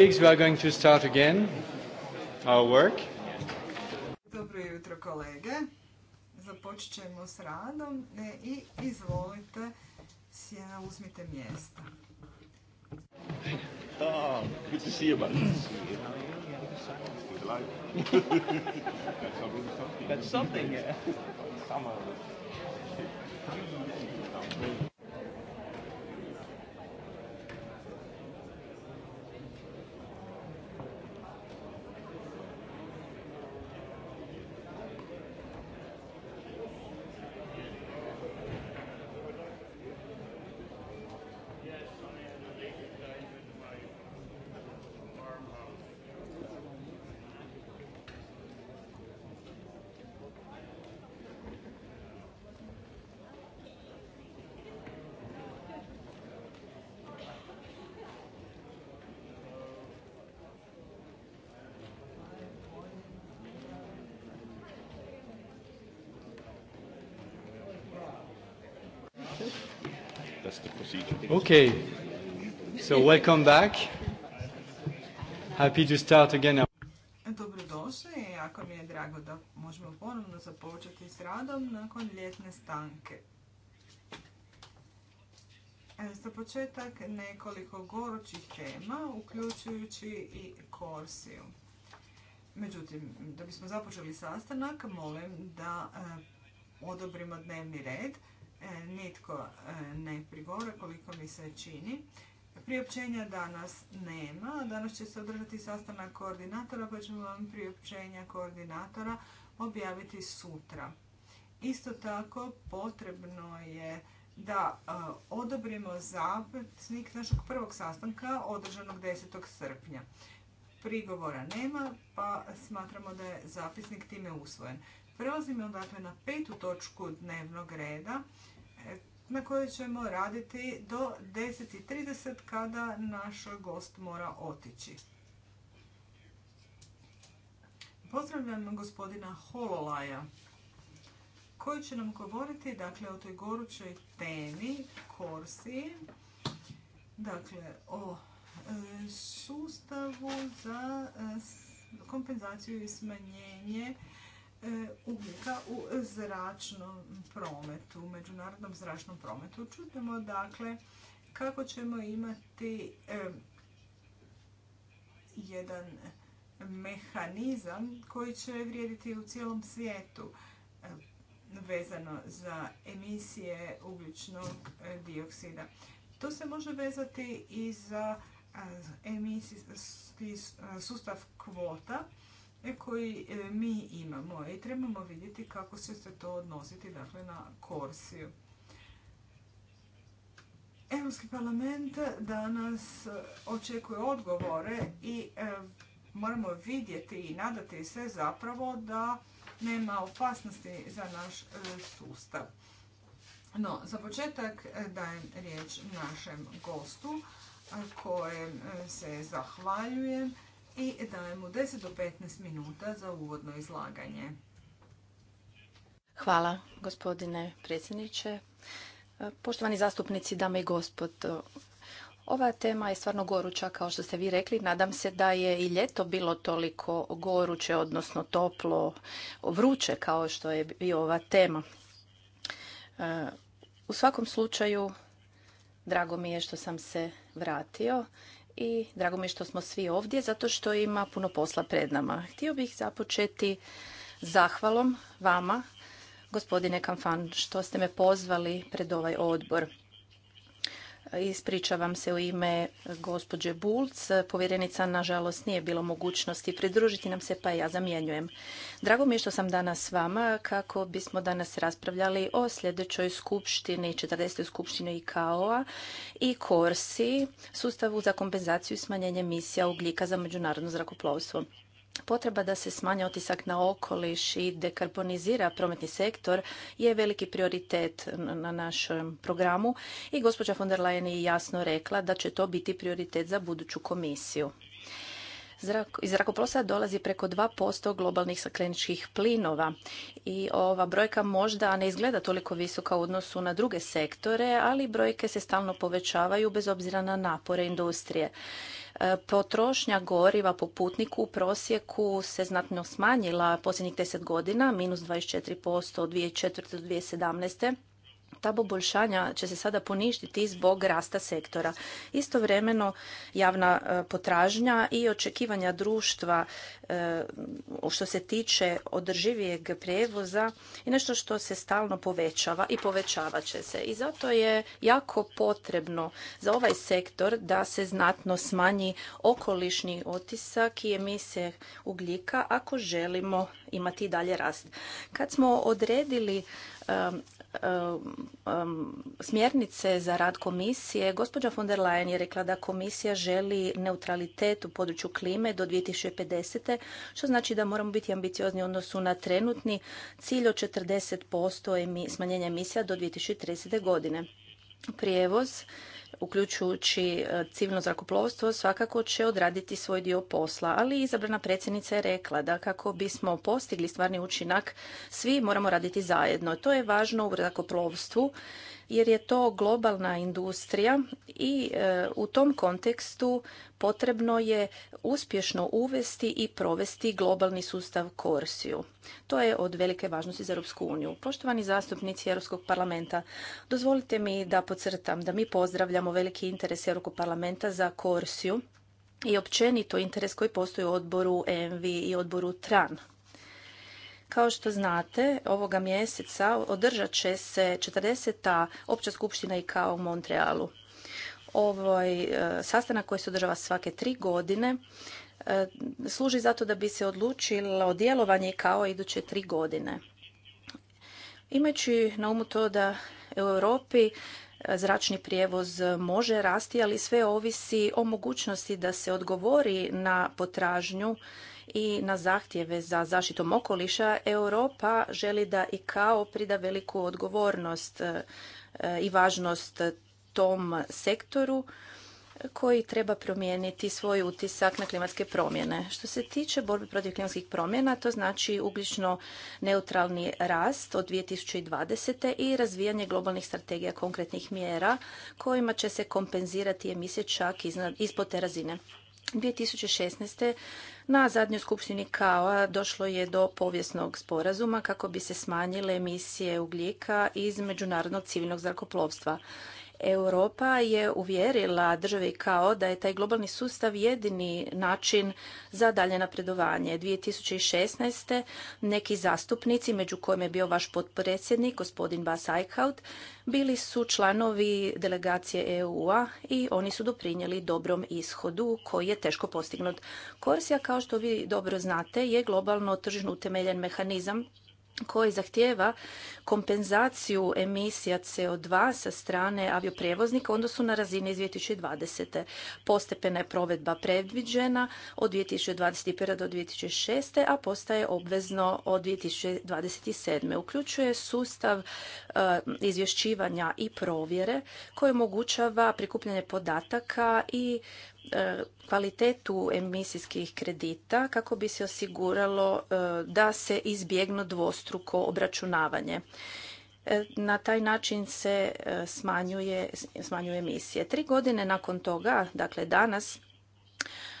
Colleagues, we are going to start again our work. Dobro jutro kolege. Započet ćemo s radom e, i izvolite sjena uzmite mjesta. Ah, good to see you, buddy. That's something, yeah. Summer. Okay. So welcome back. Happy to start again. Dobrodošli jako mi je drago da možemo ponovno započeti s radom nakon ljetne stanke. E, za početak nekoliko gorućih tema, uključujući i korsiju. Međutim, da bismo započeli sastanak, molim da e, odobrimo dnevni red. E, nitko e, ne prigovore koliko mi se čini. Priopćenja danas nema. Danas će se održati sastanak koordinatora pa ćemo vam priopćenja koordinatora objaviti sutra. Isto tako potrebno je da e, odobrimo zapisnik našeg prvog sastanka održanog 10. srpnja. Prigovora nema pa smatramo da je zapisnik time usvojen. Prelazimo dakle na petu točku dnevnog reda na kojoj ćemo raditi do 10.30 kada naš gost mora otići. Pozdravljam gospodina Hololaja koji će nam govoriti dakle, o toj gorućoj temi Korsi, dakle o e, sustavu za e, kompenzaciju i smanjenje E, ugljika u zračnom prometu, međunarodnom zračnom prometu. Čutimo dakle kako ćemo imati e, jedan mehanizam koji će vrijediti u cijelom svijetu e, vezano za emisije ugljičnog dioksida. To se može vezati i za emisijski sustav kvota koji e, mi imamo i trebamo vidjeti kako će se to odnositi dakle, na korsiju. Europski parlament danas očekuje odgovore i e, moramo vidjeti i nadati se zapravo da nema opasnosti za naš e, sustav. No, za početak dajem riječ našem gostu kojem se zahvaljujem i dajem 10 do 15 minuta za uvodno izlaganje. Hvala, gospodine predsjedniče. Poštovani zastupnici, dame i gospodo, ova tema je stvarno goruća, kao što ste vi rekli. Nadam se da je i ljeto bilo toliko goruće, odnosno toplo, vruće, kao što je i ova tema. E, u svakom slučaju, drago mi je što sam se vratio i drago mi je što smo svi ovdje zato što ima puno posla pred nama. Htio bih započeti zahvalom vama, gospodine Kamfan, što ste me pozvali pred ovaj odbor. Ispričavam se u ime gospođe Bulc. Povjerenica, nažalost, nije bilo mogućnosti pridružiti nam se, pa ja zamjenjujem. Drago mi je što sam danas s vama kako bismo danas raspravljali o sljedećoj skupštini, 40. skupštini ICAO-a i KORSI, sustavu za kompenzaciju i smanjenje emisija ugljika za međunarodno zrakoplovstvo. Potreba da se smanja otisak na okoliš i dekarbonizira prometni sektor je veliki prioritet na našem programu i gospođa von der Leyen je jasno rekla da će to biti prioritet za buduću komisiju. iz zrakoplosa dolazi preko 2% globalnih sakleničkih plinova i ova brojka možda ne izgleda toliko visoka u odnosu na druge sektore, ali brojke se stalno povećavaju bez obzira na napore industrije. Potrošnja goriva po putniku u prosjeku se znatno smanjila posljednjih 10 godina, minus 24% od 2004. do 2017 ta poboljšanja će se sada poništiti zbog rasta sektora. Istovremeno javna e, potražnja i očekivanja društva e, što se tiče održivijeg prijevoza i nešto što se stalno povećava i povećavat će se. I zato je jako potrebno za ovaj sektor da se znatno smanji okolišni otisak i emisije ugljika ako želimo imati dalje rast. Kad smo odredili Um, um, um, smjernice za rad komisije, gospođa von der Leyen je rekla da komisija želi neutralitet u području klime do 2050. što znači da moramo biti ambiciozni u odnosu na trenutni cilj od 40% smanjenja emisija do 2030. godine. Prijevoz uključujući e, civilno zrakoplovstvo, svakako će odraditi svoj dio posla. Ali izabrana predsjednica je rekla da kako bismo postigli stvarni učinak, svi moramo raditi zajedno. To je važno u zrakoplovstvu jer je to globalna industrija i e, u tom kontekstu potrebno je uspješno uvesti i provesti globalni sustav korsiju. To je od velike važnosti za Europsku uniju. Poštovani zastupnici Europskog parlamenta, dozvolite mi da podcrtam da mi pozdravljamo veliki interes Europskog parlamenta za korsiju i općenito interes koji postoji u odboru ENVI i odboru TRAN kao što znate, ovoga mjeseca održat će se 40. opća skupština i kao u Montrealu. Ovaj e, sastanak koji se održava svake tri godine e, služi zato da bi se odlučilo djelovanje kao iduće tri godine. Imajući na umu to da u Europi e, zračni prijevoz može rasti, ali sve ovisi o mogućnosti da se odgovori na potražnju i na zahtjeve za zaštitom okoliša Europa želi da i kao prida veliku odgovornost e, i važnost tom sektoru koji treba promijeniti svoj utisak na klimatske promjene. Što se tiče borbe protiv klimatskih promjena, to znači ugljično neutralni rast od 2020. i razvijanje globalnih strategija konkretnih mjera kojima će se kompenzirati emisije čak ispod te razine. 2016. na zadnjoj skupštini kao došlo je do povijesnog sporazuma kako bi se smanjile emisije ugljika iz međunarodnog civilnog zrakoplovstva. Europa je uvjerila državi kao da je taj globalni sustav jedini način za dalje napredovanje. 2016. neki zastupnici, među kojima je bio vaš potpredsjednik, gospodin Bas Eichhout, bili su članovi delegacije EU-a i oni su doprinijeli dobrom ishodu koji je teško postignut. Korsija, kao što vi dobro znate, je globalno tržno utemeljen mehanizam koji zahtijeva kompenzaciju emisija CO2 sa strane avioprijevoznika onda su na razini iz 2020. Postepena je provedba predviđena od 2021. do 2006. a postaje obvezno od 2027. Uključuje sustav eh, izvješćivanja i provjere koje omogućava prikupljanje podataka i E, kvalitetu emisijskih kredita kako bi se osiguralo e, da se izbjegnu dvostruko obračunavanje. E, na taj način se smanjuje, emisije. Tri godine nakon toga, dakle danas,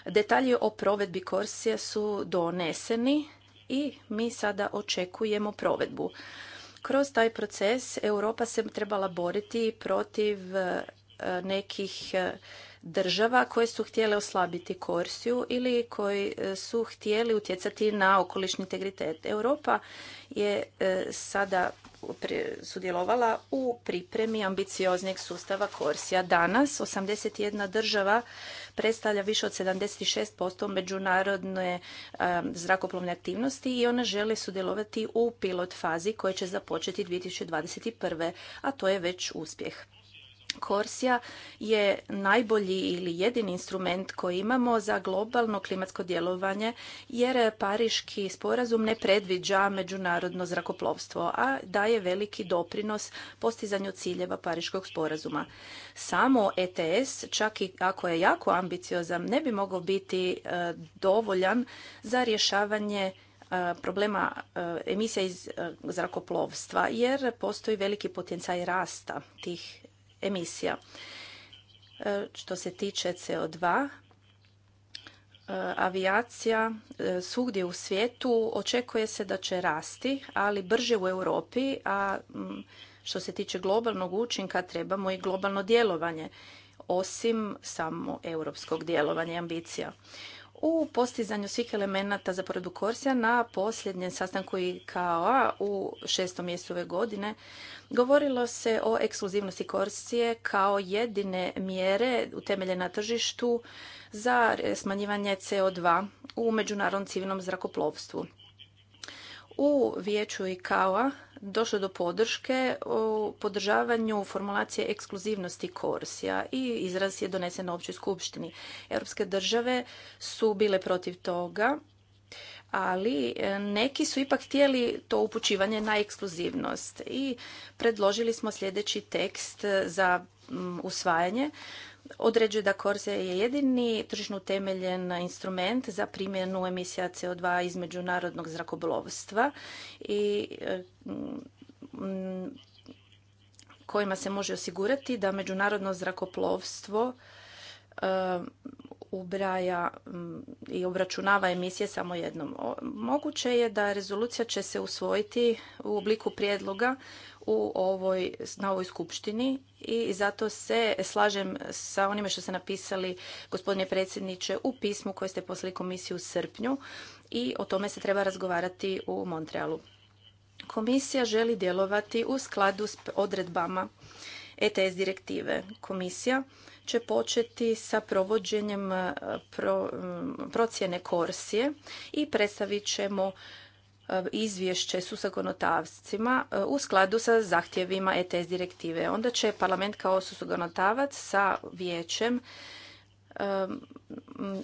detalji o provedbi korsije su doneseni i mi sada očekujemo provedbu. Kroz taj proces Europa se trebala boriti protiv nekih država koje su htjele oslabiti korsiju ili koji e, su htjeli utjecati na okolišni integritet. Europa je e, sada sudjelovala u pripremi ambicioznijeg sustava korsija. Danas 81 država predstavlja više od 76% međunarodne e, zrakoplovne aktivnosti i ona žele sudjelovati u pilot fazi koja će započeti 2021. a to je već uspjeh. Korsija je najbolji ili jedini instrument koji imamo za globalno klimatsko djelovanje jer Pariški sporazum ne predviđa međunarodno zrakoplovstvo, a daje veliki doprinos postizanju ciljeva Pariškog sporazuma. Samo ETS, čak i ako je jako ambiciozan, ne bi mogao biti e, dovoljan za rješavanje e, problema e, emisija iz zrakoplovstva jer postoji veliki potencijal rasta tih emisija. E, što se tiče CO2, e, avijacija e, svugdje u svijetu očekuje se da će rasti, ali brže u Europi, a što se tiče globalnog učinka trebamo i globalno djelovanje osim samo europskog djelovanja i ambicija u postizanju svih elemenata za poradu korsija na posljednjem sastanku KOA u šestom mjestu ove godine govorilo se o ekskluzivnosti korsije kao jedine mjere utemeljene na tržištu za smanjivanje CO2 u međunarodnom civilnom zrakoplovstvu u vijeću ICAO-a došlo do podrške u podržavanju formulacije ekskluzivnosti korsija i izraz je donesen na općoj skupštini. Europske države su bile protiv toga, ali e, neki su ipak htjeli to upućivanje na ekskluzivnost i predložili smo sljedeći tekst za usvajanje određuje da Korze je jedini tržišno utemeljen instrument za primjenu emisija CO2 iz međunarodnog zrakoplovstva i e, kojima se može osigurati da međunarodno zrakoplovstvo e, ubraja i obračunava emisije samo jednom. Moguće je da rezolucija će se usvojiti u obliku prijedloga u ovoj, na ovoj skupštini i zato se slažem sa onime što ste napisali, gospodine predsjedniče, u pismu koje ste poslali komisiju u srpnju i o tome se treba razgovarati u Montrealu. Komisija želi djelovati u skladu s odredbama ETS direktive. Komisija će početi sa provođenjem eh, mm, procjene korsije i predstavit ćemo E, izvješće su konotavcima e, u skladu sa zahtjevima ETS direktive. Onda će parlament kao suzakonodavac sa vijećem e,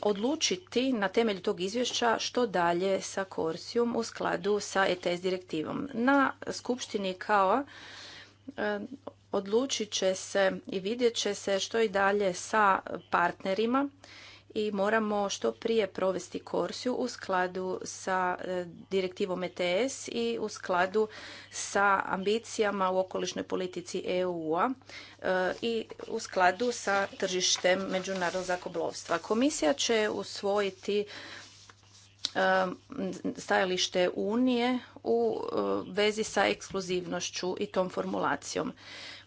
odlučiti na temelju tog izvješća što dalje sa Korsijom u skladu sa ETS direktivom. Na skupštini kao odlučit će se i vidjet će se što i dalje sa partnerima i moramo što prije provesti korsiju u skladu sa e, direktivom ETS i u skladu sa ambicijama u okolišnoj politici EU-a e, i u skladu sa tržištem međunarodnog zakoblovstva. Komisija će usvojiti e, stajalište Unije u vezi sa ekskluzivnošću i tom formulacijom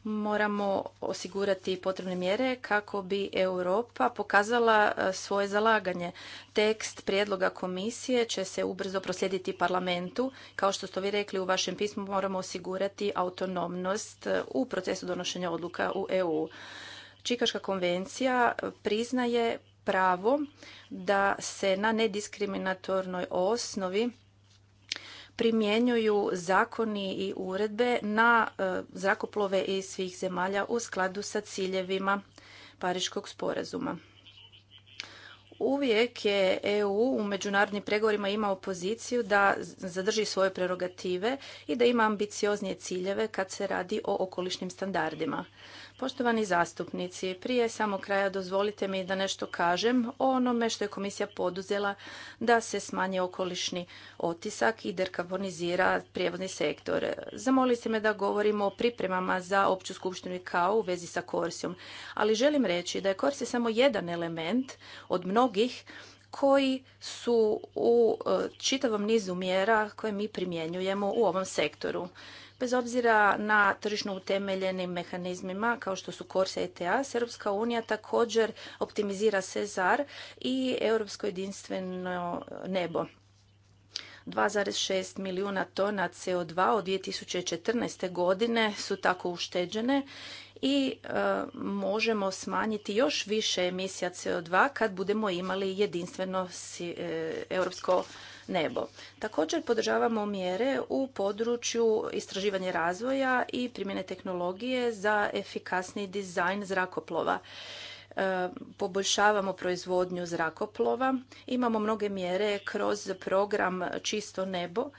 moramo osigurati potrebne mjere kako bi Europa pokazala e, svoje zalaganje. Tekst prijedloga komisije će se ubrzo proslijediti parlamentu. Kao što ste vi rekli u vašem pismu, moramo osigurati autonomnost e, u procesu donošenja odluka u EU. Čikaška konvencija priznaje pravo da se na nediskriminatornoj osnovi primjenjuju zakoni i uredbe na e, zrakoplove iz svih zemalja u skladu sa ciljevima Pariškog sporazuma. Uvijek je EU u međunarodnim pregovorima imao poziciju da zadrži svoje prerogative i da ima ambicioznije ciljeve kad se radi o okolišnim standardima. Poštovani zastupnici, prije samog kraja dozvolite mi da nešto kažem o onome što je komisija poduzela da se smanje okolišni otisak i dekarbonizira prijevozni sektor. Zamolili ste me da govorimo o pripremama za opću skupštinu i kao u vezi sa korsijom, ali želim reći da je korsija samo jedan element od mnogih koji su u e, čitavom nizu mjera koje mi primjenjujemo u ovom sektoru. Bez obzira na tržišno utemeljenim mehanizmima kao što su Korsa e ETA, Europska unija također optimizira Cezar i Europsko jedinstveno nebo. 2,6 milijuna tona CO2 od 2014. godine su tako ušteđene i e, možemo smanjiti još više emisija CO2 kad budemo imali jedinstveno si, e, europsko nebo. Također podržavamo mjere u području istraživanja razvoja i primjene tehnologije za efikasni dizajn zrakoplova. E, poboljšavamo proizvodnju zrakoplova. Imamo mnoge mjere kroz program Čisto nebo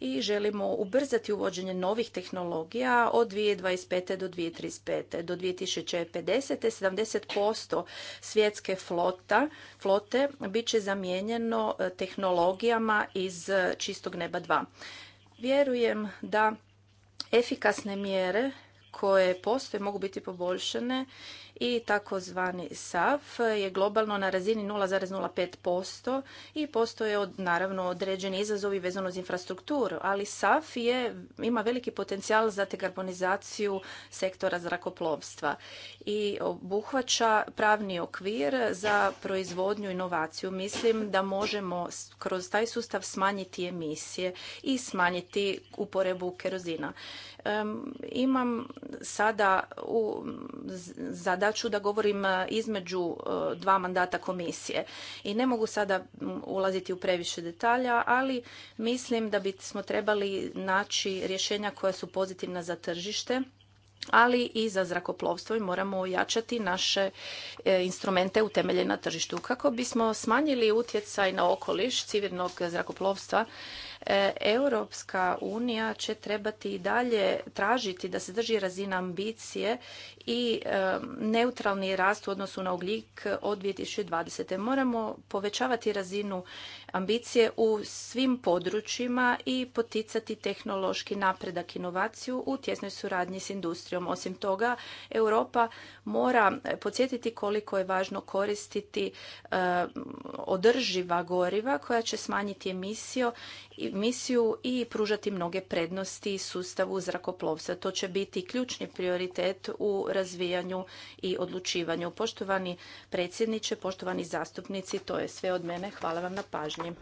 i želimo ubrzati uvođenje novih tehnologija od 2025. do 2035. Do 2050. 70% svjetske flota, flote bit će zamijenjeno e, tehnologijama iz e, Čistog neba 2. Vjerujem da efikasne mjere koje postoje mogu biti poboljšane i takozvani SAF je globalno na razini 0,05% i postoje od, naravno određeni izazovi vezano uz infrastrukturu, ali SAF je, ima veliki potencijal za dekarbonizaciju sektora zrakoplovstva i obuhvaća pravni okvir za proizvodnju inovaciju. Mislim da možemo kroz taj sustav smanjiti emisije i smanjiti uporebu kerozina. Imam sada u zadaću da govorim e, između e, dva mandata komisije i ne mogu sada ulaziti u previše detalja, ali mislim da bismo trebali naći rješenja koja su pozitivna za tržište, ali i za zrakoplovstvo i moramo ojačati naše e, instrumente utemeljene na tržištu. Kako bismo smanjili utjecaj na okoliš civilnog zrakoplovstva, E, Europska unija će trebati i dalje tražiti da se drži razina ambicije i e, neutralni rast u odnosu na ugljik od 2020. Moramo povećavati razinu ambicije u svim područjima i poticati tehnološki napredak inovaciju u tjesnoj suradnji s industrijom. Osim toga, Europa mora podsjetiti koliko je važno koristiti e, održiva goriva koja će smanjiti emisiju i misiju i pružati mnoge prednosti sustavu zrakoplovstva. To će biti ključni prioritet u razvijanju i odlučivanju. Poštovani predsjedniče, poštovani zastupnici, to je sve od mene. Hvala vam na pažnji.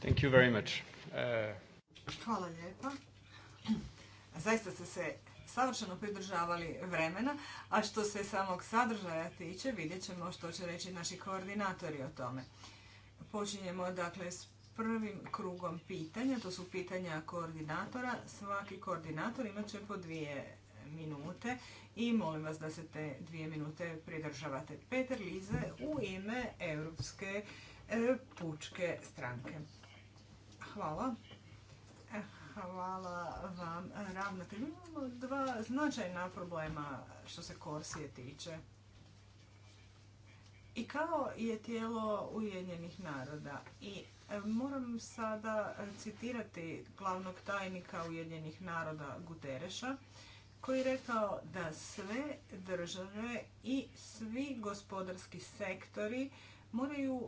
Thank you very much. Uh, Hvala lijepa. Zaista ste se savršeno pridržavali vremena, a što se samog sadržaja tiče, vidjet ćemo što će reći naši koordinatori o tome. Počinjemo dakle s prvim krugom pitanja. To su pitanja koordinatora. Svaki koordinator imat će po dvije minute i molim vas da se te dvije minute pridržavate. Peter Lize u ime Europske e, pučke stranke. Hvala. E, hvala vam ravnatelju. Imamo dva značajna problema što se Korsije tiče i kao je tijelo Ujedinjenih naroda. I e, moram sada citirati glavnog tajnika Ujedinjenih naroda Gutereša koji je rekao da sve države i svi gospodarski sektori moraju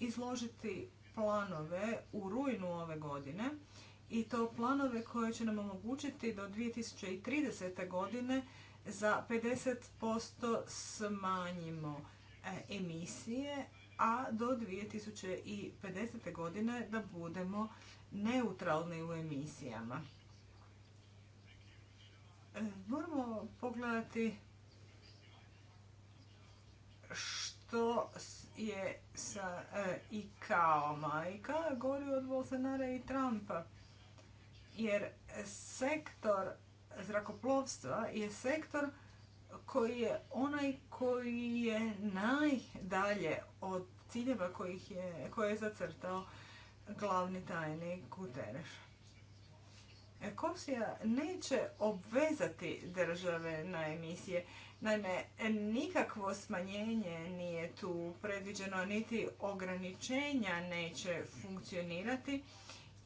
izložiti planove u rujnu ove godine i to planove koje će nam omogućiti do 2030. godine za 50% smanjimo E, emisije, a do 2050. godine da budemo neutralni u emisijama. E, moramo pogledati što je sa i e, ICAO-ma. ICAO je gori od Bolsonara i Trumpa. Jer sektor zrakoplovstva je sektor koji je onaj koji je najdalje od ciljeva je, koje je zacrtao glavni tajnik Guterres. E, Kosija neće obvezati države na emisije. Naime, nikakvo smanjenje nije tu predviđeno, niti ograničenja neće funkcionirati,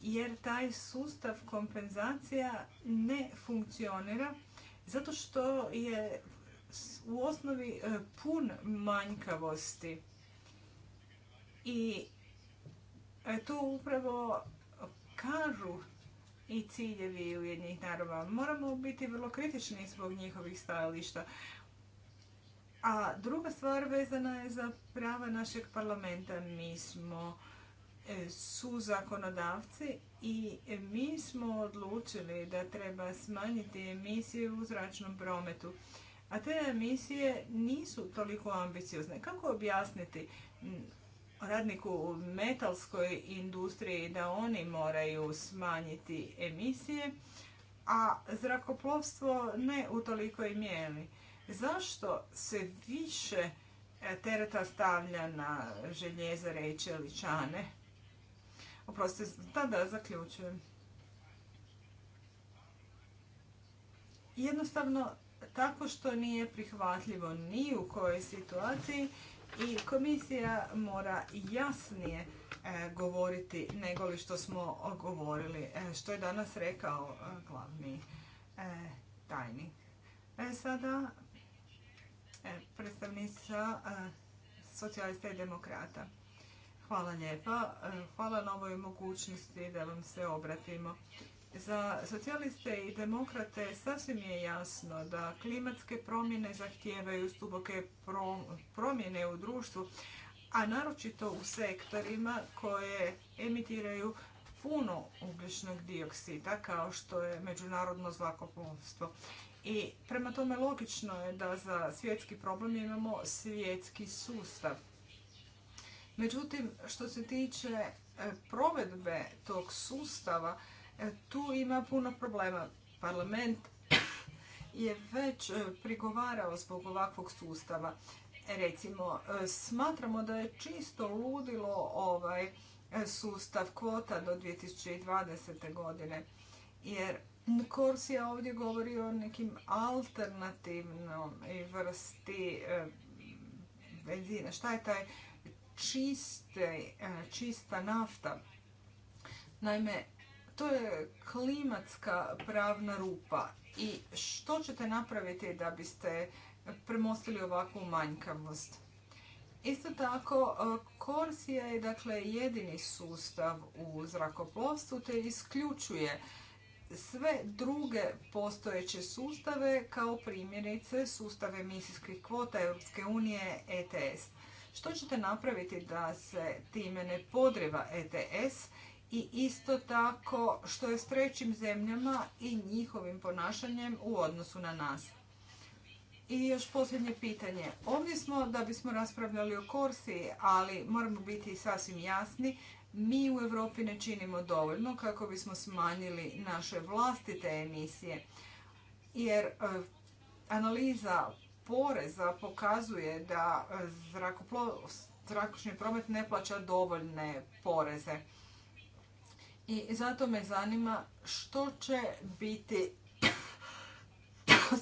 jer taj sustav kompenzacija ne funkcionira zato što je u osnovi e, pun manjkavosti. I e, tu upravo kažu i ciljevi ujednih naroda. Moramo biti vrlo kritični zbog njihovih stajališta. A druga stvar vezana je za prava našeg parlamenta. Mi smo e, su zakonodavci i mi smo odlučili da treba smanjiti emisije u zračnom prometu a te emisije nisu toliko ambiciozne. Kako objasniti radniku u metalskoj industriji da oni moraju smanjiti emisije, a zrakoplovstvo ne u tolikoj mjeri? Zašto se više e, tereta stavlja na željezare i čeličane? Oprostite, tada zaključujem. Jednostavno tako što nije prihvatljivo ni u kojoj situaciji i komisija mora jasnije e, govoriti nego li što smo govorili, e, što je danas rekao e, glavni tajnik. Sada predstavnica socijalista i demokrata. Hvala lijepa. Hvala na ovoj mogućnosti da vam se obratimo. Za socijaliste i demokrate sasvim je jasno da klimatske promjene zahtijevaju stuboke promjene u društvu, a naročito u sektorima koje emitiraju puno ugljičnog dioksida kao što je međunarodno zrakoplovstvo. I prema tome logično je da za svjetski problem imamo svjetski sustav. Međutim, što se tiče e, provedbe tog sustava, E, tu ima puno problema. Parlament je već e, prigovarao zbog ovakvog sustava. E, recimo, smatramo da je čisto ludilo ovaj sustav kvota do 2020. godine. Jer Korsija ovdje govori o nekim alternativnom vrsti benzina. Šta je taj čista nafta? Naime, to je klimatska pravna rupa. I što ćete napraviti da biste premostili ovakvu manjkavost? Isto tako, Korsija je dakle jedini sustav u zrakoplovstvu te isključuje sve druge postojeće sustave kao primjerice sustave emisijskih kvota Europske unije ETS. Što ćete napraviti da se time ne podreva ETS i isto tako što je s trećim zemljama i njihovim ponašanjem u odnosu na nas. I još posljednje pitanje. Ovdje smo da bismo raspravljali o Korsi, ali moramo biti sasvim jasni, mi u Europi ne činimo dovoljno kako bismo smanjili naše vlastite emisije. Jer e, analiza poreza pokazuje da e, zrakošnji promet ne plaća dovoljne poreze. I zato me zanima što će biti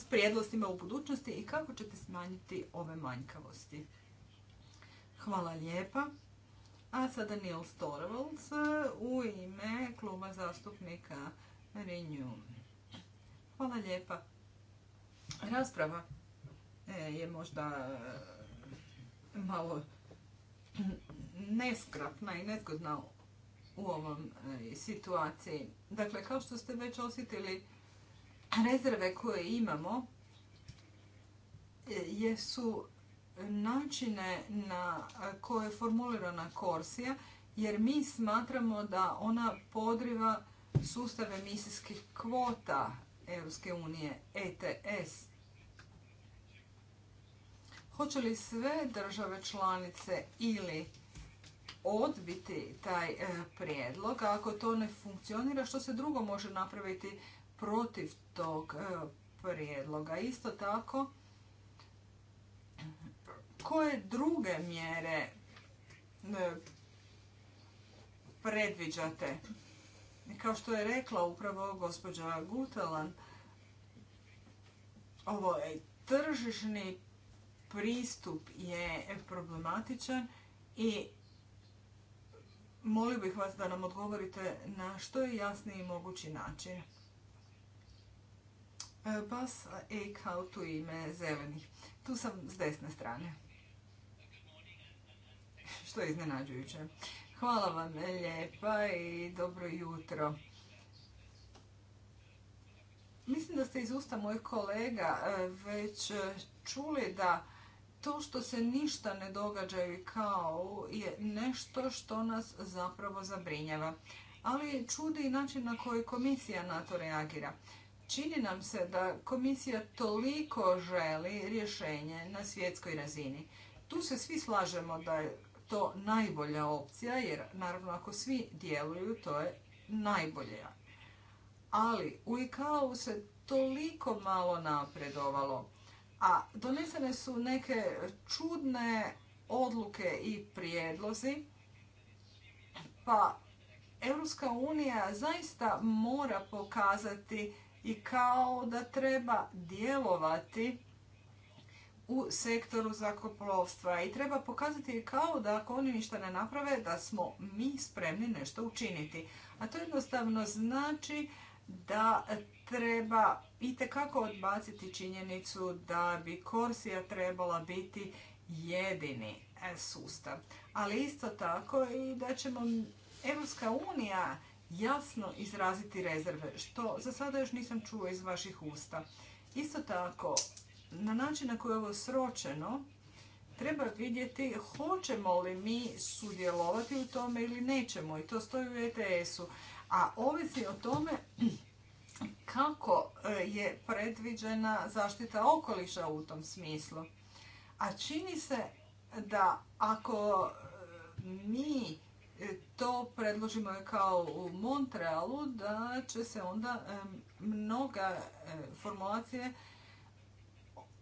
s prijedlostima u budućnosti i kako ćete smanjiti ove manjkavosti. Hvala lijepa. A sada Nils Torvalds u ime kluba zastupnika Renew. Hvala lijepa. Rasprava e, je možda e, malo neskratna i nezgodna u ovom e, situaciji. Dakle, kao što ste već osjetili, rezerve koje imamo e, jesu načine na e, koje je formulirana korsija, jer mi smatramo da ona podriva sustave emisijskih kvota Europske unije, ETS. Hoće li sve države članice ili odbiti taj e, prijedlog, ako to ne funkcionira, što se drugo može napraviti protiv tog e, prijedloga. Isto tako, koje druge mjere e, predviđate? Kao što je rekla upravo gospođa Gutelan, ovo tržišni pristup je problematičan i molio bih vas da nam odgovorite na što je jasniji mogući način. Bas e, kao tu ime zelenih. Tu sam s desne strane. Što je iznenađujuće. Hvala vam lijepa i dobro jutro. Mislim da ste iz usta mojih kolega e, već čuli da to što se ništa ne događa i kao je nešto što nas zapravo zabrinjava. Ali čudi i način na koji komisija na to reagira. Čini nam se da komisija toliko želi rješenje na svjetskoj razini. Tu se svi slažemo da je to najbolja opcija, jer naravno ako svi djeluju, to je najbolje. Ali u ICAO se toliko malo napredovalo a donesene su neke čudne odluke i prijedlozi. Pa Europska unija zaista mora pokazati i kao da treba djelovati u sektoru zakoplovstva i treba pokazati kao da ako oni ništa ne naprave da smo mi spremni nešto učiniti. A to jednostavno znači da treba itekako odbaciti činjenicu da bi Korsija trebala biti jedini e, sustav. Ali isto tako i da ćemo Evropska unija jasno izraziti rezerve, što za sada još nisam čuo iz vaših usta. Isto tako, na način na koji je ovo sročeno, treba vidjeti hoćemo li mi sudjelovati u tome ili nećemo. I to stoji u ETS-u. A ovisi o tome kako e, je predviđena zaštita okoliša u tom smislu. A čini se da ako e, mi e, to predložimo kao u Montrealu, da će se onda mnoga formulacije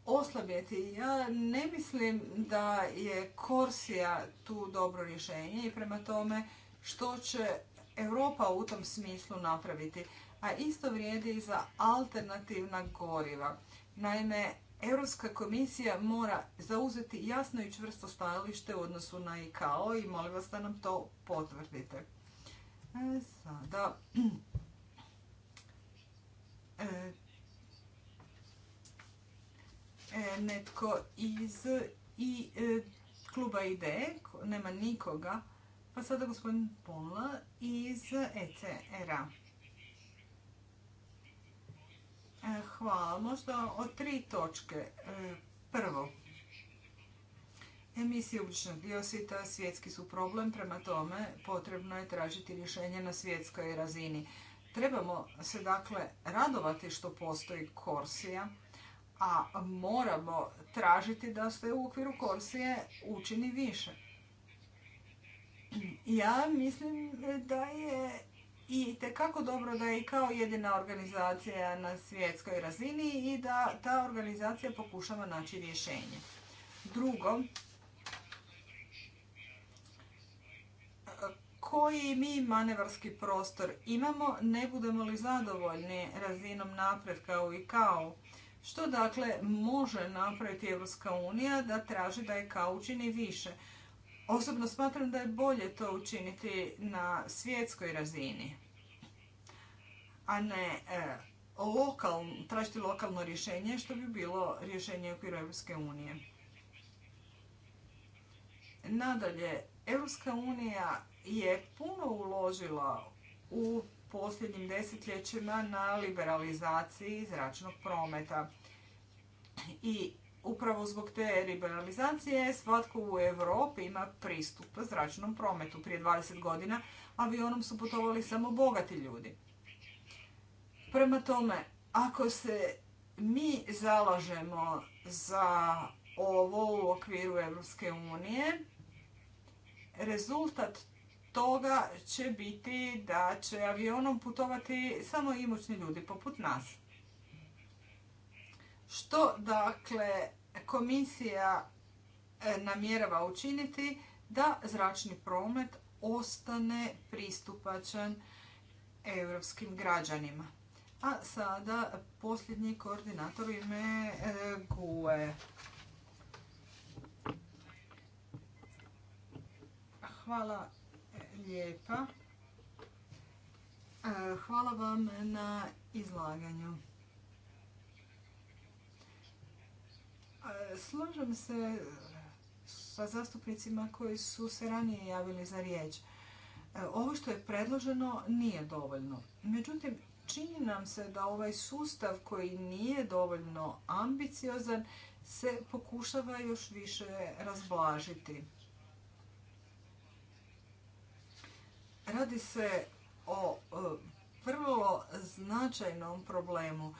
oslabjeti. Ja ne mislim da je Korsija tu dobro rješenje i prema tome što će Europa u tom smislu napraviti a isto vrijedi i za alternativna goriva. Naime, Europska komisija mora zauzeti jasno i čvrsto stajalište u odnosu na kao i molim vas da nam to potvrdite. E, sada... E, e, netko iz i kluba IDE, nema nikoga, pa sada gospodin Pola iz ECR-a. E, hvala. Možda o tri točke. E, prvo, emisije uličnog biosvita svjetski su problem, prema tome potrebno je tražiti rješenje na svjetskoj razini. Trebamo se dakle radovati što postoji korsija, a moramo tražiti da se u okviru korsije učini više. Ja mislim da je i tekako dobro da je kao jedina organizacija na svjetskoj razini i da ta organizacija pokušava naći rješenje. Drugo, koji mi manevarski prostor imamo, ne budemo li zadovoljni razinom napretka u kao Što dakle može napraviti EU unija da traži da je kao učini više? Osobno smatram da je bolje to učiniti na svjetskoj razini, a ne e, tražiti lokalno rješenje što bi bilo rješenje okviru Europske unije. Nadalje, Europska unija je puno uložila u posljednjim desetljećima na liberalizaciji zračnog prometa. I upravo zbog te liberalizacije svatko u Europi ima pristup zračnom prometu. Prije 20 godina avionom su putovali samo bogati ljudi. Prema tome, ako se mi zalažemo za ovo u okviru Europske unije, rezultat toga će biti da će avionom putovati samo imućni ljudi poput nas. Što dakle komisija e, namjerava učiniti da zračni promet ostane pristupačan europskim građanima. A sada posljednji koordinator ime e, GUE. Hvala e, lijepa. Hvala vam na izlaganju. Slažem se e, sa zastupnicima koji su se ranije javili za riječ. E, ovo što je predloženo nije dovoljno. Međutim, čini nam se da ovaj sustav koji nije dovoljno ambiciozan se pokušava još više razblažiti. Radi se o e, vrlo značajnom problemu.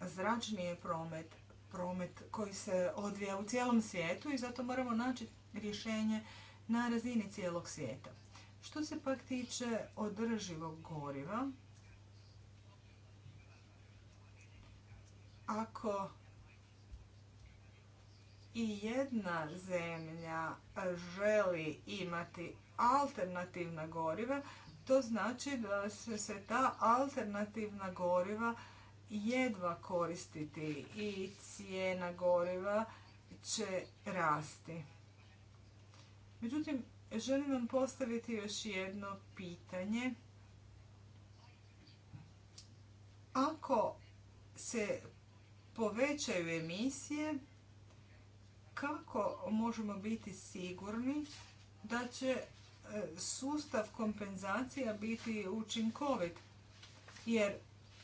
Zračni je promet promet koji se odvija u cijelom svijetu i zato moramo naći rješenje na razini cijelog svijeta. Što se pak tiče održivog goriva, ako i jedna zemlja želi imati alternativna goriva, to znači da se ta alternativna goriva jedva koristiti i cijena goriva će rasti. Međutim, želim vam postaviti još jedno pitanje. Ako se povećaju emisije, kako možemo biti sigurni da će e, sustav kompenzacija biti učinkovit? Jer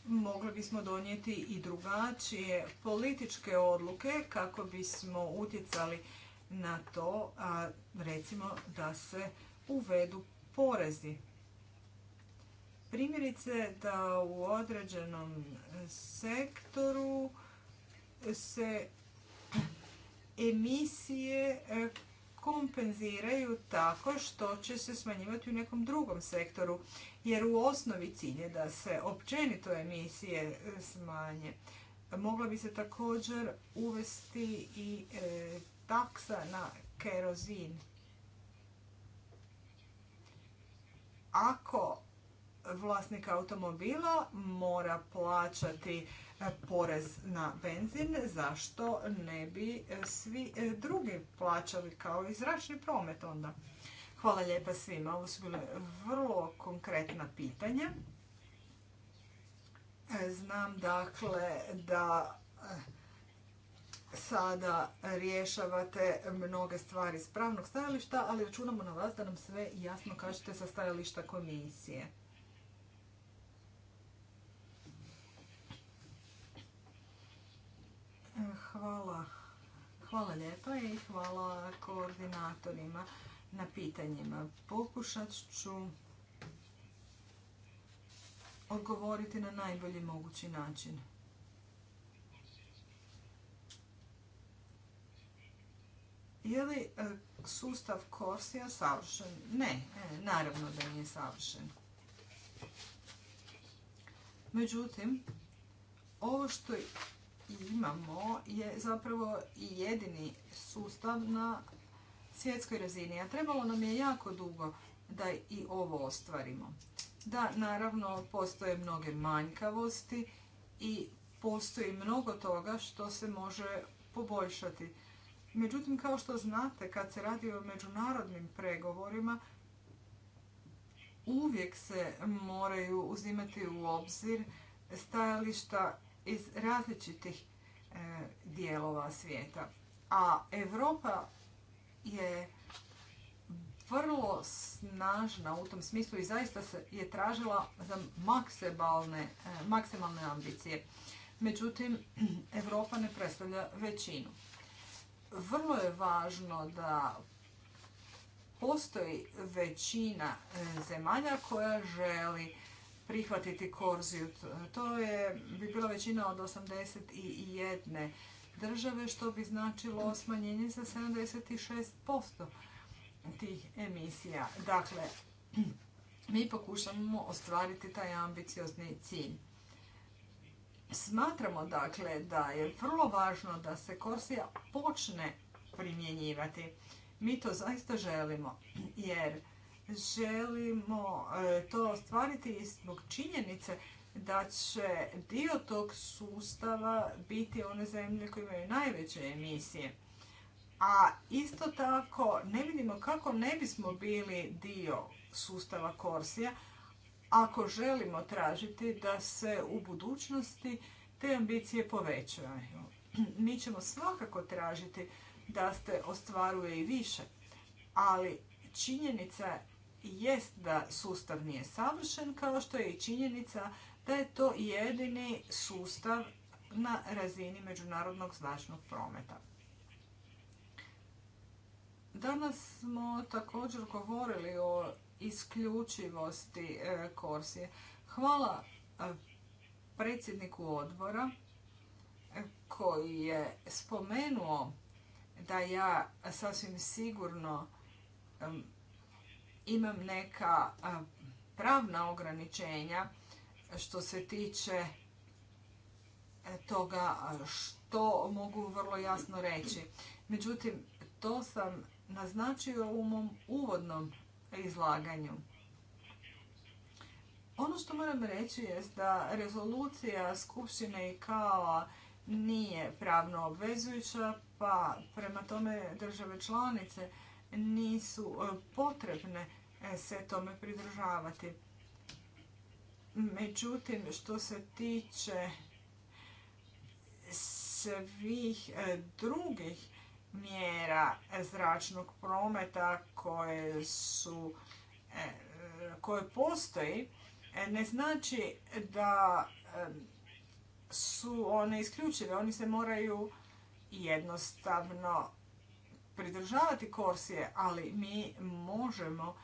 mogli bismo donijeti i drugačije političke odluke kako bismo utjecali na to, a recimo da se uvedu porezi. Primjerice da u određenom sektoru se emisije kompenziraju tako što će se smanjivati u nekom drugom sektoru, jer u osnovi cilj da se općenito emisije e, smanje. Mogla bi se također uvesti i e, taksa na kerozin. Ako vlasnik automobila mora plaćati e, porez na benzin, zašto ne bi e, svi e, drugi plaćali kao i zračni promet onda? Hvala lijepa svima. Ovo su bile vrlo konkretna pitanja. Znam dakle da sada rješavate mnoge stvari s pravnog stajališta, ali računamo na vas da nam sve jasno kažete sa stajališta komisije. Hvala. Hvala lijepa i hvala koordinatorima na pitanjima. Pokušat ću odgovoriti na najbolji mogući način. Je li e, sustav Korsija savršen? Ne, e, naravno da nije savršen. Međutim, ovo što imamo je zapravo i jedini sustav na svjetskoj razini. A trebalo nam je jako dugo da i ovo ostvarimo. Da, naravno, postoje mnoge manjkavosti i postoji mnogo toga što se može poboljšati. Međutim, kao što znate, kad se radi o međunarodnim pregovorima, uvijek se moraju uzimati u obzir stajališta iz različitih e, dijelova svijeta. A Europa je vrlo snažna u tom smislu i zaista je tražila za maksimalne, e, maksimalne ambicije. Međutim, Europa ne predstavlja većinu. Vrlo je važno da postoji većina e, zemalja koja želi prihvatiti korziju. To je, bi bila većina od 81 države, što bi značilo smanjenje za 76% tih emisija. Dakle, mi pokušamo ostvariti taj ambiciozni cilj. Smatramo dakle da je vrlo važno da se korsija počne primjenjivati. Mi to zaista želimo jer želimo e, to ostvariti i zbog činjenice da će dio tog sustava biti one zemlje koje imaju najveće emisije. A isto tako ne vidimo kako ne bismo bili dio sustava Korsija ako želimo tražiti da se u budućnosti te ambicije povećaju. Mi ćemo svakako tražiti da se ostvaruje i više, ali činjenica jest da sustav nije savršen, kao što je i činjenica da je to jedini sustav na razini međunarodnog značnog prometa. Danas smo također govorili o isključivosti e, Korsije. Hvala e, predsjedniku odbora e, koji je spomenuo da ja sasvim sigurno imam neka pravna ograničenja što se tiče e, toga što mogu vrlo jasno reći. Međutim, to sam naznačio u mom uvodnom izlaganju. Ono što moram reći je da rezolucija Skupštine i kao nije pravno obvezujuća, pa prema tome države članice nisu e, potrebne e, se tome pridržavati. Međutim, što se tiče svih e, drugih mjera zračnog prometa koje su koje postoji ne znači da su one isključive. Oni se moraju jednostavno pridržavati Korsije, ali mi možemo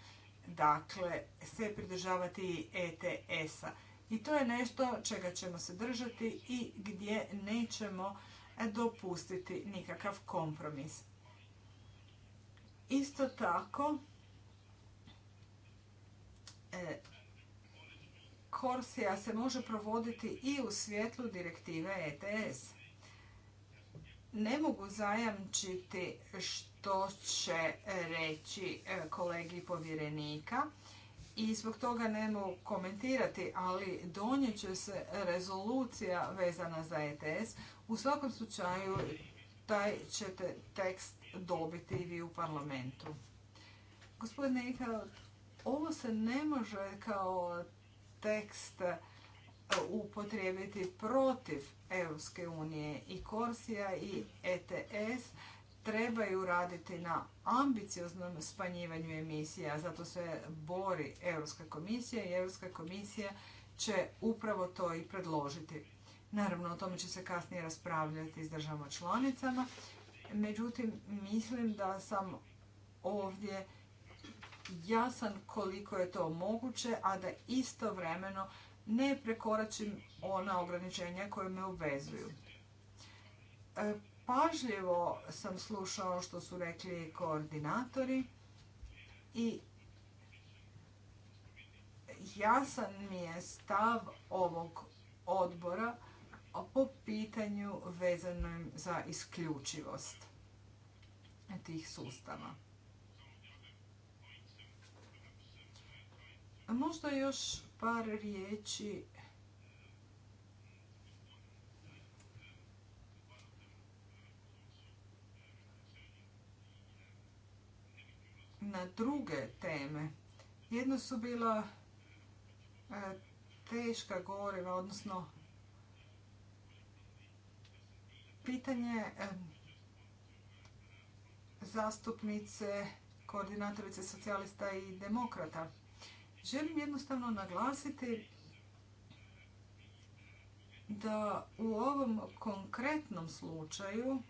dakle se pridržavati ETS-a. I to je nešto čega ćemo se držati i gdje nećemo e, dopustiti nikakav kompromis. Isto tako, Korsija e, se može provoditi i u svjetlu direktive ETS. Ne mogu zajamčiti što će e, reći e, kolegi povjerenika i zbog toga ne mogu komentirati, ali donijet će se rezolucija vezana za ETS. U svakom slučaju taj ćete tekst dobiti i vi u parlamentu. Gospodine Ika, ovo se ne može kao tekst upotrijebiti protiv Europske unije i Korsija i ETS trebaju raditi na ambicioznom spanjivanju emisija. Zato se bori Europska komisija i Europska komisija će upravo to i predložiti. Naravno, o tome će se kasnije raspravljati s državama članicama. Međutim, mislim da sam ovdje jasan koliko je to moguće, a da istovremeno ne prekoračim ona ograničenja koje me obvezuju. E, pažljivo sam slušao što su rekli koordinatori i jasan mi je stav ovog odbora po pitanju vezanom za isključivost tih sustava. Možda još par riječi na druge teme. Jedno su bila e, teška goriva, odnosno pitanje e, zastupnice, koordinatorice socijalista i demokrata. Želim jednostavno naglasiti da u ovom konkretnom slučaju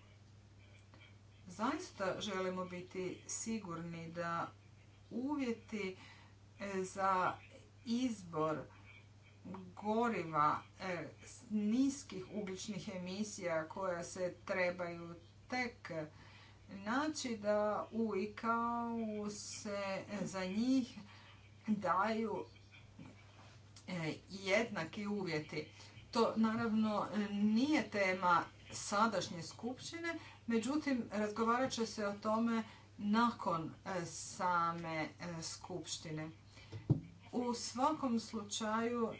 zaista želimo biti sigurni da uvjeti e, za izbor goriva e, niskih ugljičnih emisija koja se trebaju tek naći da u se za njih daju e, jednaki uvjeti. To naravno e, nije tema sadašnje skupštine, međutim razgovarat će se o tome nakon e, same skupštine. U svakom slučaju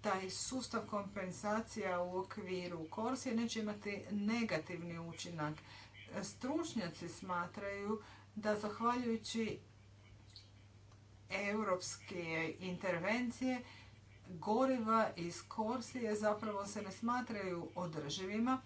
taj sustav kompensacija u okviru korsije neće imati negativni učinak. Stručnjaci smatraju da zahvaljujući europske intervencije goriva iz Korsije zapravo se ne smatraju održivima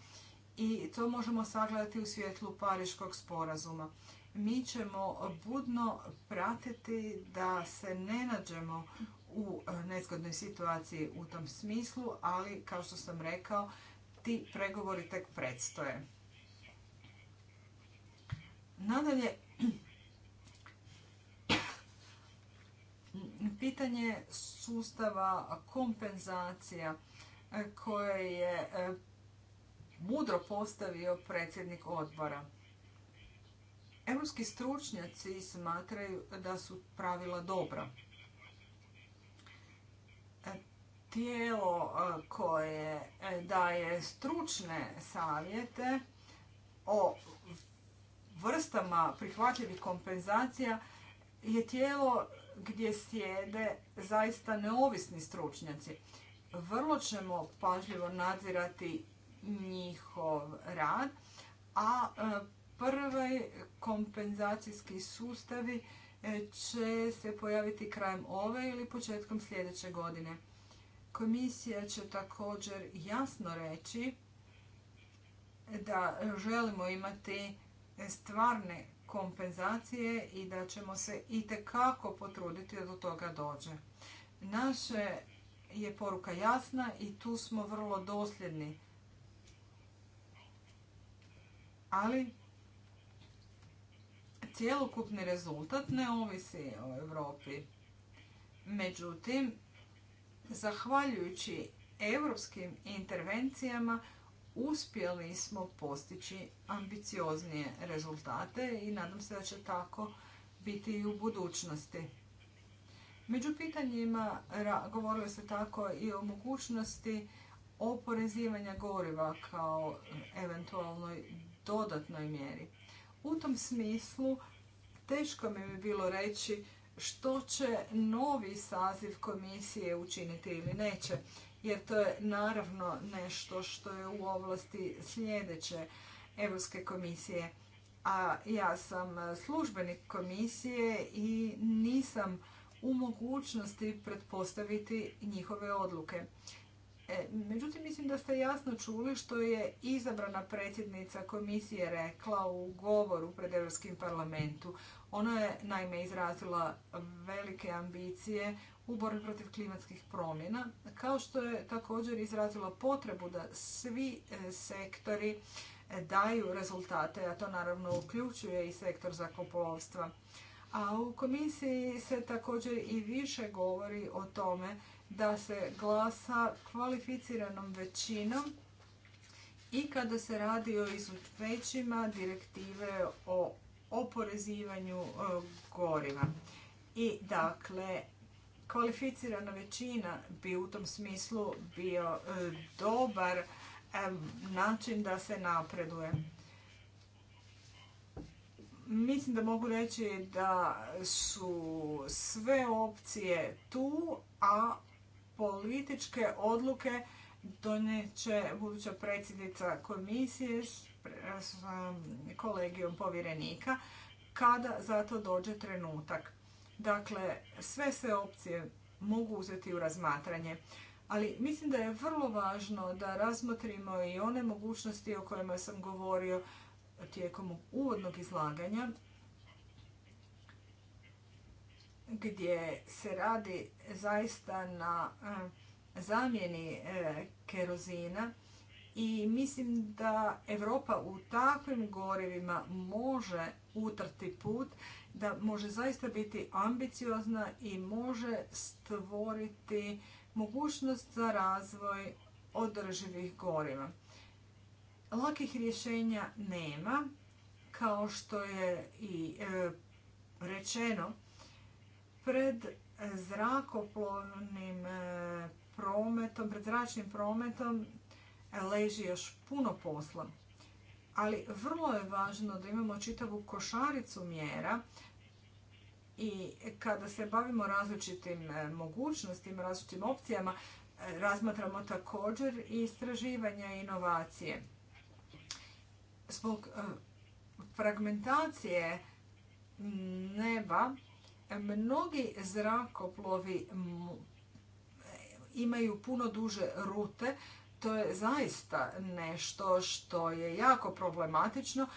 i to možemo sagledati u svjetlu Pariškog sporazuma. Mi ćemo budno pratiti da se ne nađemo u nezgodnoj situaciji u tom smislu, ali kao što sam rekao, ti pregovori tek predstoje. Nadalje, Pitanje sustava kompenzacija e, koje je e, mudro postavio predsjednik odbora. Europski stručnjaci smatraju da su pravila dobra. E, tijelo koje daje stručne savjete o vrstama prihvatljivih kompenzacija je tijelo gdje sjede zaista neovisni stručnjaci. Vrlo ćemo pažljivo nadzirati njihov rad, a e, prve kompenzacijski sustavi e, će se pojaviti krajem ove ili početkom sljedeće godine. Komisija će također jasno reći da želimo imati stvarne kompenzacije i da ćemo se itekako potruditi da do toga dođe. Naše je poruka jasna i tu smo vrlo dosljedni. Ali cjelokupni rezultat ne ovisi o Europi. Međutim, zahvaljujući europskim intervencijama uspjeli smo postići ambicioznije rezultate i nadam se da će tako biti i u budućnosti. Među pitanjima govorilo se tako i o mogućnosti oporezivanja goriva kao eventualnoj dodatnoj mjeri. U tom smislu teško mi bi bilo reći što će novi saziv komisije učiniti ili neće jer to je naravno nešto što je u ovlasti sljedeće Europske komisije. A ja sam službenik komisije i nisam u mogućnosti pretpostaviti njihove odluke. E, međutim, mislim da ste jasno čuli što je izabrana predsjednica komisije rekla u govoru pred Europskim parlamentu. Ona je naime izrazila velike ambicije u borbi protiv klimatskih promjena, kao što je također izrazila potrebu da svi e, sektori e, daju rezultate, a to naravno uključuje i sektor zrakoplovstva. A u komisiji se također i više govori o tome da se glasa kvalificiranom većinom i kada se radi o izuzećima direktive o oporezivanju e, goriva. I dakle, kvalificirana većina bi u tom smislu bio e, dobar e, način da se napreduje. Mislim da mogu reći da su sve opcije tu, a političke odluke doneće buduća predsjednica komisije s kolegijom povjerenika kada za to dođe trenutak. Dakle, sve se opcije mogu uzeti u razmatranje. Ali mislim da je vrlo važno da razmotrimo i one mogućnosti o kojima sam govorio tijekom uvodnog izlaganja, gdje se radi zaista na e, zamjeni e, kerozina i mislim da Europa u takvim gorivima može utrti put, da može zaista biti ambiciozna i može stvoriti mogućnost za razvoj održivih goriva. Lakih rješenja nema, kao što je i e, rečeno pred eh, zrakoplovnim eh, prometom, pred zračnim prometom eh, leži još puno posla. Ali vrlo je važno da imamo čitavu košaricu mjera i kada se bavimo različitim mogućnostima, različitim opcijama, razmatramo također i istraživanja i inovacije. Zbog fragmentacije neba Mnogi zrakoplovi eh, imaju puno duže rute, to je zaista nešto što je jako problematično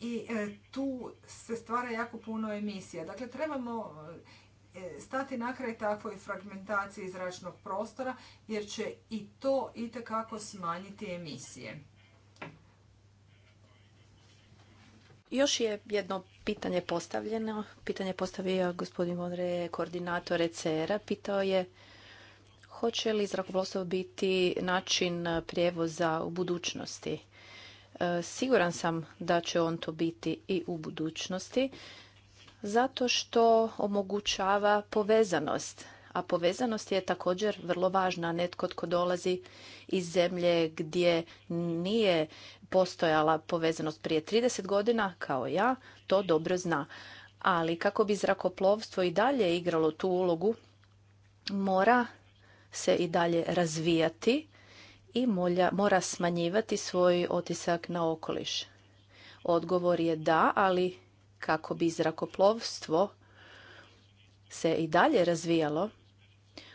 i eh, tu se stvara jako puno emisija. Dakle, trebamo eh, stati na kraj takvoj fragmentaciji zračnog prostora jer će i to itekako smanjiti emisije. Još je jedno pitanje postavljeno. Pitanje postavio gospodin Monre, koordinator ECR-a. Pitao je hoće li zrakoplovstvo biti način prijevoza u budućnosti. E, siguran sam da će on to biti i u budućnosti zato što omogućava povezanost. A povezanost je također vrlo važna. Netko tko dolazi iz zemlje gdje nije postojala povezanost prije 30 godina, kao ja, to dobro zna. Ali kako bi zrakoplovstvo i dalje igralo tu ulogu, mora se i dalje razvijati i mora smanjivati svoj otisak na okoliš. Odgovor je da, ali kako bi zrakoplovstvo se i dalje razvijalo,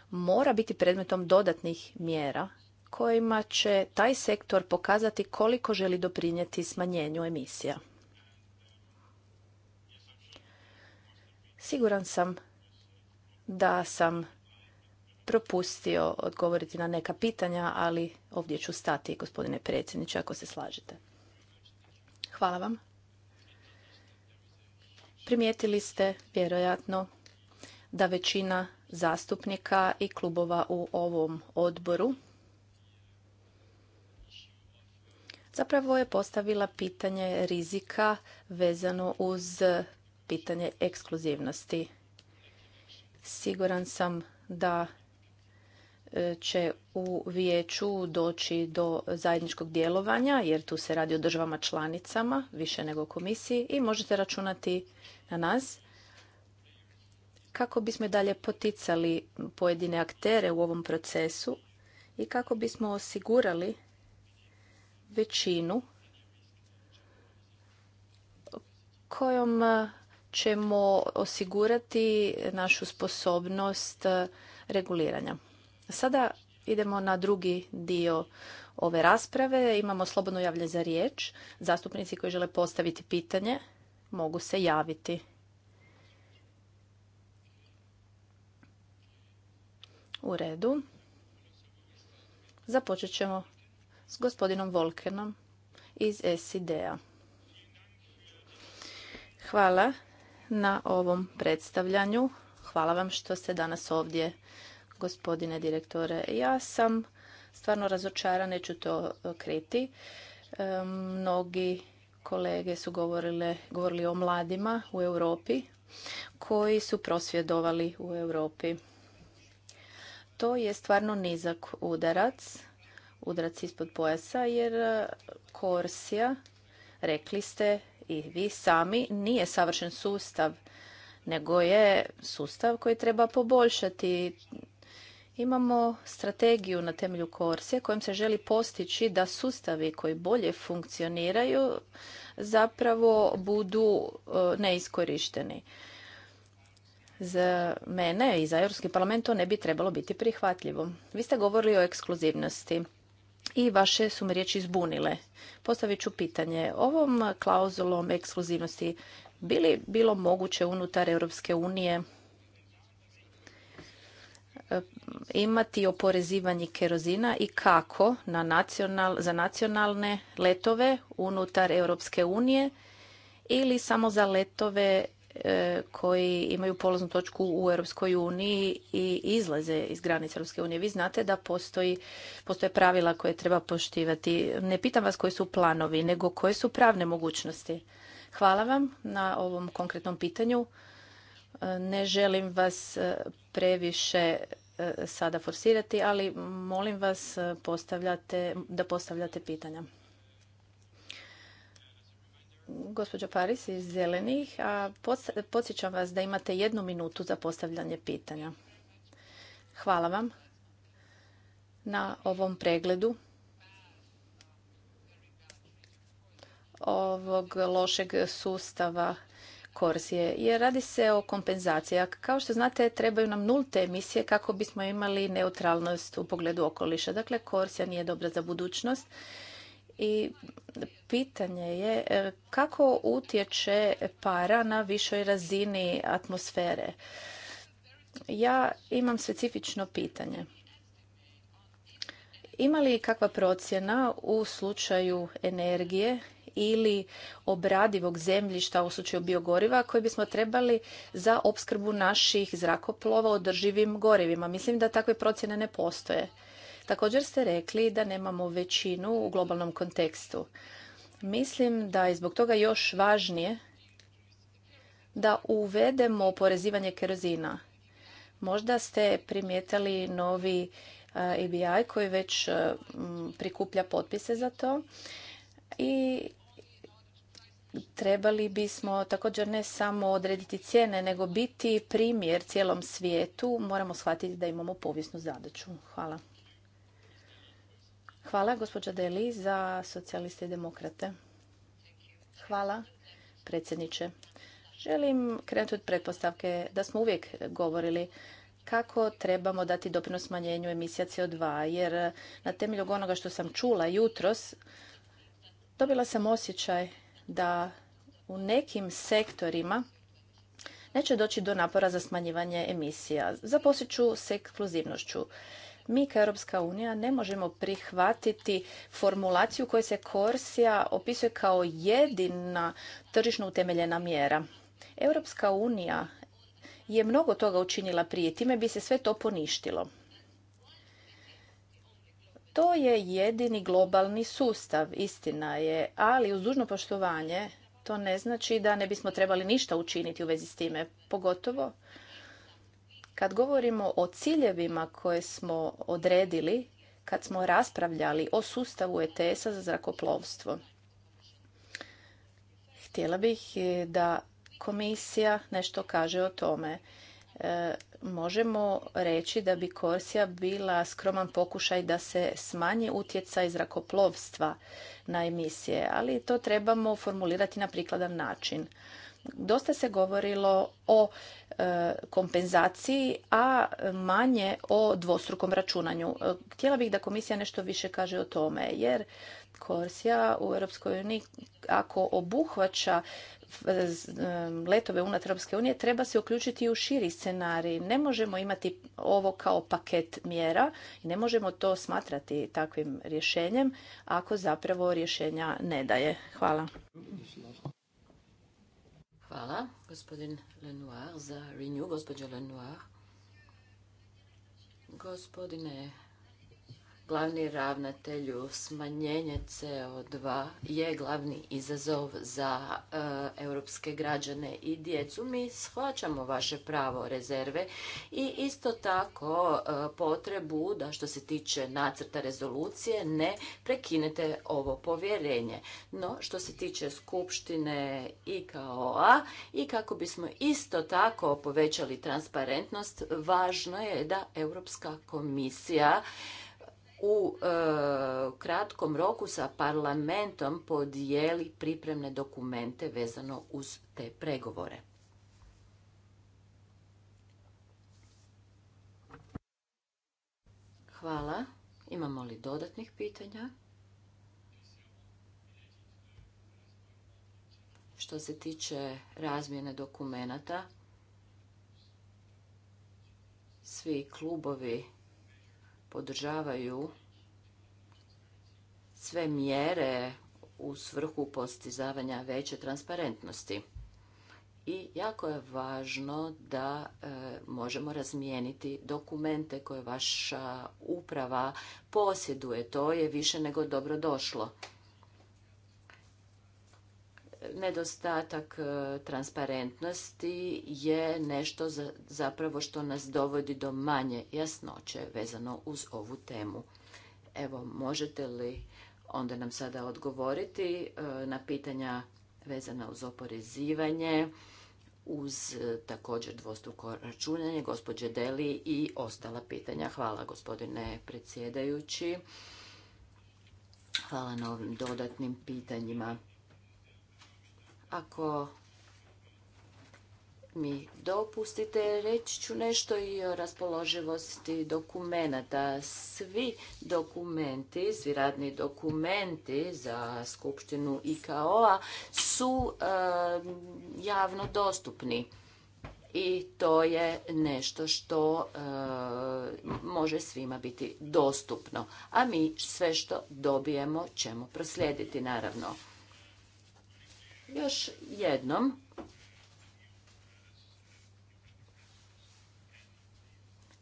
mora biti predmetom dodatnih mjera kojima će taj sektor pokazati koliko želi doprinijeti smanjenju emisija. Siguran sam da sam propustio odgovoriti na neka pitanja, ali ovdje ću stati, gospodine predsjedniče, ako se slažete. Hvala vam. Primijetili ste, vjerojatno, da većina zastupnika i klubova u ovom odboru zapravo je postavila pitanje rizika vezano uz pitanje ekskluzivnosti. Siguran sam da e, će u vijeću doći do zajedničkog djelovanja, jer tu se radi o državama članicama, više nego komisiji, i možete računati na nas kako bismo dalje poticali pojedine aktere u ovom procesu i kako bismo osigurali većinu kojom ćemo osigurati našu sposobnost reguliranja. Sada idemo na drugi dio ove rasprave. Imamo slobodno javlje za riječ. Zastupnici koji žele postaviti pitanje mogu se javiti. U redu. Započet ćemo s gospodinom Volkenom iz SID-a. Hvala na ovom predstavljanju. Hvala vam što ste danas ovdje, gospodine direktore. Ja sam stvarno razočara, neću to e, kriti. E, mnogi kolege su govorile, govorili o mladima u Europi koji su prosvjedovali u Europi. To je stvarno nizak udarac udraci ispod pojasa jer e, Korsija, rekli ste i vi sami, nije savršen sustav, nego je sustav koji treba poboljšati. Imamo strategiju na temelju korsije kojom se želi postići da sustavi koji bolje funkcioniraju zapravo budu e, neiskorišteni. Za mene i za Europski parlament to ne bi trebalo biti prihvatljivo. Vi ste govorili o ekskluzivnosti i vaše su me riječi zbunile. Postavit ću pitanje. Ovom klauzulom ekskluzivnosti bi li bilo moguće unutar Europske unije e, imati oporezivanje kerozina i kako na nacional, za nacionalne letove unutar Europske unije ili samo za letove E, koji imaju polaznu točku u Europskoj uniji i izlaze iz granice Europske unije. Vi znate da postoji, postoje pravila koje treba poštivati. Ne pitam vas koji su planovi, nego koje su pravne mogućnosti. Hvala vam na ovom konkretnom pitanju. E, ne želim vas e, previše sada forsirati, ali molim vas postavljate, da postavljate pitanja gospođo Paris iz Zelenih, a podsjećam vas da imate jednu minutu za postavljanje pitanja. Hvala vam na ovom pregledu ovog lošeg sustava Korsije, jer radi se o kompenzaciji. Kao što znate, trebaju nam nulte emisije kako bismo imali neutralnost u pogledu okoliša. Dakle, Korsija nije dobra za budućnost i pitanje je e, kako utječe para na višoj razini atmosfere. Ja imam specifično pitanje. Ima li kakva procjena u slučaju energije ili obradivog zemljišta u slučaju biogoriva koje bismo trebali za opskrbu naših zrakoplova održivim gorivima. Mislim da takve procjene ne postoje. Također ste rekli da nemamo većinu u globalnom kontekstu. Mislim da je zbog toga još važnije da uvedemo oporezivanje kerozina. Možda ste primijetili novi EBI eh, koji već eh, prikuplja potpise za to i trebali bismo također ne samo odrediti cijene, nego biti primjer cijelom svijetu. Moramo shvatiti da imamo povijesnu zadaću. Hvala. Hvala, gospođa Deli, za socijaliste i demokrate. Hvala, predsjedniče. Želim krenuti od pretpostavke da smo uvijek govorili kako trebamo dati doprinos smanjenju emisija CO2, jer na temelju onoga što sam čula jutros, dobila sam osjećaj da u nekim sektorima neće doći do napora za smanjivanje emisija. za ću s ekskluzivnošću. Mi kao Europska unija ne možemo prihvatiti formulaciju koja se Korsija opisuje kao jedina tržišno utemeljena mjera. Europska unija je mnogo toga učinila prije, time bi se sve to poništilo. To je jedini globalni sustav, istina je, ali uz dužno poštovanje to ne znači da ne bismo trebali ništa učiniti u vezi s time, pogotovo kad govorimo o ciljevima koje smo odredili kad smo raspravljali o sustavu ETS-a za zrakoplovstvo, htjela bih e, da komisija nešto kaže o tome. E, možemo reći da bi Korsija bila skroman pokušaj da se smanji utjecaj zrakoplovstva na emisije, ali to trebamo formulirati na prikladan način dosta se govorilo o e, kompenzaciji, a manje o dvostrukom računanju. E, htjela bih da komisija nešto više kaže o tome, jer Korsija u Europskoj uniji ako obuhvaća e, letove unutar Europske unije, treba se uključiti i u širi scenarij. Ne možemo imati ovo kao paket mjera i ne možemo to smatrati takvim rješenjem ako zapravo rješenja ne daje. Hvala. Hvala. Gospodin Lenoir za Renew. Gospodin Lenoir. Gospodine glavni ravnatelju, smanjenje CO2 je glavni izazov za e, europske građane i djecu. Mi shvaćamo vaše pravo rezerve i isto tako e, potrebu da što se tiče nacrta rezolucije ne prekinete ovo povjerenje. No što se tiče skupštine i i kako bismo isto tako povećali transparentnost, važno je da Europska komisija u e, kratkom roku sa parlamentom podijeli pripremne dokumente vezano uz te pregovore. Hvala. Imamo li dodatnih pitanja? Što se tiče razmjene dokumenata, svi klubovi podržavaju sve mjere u svrhu postizavanja veće transparentnosti. I jako je važno da e, možemo razmijeniti dokumente koje vaša uprava posjeduje. To je više nego dobro došlo nedostatak e, transparentnosti je nešto zapravo što nas dovodi do manje jasnoće vezano uz ovu temu. Evo, možete li onda nam sada odgovoriti e, na pitanja vezana uz oporezivanje, uz e, također dvostruko računanje gospođe Deli i ostala pitanja. Hvala gospodine predsjedajući. Hvala na ovim dodatnim pitanjima. Ako mi dopustite, reći ću nešto i o raspoloživosti dokumenata. Svi dokumenti, svi radni dokumenti za Skupštinu IKO-a su eh, javno dostupni i to je nešto što eh, može svima biti dostupno. A mi sve što dobijemo ćemo proslijediti, naravno još jednom.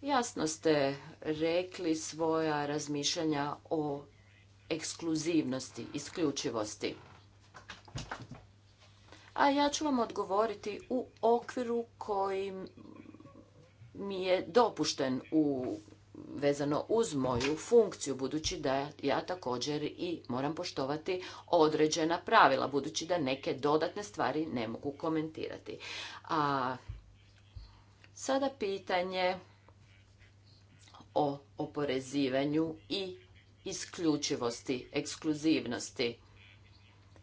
Jasno ste rekli svoja razmišljanja o ekskluzivnosti, isključivosti. A ja ću vam odgovoriti u okviru koji mi je dopušten u vezano uz moju funkciju, budući da ja također i moram poštovati određena pravila, budući da neke dodatne stvari ne mogu komentirati. A sada pitanje o oporezivanju i isključivosti, ekskluzivnosti.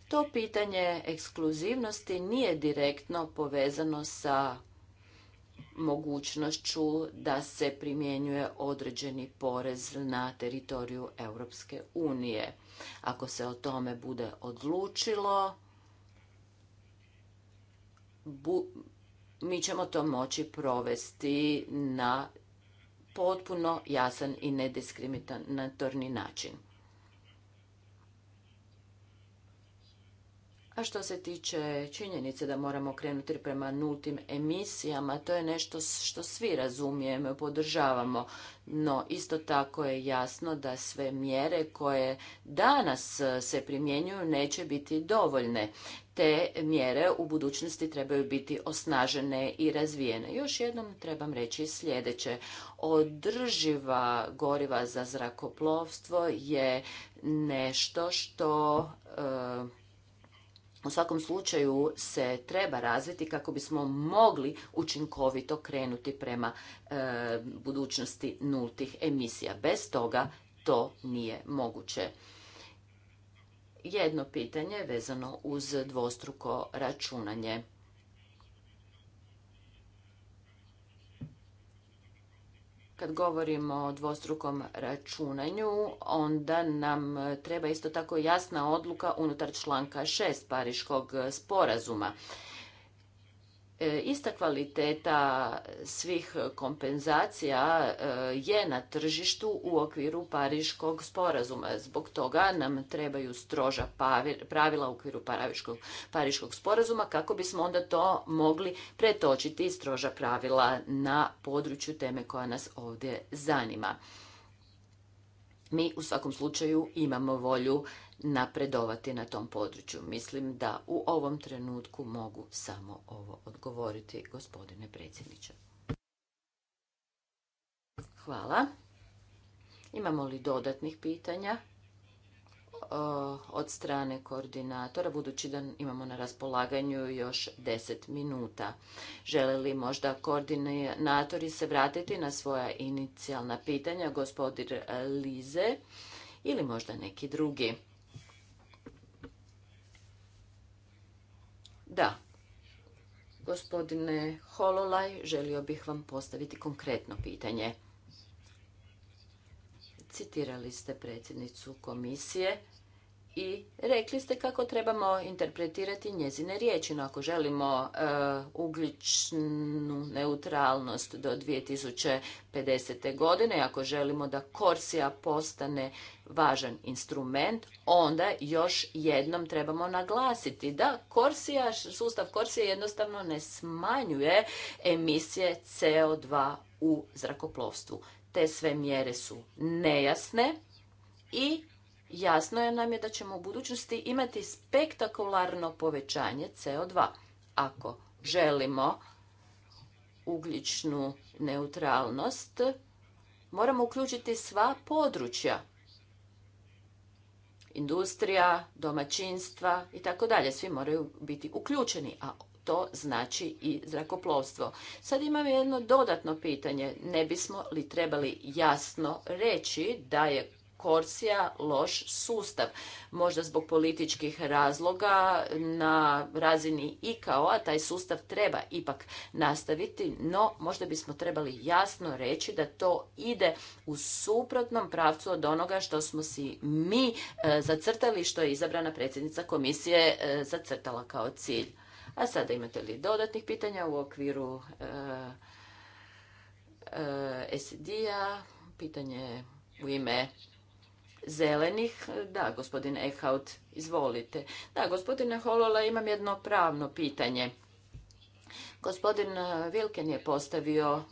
To pitanje ekskluzivnosti nije direktno povezano sa mogućnošću da se primjenjuje određeni porez na teritoriju Europske unije. Ako se o tome bude odlučilo, mi ćemo to moći provesti na potpuno jasan i nediskriminatorni način. A što se tiče činjenice da moramo krenuti prema nultim emisijama, to je nešto što svi razumijemo i podržavamo. No, isto tako je jasno da sve mjere koje danas e, se primjenjuju neće biti dovoljne. Te mjere u budućnosti trebaju biti osnažene i razvijene. Još jednom trebam reći sljedeće. Održiva goriva za zrakoplovstvo je nešto što... E, u svakom slučaju se treba razviti kako bismo mogli učinkovito krenuti prema e, budućnosti nultih emisija. Bez toga to nije moguće. Jedno pitanje vezano uz dvostruko računanje. kad govorimo o dvostrukom računanju, onda nam treba isto tako jasna odluka unutar članka 6 Pariškog sporazuma. E, ista kvaliteta svih kompenzacija e, je na tržištu u okviru Pariškog sporazuma. Zbog toga nam trebaju stroža pravila u okviru Pariškog, Pariškog sporazuma kako bismo onda to mogli pretočiti stroža pravila na području teme koja nas ovdje zanima. Mi u svakom slučaju imamo volju napredovati na tom području. Mislim da u ovom trenutku mogu samo ovo odgovoriti, gospodine predsjedniče. Hvala. Imamo li dodatnih pitanja od strane koordinatora, budući da imamo na raspolaganju još 10 minuta. Žele li možda koordinatori se vratiti na svoja inicijalna pitanja, gospodin Lize ili možda neki drugi? Da. Gospodine Hololaj, želio bih vam postaviti konkretno pitanje. Citirali ste predsjednicu komisije i rekli ste kako trebamo interpretirati njezine riječi. No, ako želimo e, ugljičnu neutralnost do 2050. godine, ako želimo da Korsija postane važan instrument, onda još jednom trebamo naglasiti da Korsija, sustav Korsije jednostavno ne smanjuje emisije CO2 u zrakoplovstvu. Te sve mjere su nejasne i Jasno je nam je da ćemo u budućnosti imati spektakularno povećanje CO2 ako želimo ugljičnu neutralnost moramo uključiti sva područja industrija, domaćinstva i tako dalje. Svi moraju biti uključeni, a to znači i zrakoplovstvo. Sad imam jedno dodatno pitanje. Ne bismo li trebali jasno reći da je Korsija loš sustav. Možda zbog političkih razloga na razini IKO-a taj sustav treba ipak nastaviti, no možda bismo trebali jasno reći da to ide u suprotnom pravcu od onoga što smo si mi e, zacrtali, što je izabrana predsjednica komisije e, zacrtala kao cilj. A sada imate li dodatnih pitanja u okviru e, e SED-a, pitanje u ime zelenih. Da, gospodin Ehaut, izvolite. Da, gospodine Holola, imam jedno pravno pitanje. Gospodin Vilken eh, je postavio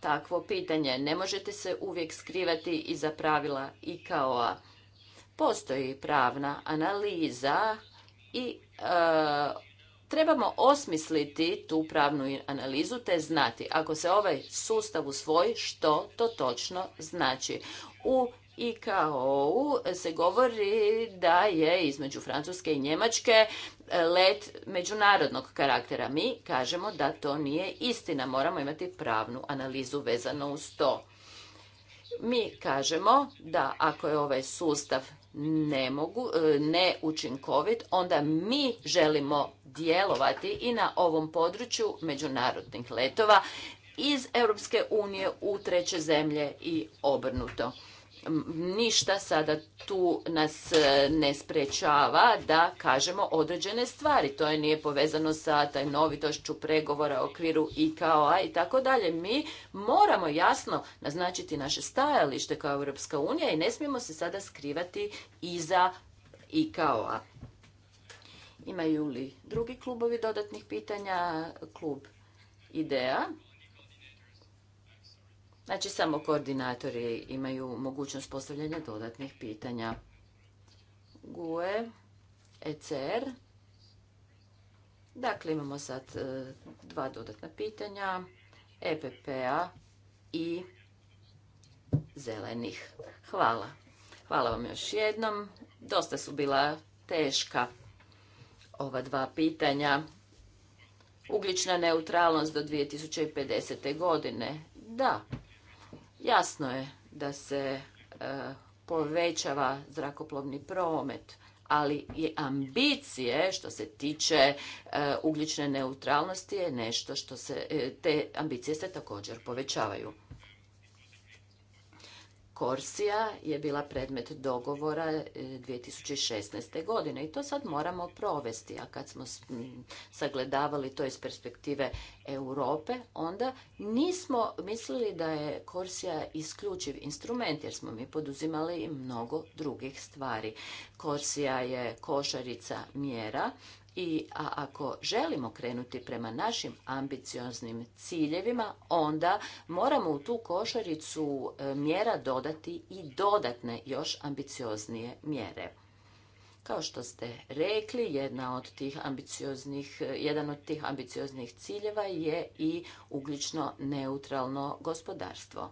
takvo pitanje. Ne možete se uvijek skrivati iza pravila IKO-a. Postoji pravna analiza i eh, trebamo osmisliti tu pravnu analizu te znati ako se ovaj sustav usvoji što to točno znači. U i kao se govori da je između Francuske i Njemačke e, let međunarodnog karaktera. Mi kažemo da to nije istina. Moramo imati pravnu analizu vezano uz to. Mi kažemo da ako je ovaj sustav e, neučinkovit, onda mi želimo djelovati i na ovom području međunarodnih letova iz Europske unije u treće zemlje i obrnuto ništa sada tu nas e, ne sprečava da kažemo određene stvari. To je nije povezano sa novitošću pregovora u okviru IKOA i tako dalje. Mi moramo jasno naznačiti naše stajalište kao Europska unija i ne smijemo se sada skrivati iza IKO-a. Imaju li drugi klubovi dodatnih pitanja? Klub Ideja. Znači, samo koordinatori imaju mogućnost postavljanja dodatnih pitanja. GUE, ECR. Dakle, imamo sad e, dva dodatna pitanja. EPP-a i zelenih. Hvala. Hvala vam još jednom. Dosta su bila teška ova dva pitanja. Ugljična neutralnost do 2050. godine. Da, Jasno je da se e, povećava zrakoplovni promet, ali i ambicije što se tiče e, ugljične neutralnosti je nešto što se, e, te ambicije se također povećavaju. Korsija je bila predmet dogovora 2016. E, godine i to sad moramo provesti. A kad smo sagledavali to iz perspektive Europe, onda nismo mislili da je Korsija isključiv instrument jer smo mi poduzimali mnogo drugih stvari. Korsija je košarica mjera i a ako želimo krenuti prema našim ambicioznim ciljevima, onda moramo u tu košaricu e, mjera dodati i dodatne još ambicioznije mjere. Kao što ste rekli, jedna od tih ambicioznih, e, jedan od tih ambicioznih ciljeva je i ugljično neutralno gospodarstvo.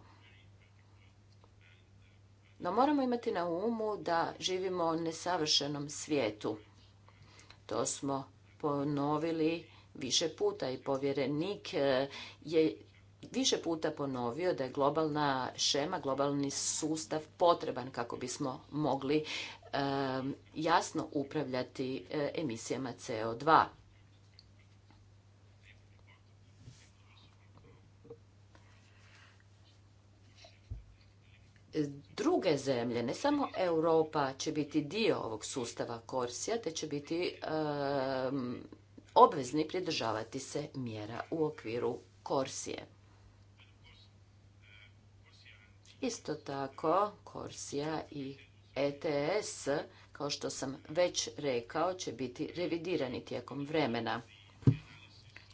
No moramo imati na umu da živimo u nesavršenom svijetu to smo ponovili više puta i povjerenik e, je više puta ponovio da je globalna šema, globalni sustav potreban kako bismo mogli e, jasno upravljati e, emisijama CO2. druge zemlje, ne samo Europa će biti dio ovog sustava Korsija, te će biti obvezni pridržavati se mjera u okviru Korsije. Isto tako, Korsija i ETS, kao što sam već rekao, će biti revidirani tijekom vremena.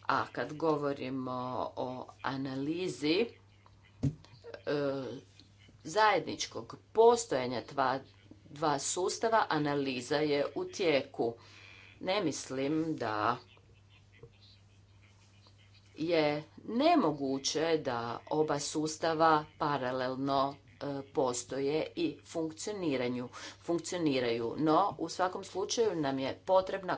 A kad govorimo o analizi, zajedničkog postojanja dva, dva sustava analiza je u tijeku. Ne mislim da je nemoguće da oba sustava paralelno E, postoje i funkcioniranju, funkcioniraju. No, u svakom slučaju nam je potrebna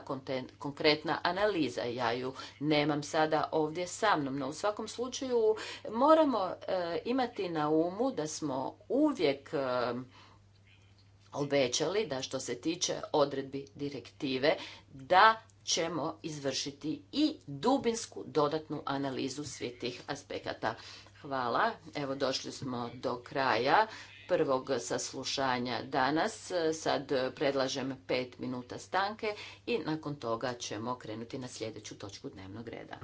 konkretna analiza. Ja ju nemam sada ovdje sa mnom, no u svakom slučaju moramo e, imati na umu da smo uvijek e, obećali da što se tiče odredbi direktive da ćemo izvršiti i dubinsku dodatnu analizu svih tih aspekata. Hvala. Evo došli smo do kraja prvog saslušanja danas. Sad predlažem pet minuta stanke i nakon toga ćemo krenuti na sljedeću točku dnevnog reda.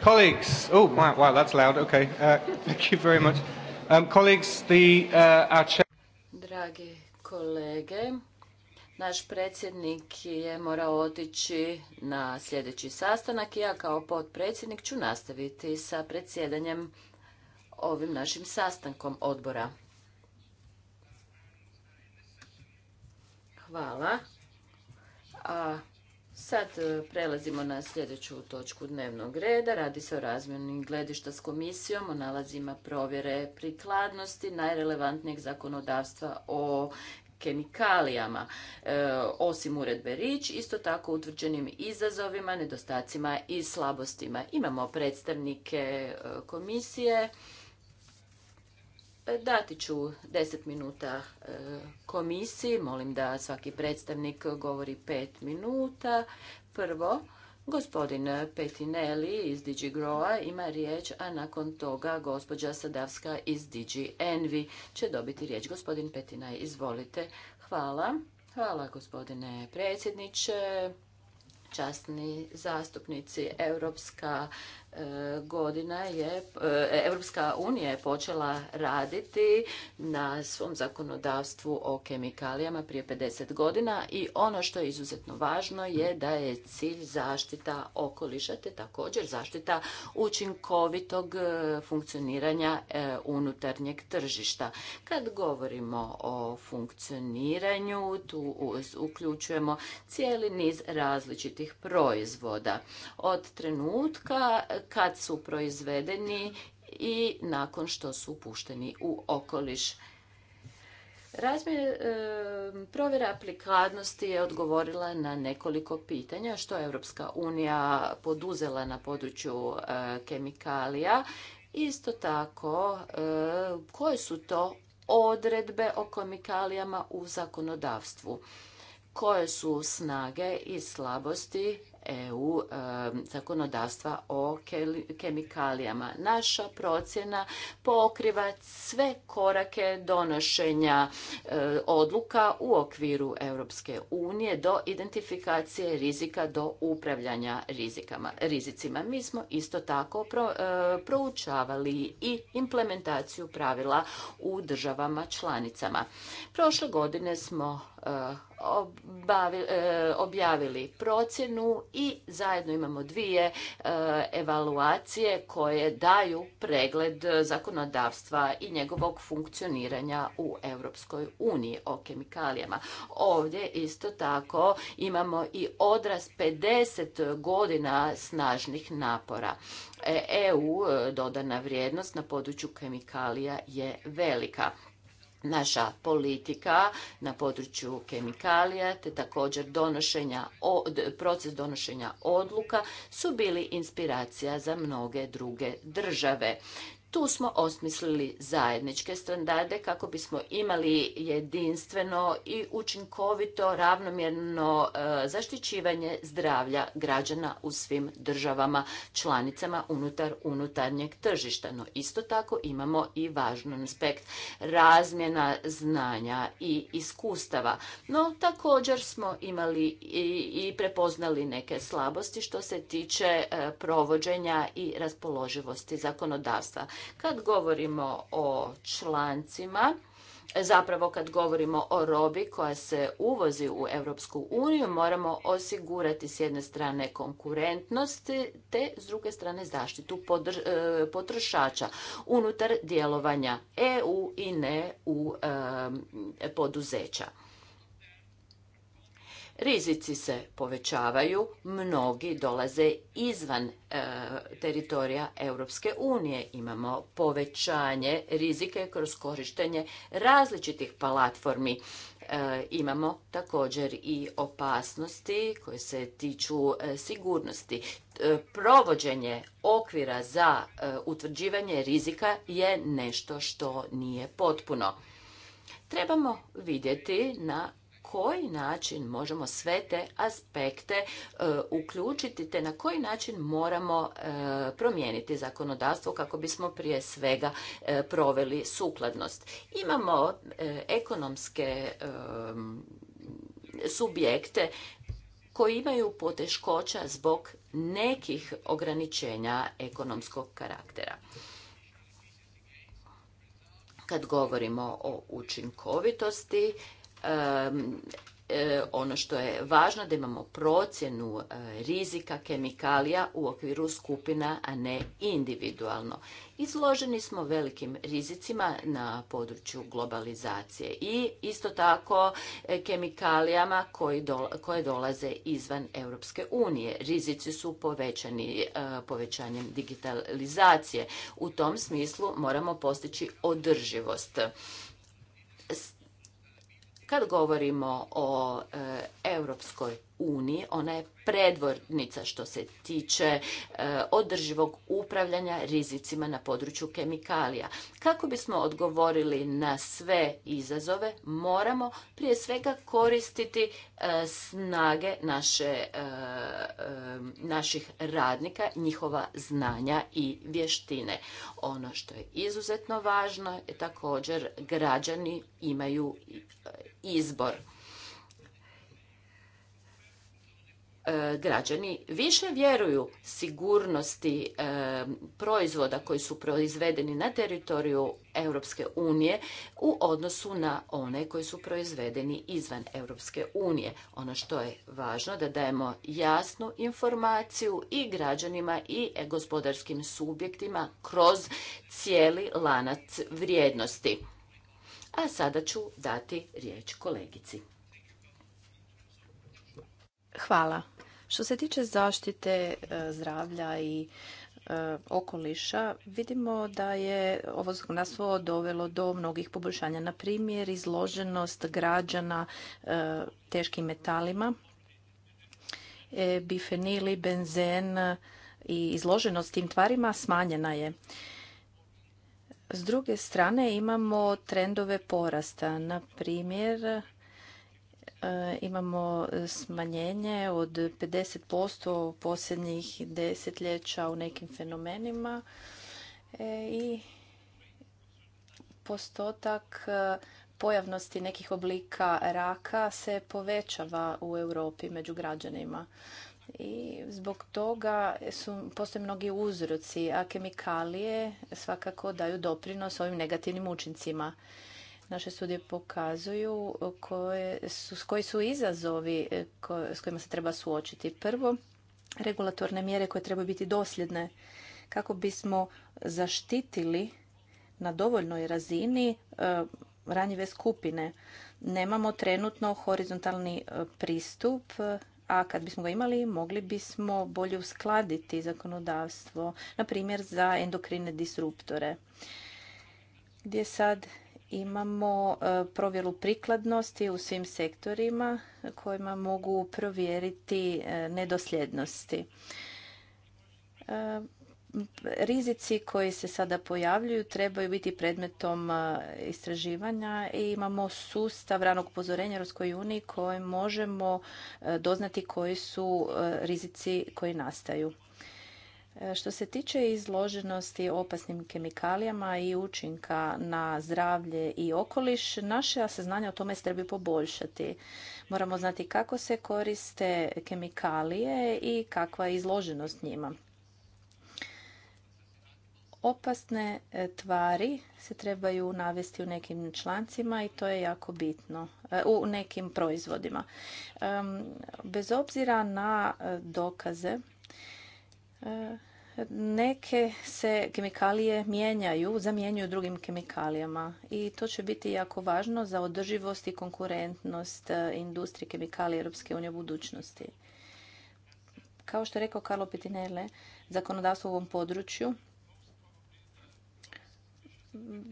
Colleagues, oh, wow, that's loud, okay. Uh, thank you very much. Um, colleagues, the, uh, our chair... Dragi kolege, naš predsjednik je morao otići na sljedeći sastanak i ja kao potpredsjednik ću nastaviti sa predsjedanjem ovim našim sastankom odbora. E, prelazimo na sljedeću točku dnevnog reda. Radi se o razmjeni gledišta s komisijom, o nalazima provjere prikladnosti najrelevantnijeg zakonodavstva o kemikalijama, e, osim uredbe Rič, isto tako utvrđenim izazovima, nedostacima i slabostima. Imamo predstavnike e, komisije, E, dati ću deset minuta e, komisiji, molim da svaki predstavnik govori pet minuta. Prvo, gospodin Petinelli iz Digi Groa ima riječ, a nakon toga gospođa Sadavska iz Digi Envi će dobiti riječ. Gospodin Petinaj, izvolite. Hvala. Hvala gospodine predsjedniče časni zastupnici Europska godina je Europska unija je počela raditi na svom zakonodavstvu o kemikalijama prije 50 godina i ono što je izuzetno važno je da je cilj zaštita okoliša te također zaštita učinkovitog e, funkcioniranja e, unutarnjeg tržišta. Kad govorimo o funkcioniranju, tu uključujemo cijeli niz različitih proizvoda. Od trenutka kad su proizvedeni i nakon što su pušteni u okoliš. Razmjer e, provjera aplikadnosti je odgovorila na nekoliko pitanja što je Europska unija poduzela na području e, kemikalija. Isto tako, e, koje su to odredbe o kemikalijama u zakonodavstvu? Koje su snage i slabosti EU zakonodavstva o kemikalijama. Naša procjena pokriva sve korake donošenja odluka u okviru Europske unije do identifikacije rizika do upravljanja rizikama, rizicima. Mi smo isto tako proučavali i implementaciju pravila u državama članicama. Prošle godine smo E, objavili procjenu i zajedno imamo dvije e, evaluacije koje daju pregled zakonodavstva i njegovog funkcioniranja u Europskoj uniji o kemikalijama. Ovdje isto tako imamo i odraz 50 godina snažnih napora. EU e dodana vrijednost na području kemikalija je velika naša politika na području kemikalija te također donošenja, proces donošenja odluka su bili inspiracija za mnoge druge države. Tu smo osmislili zajedničke standarde kako bismo imali jedinstveno i učinkovito ravnomjerno e, zaštićivanje zdravlja građana u svim državama članicama unutar unutarnjeg tržišta. No isto tako imamo i važan aspekt razmjena znanja i iskustava. No također smo imali i prepoznali neke slabosti što se tiče e, provođenja i raspoloživosti zakonodavstva. Kad govorimo o člancima, zapravo kad govorimo o robi koja se uvozi u Europsku uniju, moramo osigurati s jedne strane konkurentnost te s druge strane zaštitu e, potrošača unutar djelovanja EU i ne u e, poduzeća. Rizici se povećavaju, mnogi dolaze izvan e, teritorija Europske unije. Imamo povećanje rizike kroz korištenje različitih platformi. E, imamo također i opasnosti koje se tiču e, sigurnosti. Provođenje okvira za utvrđivanje rizika je nešto što nije potpuno. Trebamo vidjeti na koji način možemo sve te aspekte e, uključiti te na koji način moramo e, promijeniti zakonodavstvo kako bismo prije svega e, proveli sukladnost. Imamo ekonomske subjekte koji imaju poteškoća zbog nekih ograničenja ekonomskog karaktera. Kad govorimo o učinkovitosti, E, ono što je važno da imamo procjenu e, rizika kemikalija u okviru skupina, a ne individualno. Izloženi smo velikim rizicima na području globalizacije i isto tako e, kemikalijama koje dolaze izvan Europske unije. Rizici su povećani povećanjem digitalizacije. U tom smislu moramo postići održivost kad govorimo o e, Europskoj uniji, ona je predvornica što se tiče e, održivog upravljanja rizicima na području kemikalija. Kako bismo odgovorili na sve izazove, moramo prije svega koristiti e, snage naše, e, naših radnika, njihova znanja i vještine. Ono što je izuzetno važno je također građani imaju izbor E, građani više vjeruju sigurnosti e, proizvoda koji su proizvedeni na teritoriju Europske unije u odnosu na one koji su proizvedeni izvan Europske unije. Ono što je važno da dajemo jasnu informaciju i građanima i gospodarskim subjektima kroz cijeli lanac vrijednosti. A sada ću dati riječ kolegici. Hvala. Što se tiče zaštite e, zdravlja i e, okoliša, vidimo da je ovo zakonodavstvo dovelo do mnogih poboljšanja. Na primjer, izloženost građana e, teškim metalima, bifenili, benzen i izloženost tim tvarima smanjena je. S druge strane imamo trendove porasta. Na primjer, E, imamo e, smanjenje od 50% u posljednjih desetljeća u nekim fenomenima e, i postotak pojavnosti nekih oblika raka se povećava u Europi među građanima. I zbog toga su, postoje mnogi uzroci, a kemikalije svakako daju doprinos ovim negativnim učincima. Naše studije pokazuju koji su izazovi e, s kojima se treba suočiti. Prvo, regulatorne mjere koje trebaju biti dosljedne kako bismo zaštitili na dovoljnoj razini e, ranjive skupine. Nemamo trenutno horizontalni e, pristup, a kad bismo ga imali, mogli bismo bolje uskladiti zakonodavstvo, na primjer za endokrine disruptore, gdje sad imamo e, provjeru prikladnosti u svim sektorima kojima mogu provjeriti e, nedosljednosti. E, rizici koji se sada pojavljuju trebaju biti predmetom istraživanja i imamo sustav ranog upozorenja Europskoj uniji koji možemo doznati koji su rizici koji nastaju. Što se tiče izloženosti opasnim kemikalijama i učinka na zdravlje i okoliš, naše saznanje o tome se treba poboljšati. Moramo znati kako se koriste kemikalije i kakva je izloženost njima. Opasne e, tvari se trebaju navesti u nekim člancima i to je jako bitno e, u nekim proizvodima. Bez obzira na e, dokaze, Neke se kemikalije mijenjaju, zamjenjuju drugim kemikalijama i to će biti jako važno za održivost i konkurentnost e, industrije kemikalije Europske unije u budućnosti. Kao što je rekao Carlo Petinele, zakonodavstvo u ovom području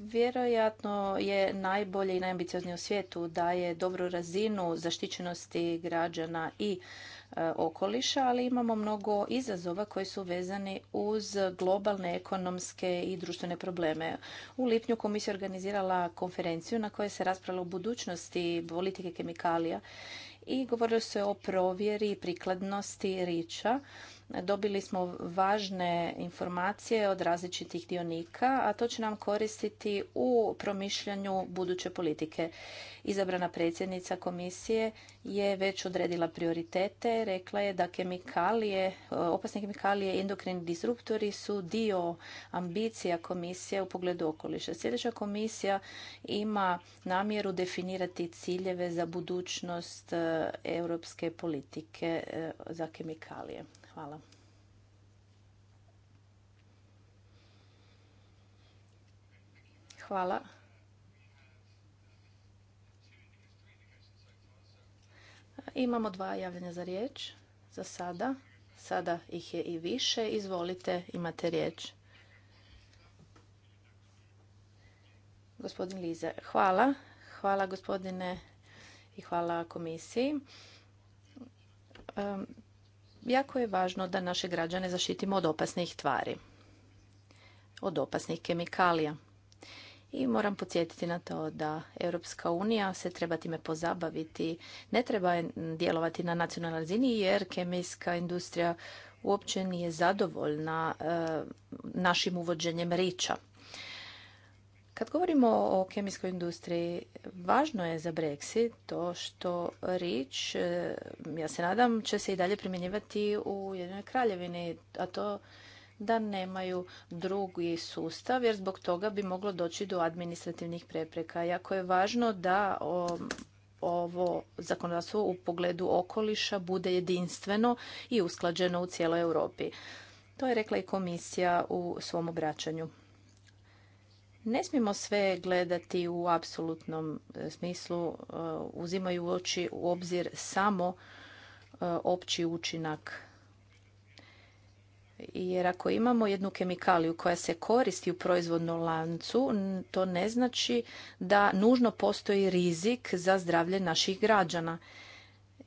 vjerojatno je najbolje i najambicioznije u svijetu, daje dobru razinu zaštićenosti građana i E, okoliša, ali imamo mnogo izazova koji su vezani uz globalne ekonomske i društvene probleme. U lipnju komisija organizirala konferenciju na kojoj se raspravilo o budućnosti politike kemikalija i govorilo se o provjeri prikladnosti riča Dobili smo važne informacije od različitih dionika, a to će nam koristiti u promišljanju buduće politike. Izabrana predsjednica komisije je već odredila prioritete. Rekla je da kemikalije, opasne kemikalije i endokrini disruptori su dio ambicija komisije u pogledu okoliša. Sljedeća komisija ima namjeru definirati ciljeve za budućnost e, europske politike e, za kemikalije. Hvala. Hvala. Imamo dva javljanja za riječ za sada. Sada ih je i više. Izvolite, imate riječ. Gospodin Lize, hvala. Hvala gospodine i hvala komisiji. Jako je važno da naše građane zaštitimo od opasnih tvari, od opasnih kemikalija. I moram podsjetiti na to da Europska unija se treba time pozabaviti. Ne treba djelovati na nacionalnoj razini jer kemijska industrija uopće nije zadovoljna e, našim uvođenjem riča. Kad govorimo o kemijskoj industriji, važno je za Brexit to što rič, eh, ja se nadam, će se i dalje primjenjivati u jednoj kraljevini, a to da nemaju drugi sustav, jer zbog toga bi moglo doći do administrativnih prepreka. Jako je važno da ovo zakonodavstvo u pogledu okoliša bude jedinstveno i usklađeno u cijeloj Europi. To je rekla i komisija u svom obraćanju. Ne smijemo sve gledati u apsolutnom e, smislu, e, uzimaju u oči u obzir samo e, opći učinak. Jer ako imamo jednu kemikaliju koja se koristi u proizvodnom lancu, to ne znači da nužno postoji rizik za zdravlje naših građana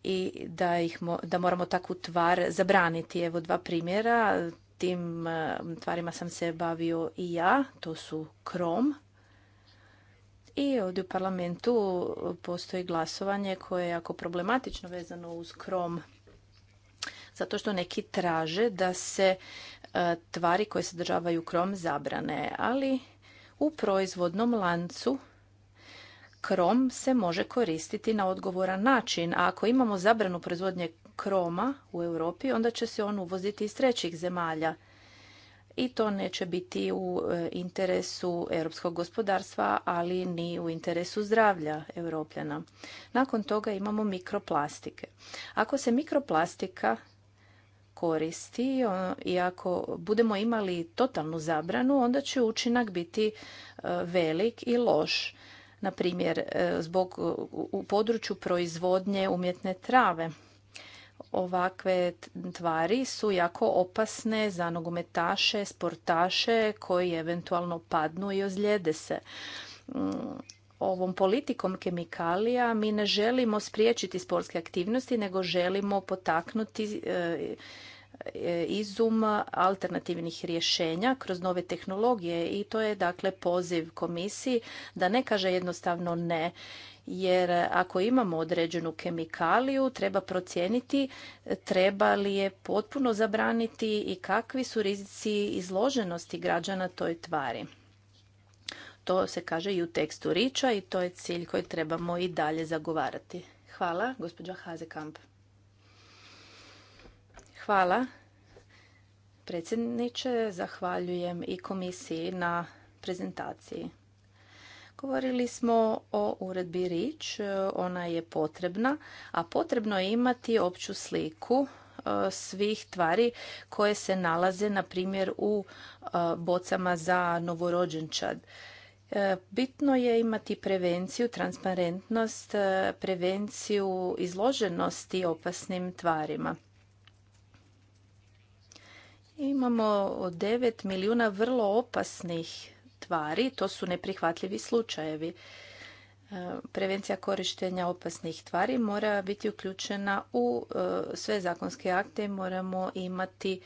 i da, da moramo takvu tvar zabraniti. Evo dva primjera tim eh, tvarima sam se bavio i ja, to su krom. I ovdje u parlamentu postoji glasovanje koje je jako problematično vezano uz krom. Zato što neki traže da se eh, tvari koje sadržavaju krom zabrane, ali u proizvodnom lancu krom se može koristiti na odgovoran način. A ako imamo zabranu proizvodnje kroma u Europi, onda će se on uvoziti iz trećih zemalja i to neće biti u e, interesu europskog gospodarstva, ali ni u interesu zdravlja europljana. Nakon toga imamo mikroplastike. Ako se mikroplastika koristi i ako budemo imali totalnu zabranu, onda će učinak biti e, velik i loš. Na primjer, e, zbog u području proizvodnje umjetne trave ovakve tvari su jako opasne za nogometaše, sportaše koji eventualno padnu i ozljede se. Mm, ovom politikom kemikalija mi ne želimo spriječiti sportske aktivnosti, nego želimo potaknuti e, e, izum alternativnih rješenja kroz nove tehnologije i to je dakle poziv komisiji da ne kaže jednostavno ne jer e, ako imamo određenu kemikaliju treba procijeniti e, treba li je potpuno zabraniti i kakvi su rizici izloženosti građana toj tvari. To se kaže i u tekstu Riča i to je cilj koji trebamo i dalje zagovarati. Hvala, gospođa Hazekamp. Hvala, predsjedniče. Zahvaljujem i komisiji na prezentaciji. Govorili smo o uredbi Rič, e, ona je potrebna, a potrebno je imati opću sliku e, svih tvari koje se nalaze, na primjer, u e, bocama za novorođenčad. Bitno je imati prevenciju, transparentnost, prevenciju izloženosti opasnim tvarima. Imamo 9 milijuna vrlo opasnih tvari, to su neprihvatljivi slučajevi. E, prevencija korištenja opasnih tvari mora biti uključena u e, sve zakonske akte i moramo imati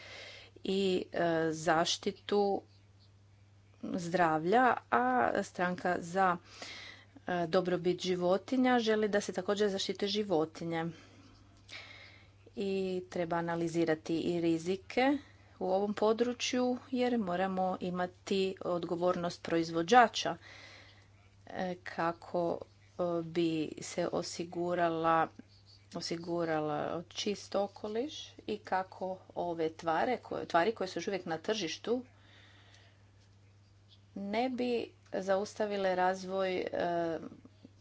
i e, zaštitu zdravlja, a stranka za dobrobit životinja želi da se također zaštite životinje i treba analizirati i rizike u ovom području jer moramo imati odgovornost proizvođača e, kako e, bi se osigurala osigurala čist okoliš i kako ove tvare, koje, tvari koje su uvijek na tržištu ne bi zaustavile razvoj e,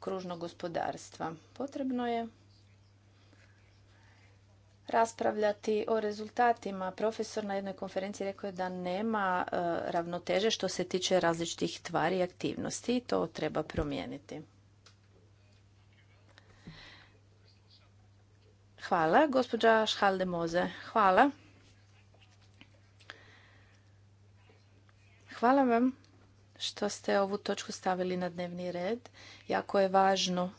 kružnog gospodarstva. Potrebno je raspravljati o rezultatima. Profesor na jednoj konferenciji rekao je da nema e, ravnoteže što se tiče različitih tvari i aktivnosti i to treba promijeniti. Hvala. Gospođa Moze. hvala. Hvala vam što ste ovu točku stavili na dnevni red. Jako je važno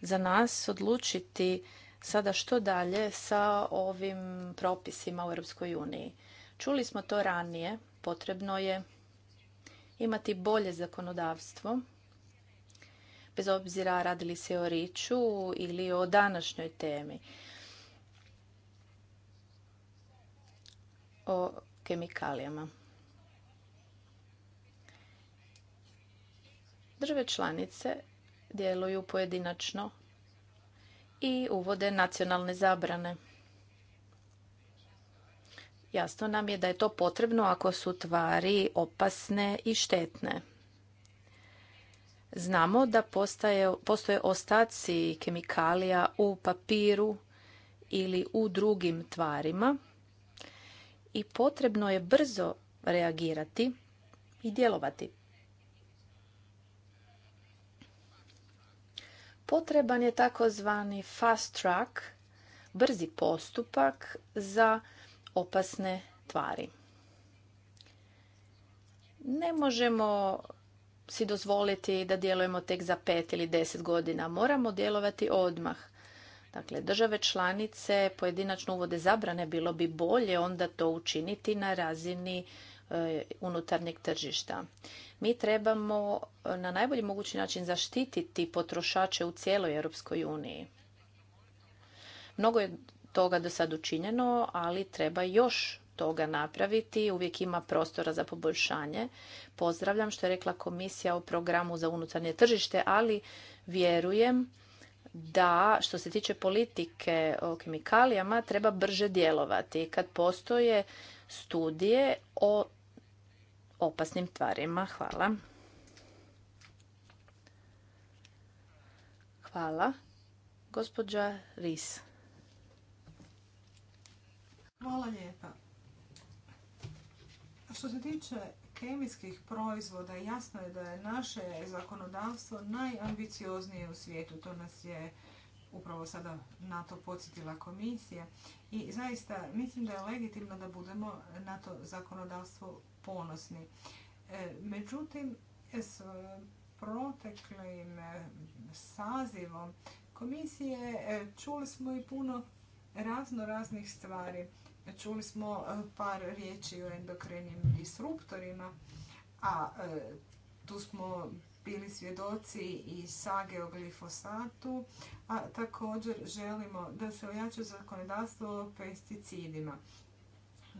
za nas odlučiti Sada što dalje sa ovim propisima u Europskoj uniji? Čuli smo to ranije, potrebno je imati bolje zakonodavstvo, bez obzira radili se o Riču ili o današnjoj temi. O kemikalijama. Države članice djeluju pojedinačno i uvode nacionalne zabrane. Jasno nam je da je to potrebno ako su tvari opasne i štetne. Znamo da postaje, postoje ostaci kemikalija u papiru ili u drugim tvarima i potrebno je brzo reagirati i djelovati. potreban je takozvani fast track, brzi postupak za opasne tvari. Ne možemo si dozvoliti da djelujemo tek za pet ili deset godina. Moramo djelovati odmah. Dakle, države članice pojedinačno uvode zabrane, bilo bi bolje onda to učiniti na razini E, unutarnjeg tržišta. Mi trebamo e, na najbolji mogući način zaštititi potrošače u cijeloj Europskoj uniji. Mnogo je toga do sad učinjeno, ali treba još toga napraviti. Uvijek ima prostora za poboljšanje. Pozdravljam što je rekla komisija o programu za unutarnje tržište, ali vjerujem da što se tiče politike o kemikalijama treba brže djelovati. Kad postoje studije o opasnim tvarima. Hvala. Hvala. Gospođa Ris. Hvala lijepa. Što se tiče kemijskih proizvoda, jasno je da je naše zakonodavstvo najambicioznije u svijetu. To nas je upravo sada na to podsjetila komisija. I zaista mislim da je legitimno da budemo na to zakonodavstvo ponosni. E, međutim, s proteklim e, sazivom komisije e, čuli smo i puno razno raznih stvari. Čuli smo par riječi o endokrinim disruptorima, a tu smo bili svjedoci i sage o glifosatu, a također želimo da se ojače zakonodavstvo o pesticidima.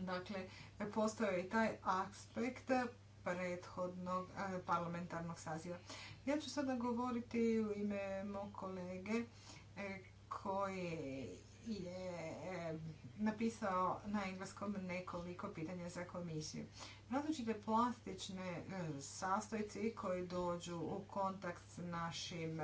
Dakle, postojao je i taj aspekt prethodnog e, parlamentarnog saziva. Ja ću sada govoriti u ime mog kolege e, koji je e, napisao na engleskom nekoliko pitanja za komisiju. Različite plastične sastojci koji dođu u kontakt s našim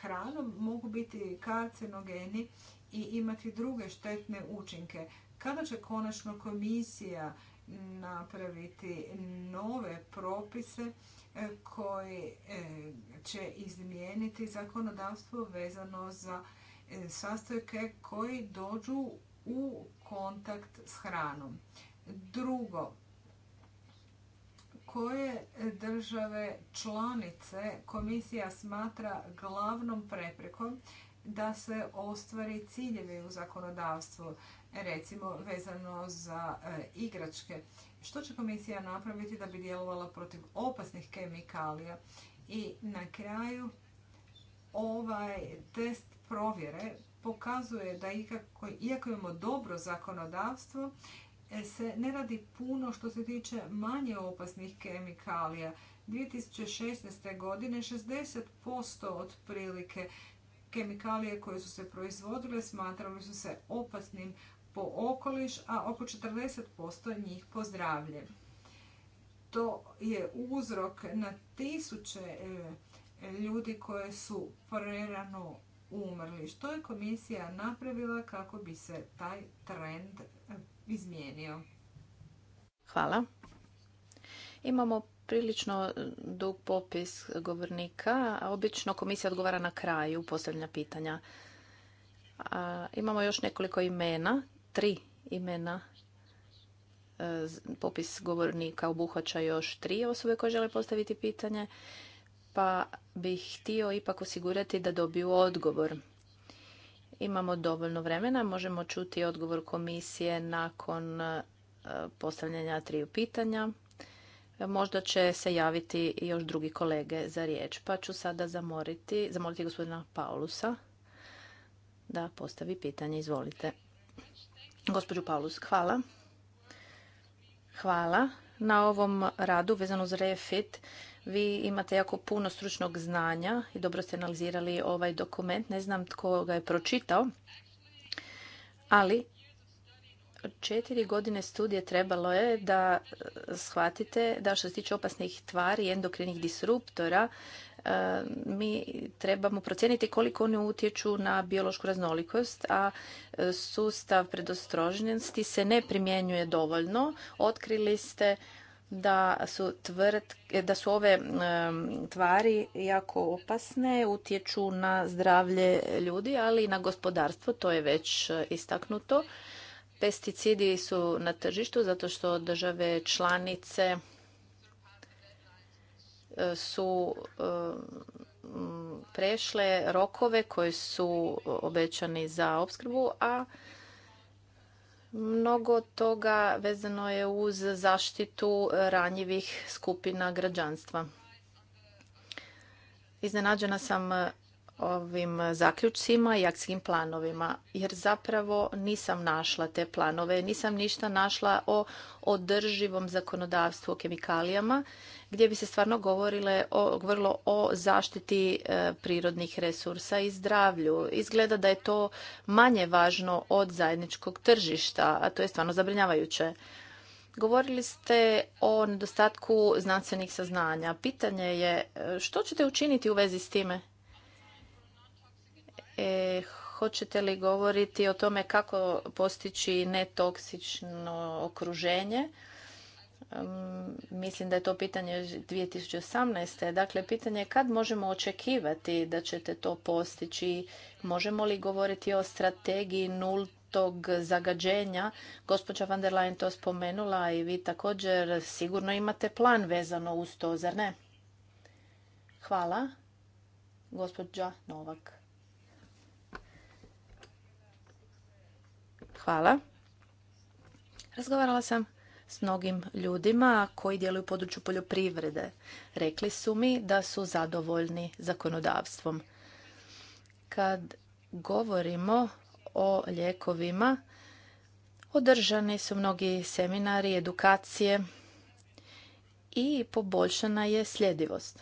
hranom mogu biti karcinogeni i imati druge štetne učinke. Kada će konačno komisija napraviti nove propise e, koji e, će izmijeniti zakonodavstvo vezano za e, sastojke koji dođu u kontakt s hranom. Drugo, koje države članice komisija smatra glavnom preprekom da se ostvari ciljevi u zakonodavstvu recimo vezano za e, igračke. Što će komisija napraviti da bi djelovala protiv opasnih kemikalija? I na kraju ovaj test provjere pokazuje da iako imamo dobro zakonodavstvo, e, se ne radi puno što se tiče manje opasnih kemikalija. 2016. godine 60% otprilike kemikalije koje su se proizvodile smatrali su se opasnim, po okoliš, a oko 40% njih po zdravlje. To je uzrok na tisuće e, ljudi koje su prerano umrli. Što je komisija napravila kako bi se taj trend e, izmijenio? Hvala. Imamo prilično e, dug popis govornika. Obično komisija odgovara na kraju posljednja pitanja. imamo još nekoliko imena tri imena. E, popis govornika obuhvaća još tri osobe koje žele postaviti pitanje, pa bih htio ipak osigurati da dobiju odgovor. Imamo dovoljno vremena, možemo čuti odgovor komisije nakon e, postavljanja triju pitanja. E, možda će se javiti još drugi kolege za riječ, pa ću sada zamoliti, zamoliti gospodina Paulusa da postavi pitanje. Izvolite. Gospođu Paulus, hvala. Hvala na ovom radu vezano uz REFIT. Vi imate jako puno stručnog znanja i dobro ste analizirali ovaj dokument. Ne znam tko ga je pročitao, ali četiri godine studije trebalo je da shvatite da što se tiče opasnih tvari i endokrinih disruptora, mi trebamo procijeniti koliko oni utječu na biološku raznolikost, a e, sustav predostrožnosti se ne primjenjuje dovoljno. Otkrili ste da su, da su ove tvari jako opasne, utječu na zdravlje ljudi, ali i na gospodarstvo, to je već istaknuto. Pesticidi su na tržištu zato što države članice su um, prešle rokove koji su obećani za opskrbu, a mnogo toga vezano je uz zaštitu ranjivih skupina građanstva. Iznenađena sam ovim zaključcima i akcijskim planovima jer zapravo nisam našla te planove, nisam ništa našla o održivom zakonodavstvu o kemikalijama gdje bi se stvarno govorile o, govorilo o zaštiti e, prirodnih resursa i zdravlju. Izgleda da je to manje važno od zajedničkog tržišta, a to je stvarno zabrinjavajuće. Govorili ste o nedostatku znanstvenih saznanja. Pitanje je e, što ćete učiniti u vezi s time? E, hoćete li govoriti o tome kako postići netoksično okruženje? Mislim da je to pitanje 2018. Dakle, pitanje je kad možemo očekivati da ćete to postići? Možemo li govoriti o strategiji nultog zagađenja? Gospođa van der Leyen to spomenula i vi također sigurno imate plan vezano uz to, zar ne? Hvala. Gospođa Novak. Hvala. Razgovarala sam s mnogim ljudima koji djeluju u području poljoprivrede. Rekli su mi da su zadovoljni zakonodavstvom. Kad govorimo o lijekovima, održani su mnogi seminari, edukacije i poboljšana je sljedivost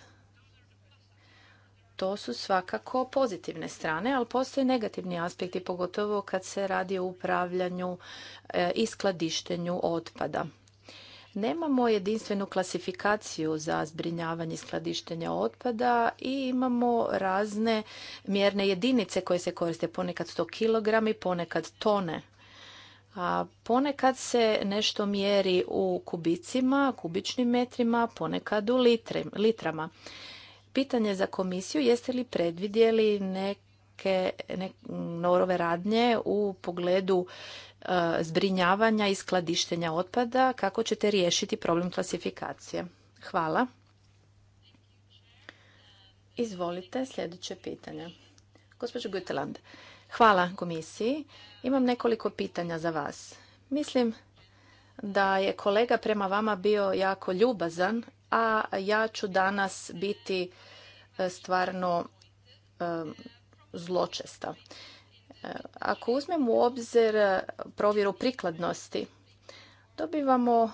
to su svakako pozitivne strane, ali postoje negativni aspekti, pogotovo kad se radi o upravljanju e, i skladištenju otpada. Nemamo jedinstvenu klasifikaciju za zbrinjavanje skladištenja otpada i imamo razne mjerne jedinice koje se koriste ponekad 100 kg i ponekad tone. A ponekad se nešto mjeri u kubicima, kubičnim metrima, ponekad u litrama. Pitanje za komisiju, jeste li predvidjeli neke, norove radnje u pogledu e, zbrinjavanja i skladištenja otpada, kako ćete riješiti problem klasifikacije? Hvala. Izvolite, sljedeće pitanje. Gospođo Guteland, hvala komisiji. Imam nekoliko pitanja za vas. Mislim da je kolega prema vama bio jako ljubazan a ja ću danas biti e, stvarno e, zločesta. E, ako uzmemo u obzir provjeru prikladnosti, dobivamo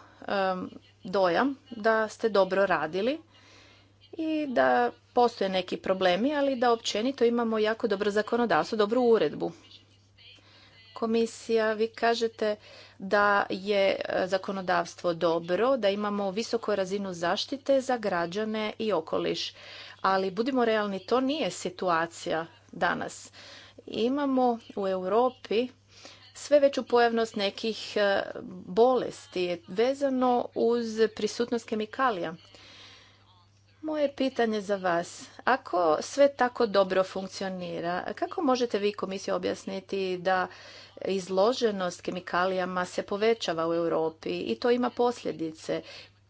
dojam da ste dobro radili i da postoje neki problemi, ali da općenito imamo jako dobro zakonodavstvo, dobru uredbu komisija, vi kažete da je e, zakonodavstvo dobro, da imamo visoku razinu zaštite za građane i okoliš. Ali budimo realni, to nije situacija danas. Imamo u Europi sve veću pojavnost nekih e, bolesti vezano uz prisutnost kemikalija. Moje pitanje za vas. Ako sve tako dobro funkcionira, kako možete vi komisiju objasniti da izloženost kemikalijama se povećava u Europi i to ima posljedice?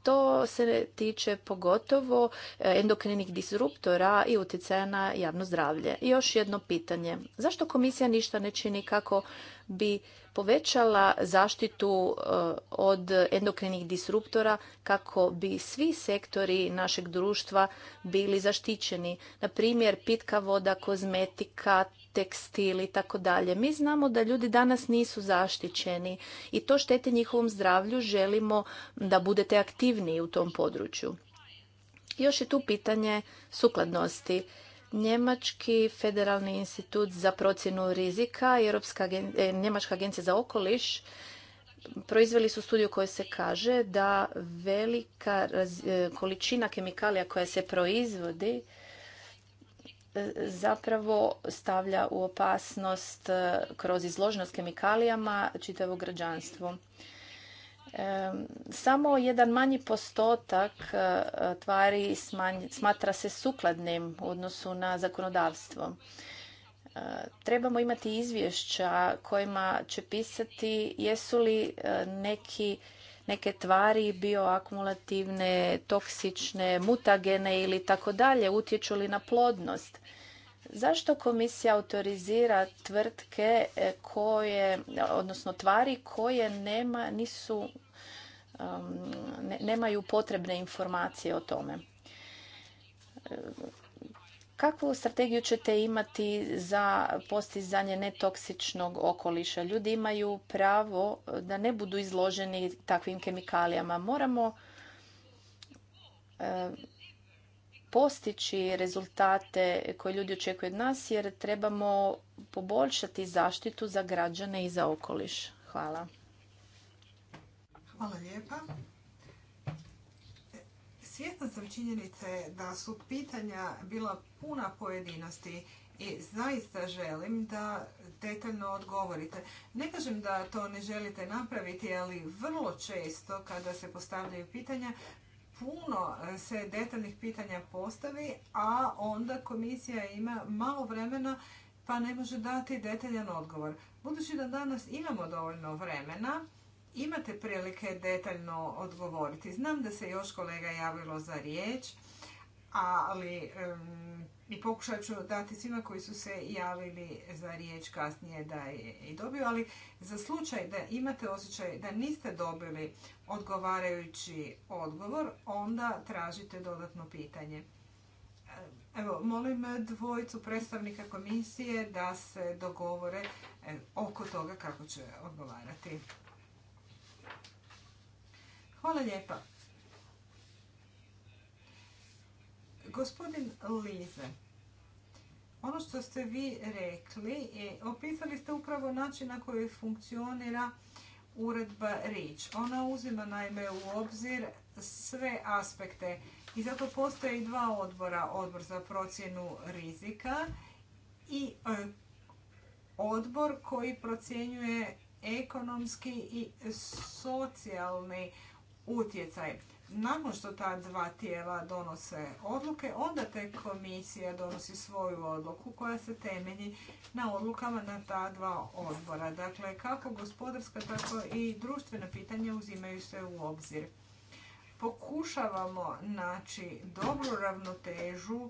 To se tiče pogotovo eh, endokrinih disruptora i utjecaja na javno zdravlje. I još jedno pitanje. Zašto komisija ništa ne čini kako bi povećala zaštitu eh, od endokrinih disruptora kako bi svi sektori našeg društva bili zaštićeni. Na primjer, pitka voda, kozmetika, tekstil i tako dalje. Mi znamo da ljudi danas nisu zaštićeni i to štete njihovom zdravlju. Želimo da budete aktivniji u tom području. Još je tu pitanje sukladnosti. Njemački federalni institut za procjenu rizika i e, njemačka agencija za okoliš proizveli su studiju koje se kaže da velika e, količina kemikalija koja se proizvodi e, zapravo stavlja u opasnost kroz izloženost kemikalijama čitavo građanstvo samo jedan manji postotak eh, tvari smatra se sukladnim u odnosu na zakonodavstvo. Eh, trebamo imati izvješća kojima će pisati jesu li eh, neki, neke tvari bioakumulativne, toksične, mutagene ili tako dalje, utječu li na plodnost. Zašto komisija autorizira tvrtke e, koje, odnosno tvari koje nema, nisu, um, nemaju potrebne informacije o tome? E, kakvu strategiju ćete imati za postizanje netoksičnog okoliša? Ljudi imaju pravo da ne budu izloženi takvim kemikalijama. Moramo e, postići rezultate koje ljudi očekuju od nas jer trebamo poboljšati zaštitu za građane i za okoliš. Hvala. Hvala lijepa. Svjetna sam činjenice da su pitanja bila puna pojedinosti i zaista želim da detaljno odgovorite. Ne kažem da to ne želite napraviti, ali vrlo često kada se postavljaju pitanja puno e, se detaljnih pitanja postavi, a onda komisija ima malo vremena pa ne može dati detaljan odgovor. Budući da danas imamo dovoljno vremena, imate prilike detaljno odgovoriti. Znam da se još kolega javilo za riječ ali i pokušat ću dati svima koji su se javili za riječ kasnije da je i dobio, ali za slučaj da imate osjećaj da niste dobili odgovarajući odgovor, onda tražite dodatno pitanje. Evo, molim dvojicu predstavnika komisije da se dogovore oko toga kako će odgovarati. Hvala lijepa. Gospodin Lize, ono što ste vi rekli, e, opisali ste upravo način na koji funkcionira uredba REACH. Ona uzima naime u obzir sve aspekte i zato postoje i dva odbora, odbor za procjenu rizika i e, odbor koji procjenjuje ekonomski i socijalni utjecaj nakon što ta dva tijela donose odluke, onda te komisija donosi svoju odluku koja se temelji na odlukama na ta dva odbora. Dakle, kako gospodarska, tako i društvena pitanja uzimaju se u obzir. Pokušavamo naći dobru ravnotežu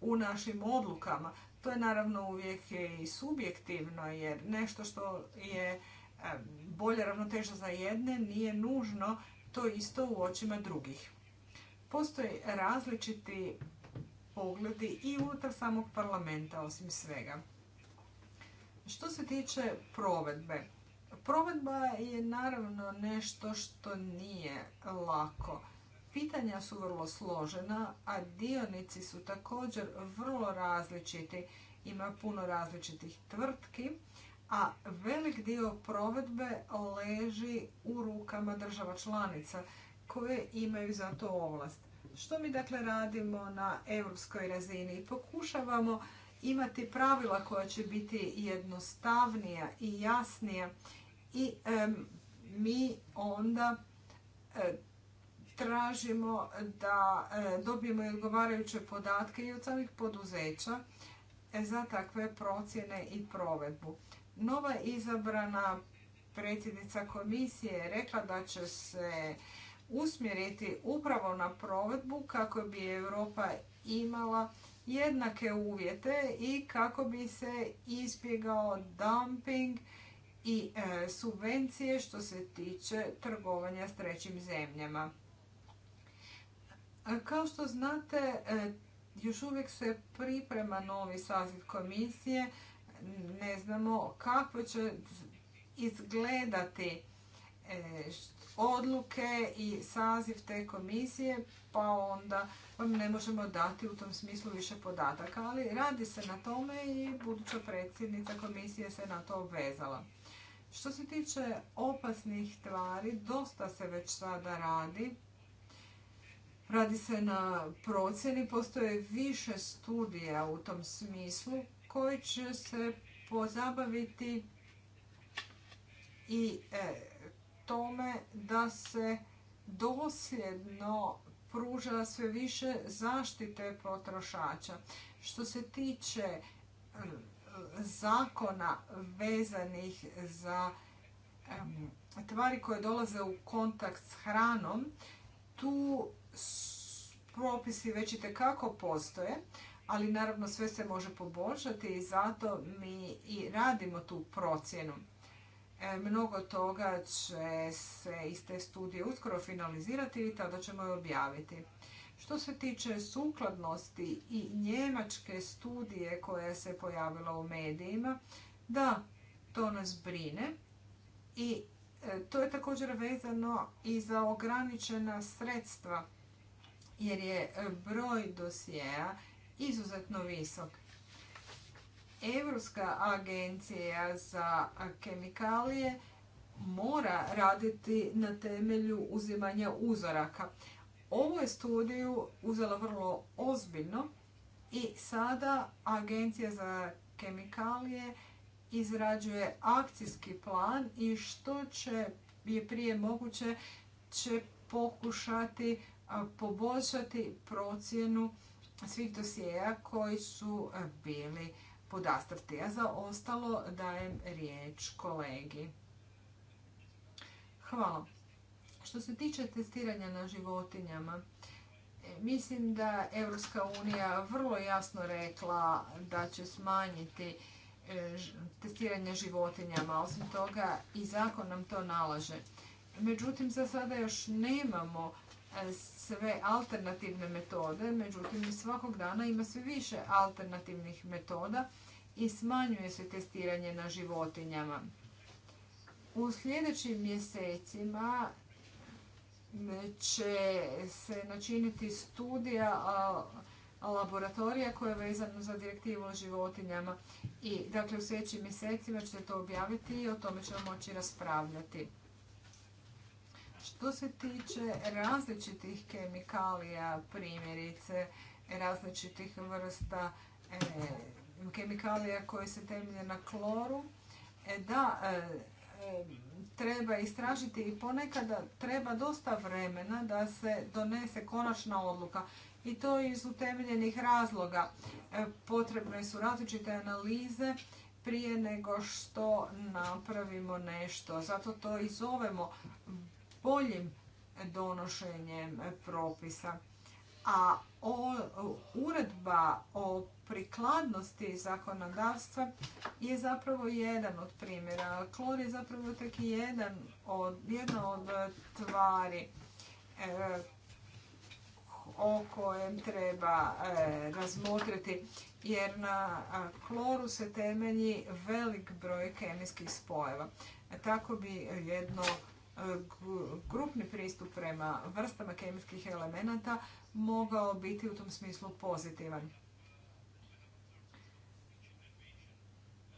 u našim odlukama. To je naravno uvijek i subjektivno jer nešto što je bolja ravnoteža za jedne nije nužno isto u očima drugih. Postoje različiti pogledi i unutar samog parlamenta osim svega. Što se tiče provedbe, provedba je naravno nešto što nije lako. Pitanja su vrlo složena, a dionici su također vrlo različiti. Ima puno različitih tvrtki a velik dio provedbe leži u rukama država članica koje imaju za to ovlast. Što mi dakle radimo na europskoj razini? Pokušavamo imati pravila koja će biti jednostavnija i jasnija i mi onda e, tražimo da e, dobijemo odgovarajuće podatke i od samih poduzeća e, za takve procjene i provedbu. Nova izabrana predsjednica komisije je rekla da će se usmjeriti upravo na provedbu kako bi Europa imala jednake uvjete i kako bi se izbjegao dumping i e, subvencije što se tiče trgovanja s trećim zemljama. Kao što znate, e, još uvijek se priprema novi saziv komisije ne znamo kako će izgledati e, odluke i saziv te komisije, pa onda vam ne možemo dati u tom smislu više podataka, ali radi se na tome i buduća predsjednica komisije se na to obvezala. Što se tiče opasnih tvari, dosta se već sada radi. Radi se na procjeni, postoje više studija u tom smislu koji će se pozabaviti i e, tome da se dosljedno pruža sve više zaštite potrošača. Što se tiče e, zakona vezanih za e, tvari koje dolaze u kontakt s hranom, tu propisi već i tekako postoje, ali naravno sve se može poboljšati i zato mi i radimo tu procjenu. E, mnogo toga će se iz te studije uskoro finalizirati i tada ćemo je objaviti. Što se tiče sukladnosti i njemačke studije koja se pojavila u medijima, da, to nas brine i e, to je također vezano i za ograničena sredstva jer je e, broj dosjeja izuzetno visok. Europska agencija za kemikalije mora raditi na temelju uzimanja uzoraka. Ovo je studiju uzela vrlo ozbiljno i sada Agencija za kemikalije izrađuje akcijski plan i što će je prije moguće će pokušati poboljšati procjenu svih dosijeja koji su e, bili podastrti. A za ostalo dajem riječ kolegi. Hvala. Što se tiče testiranja na životinjama, e, mislim da Europska unija vrlo jasno rekla da će smanjiti e, testiranje životinjama. Osim toga i zakon nam to nalaže. Međutim, za sada još nemamo sve alternativne metode, međutim svakog dana ima sve više alternativnih metoda i smanjuje se testiranje na životinjama. U sljedećim mjesecima e, će se načiniti studija laboratorija koja je vezana za direktivu o životinjama. I dakle u sljedećim mjesecima će to objaviti i o tome ćemo moći raspravljati. Što se tiče različitih kemikalija, primjerice različitih vrsta e, kemikalija koje se temelje na kloru, e, da, e, treba istražiti i ponekad treba dosta vremena da se donese konačna odluka i to iz utemeljenih razloga. Potrebne su različite analize prije nego što napravimo nešto. Zato to i zovemo boljim donošenjem propisa. A o, uredba o prikladnosti zakonodavstva je zapravo jedan od primjera. Klor je zapravo tek jedan od, jedna od tvari e, o kojem treba e, razmotriti jer na kloru se temelji velik broj kemijskih spojeva. E, tako bi jedno grupni pristup prema vrstama kemijskih elemenata mogao biti u tom smislu pozitivan.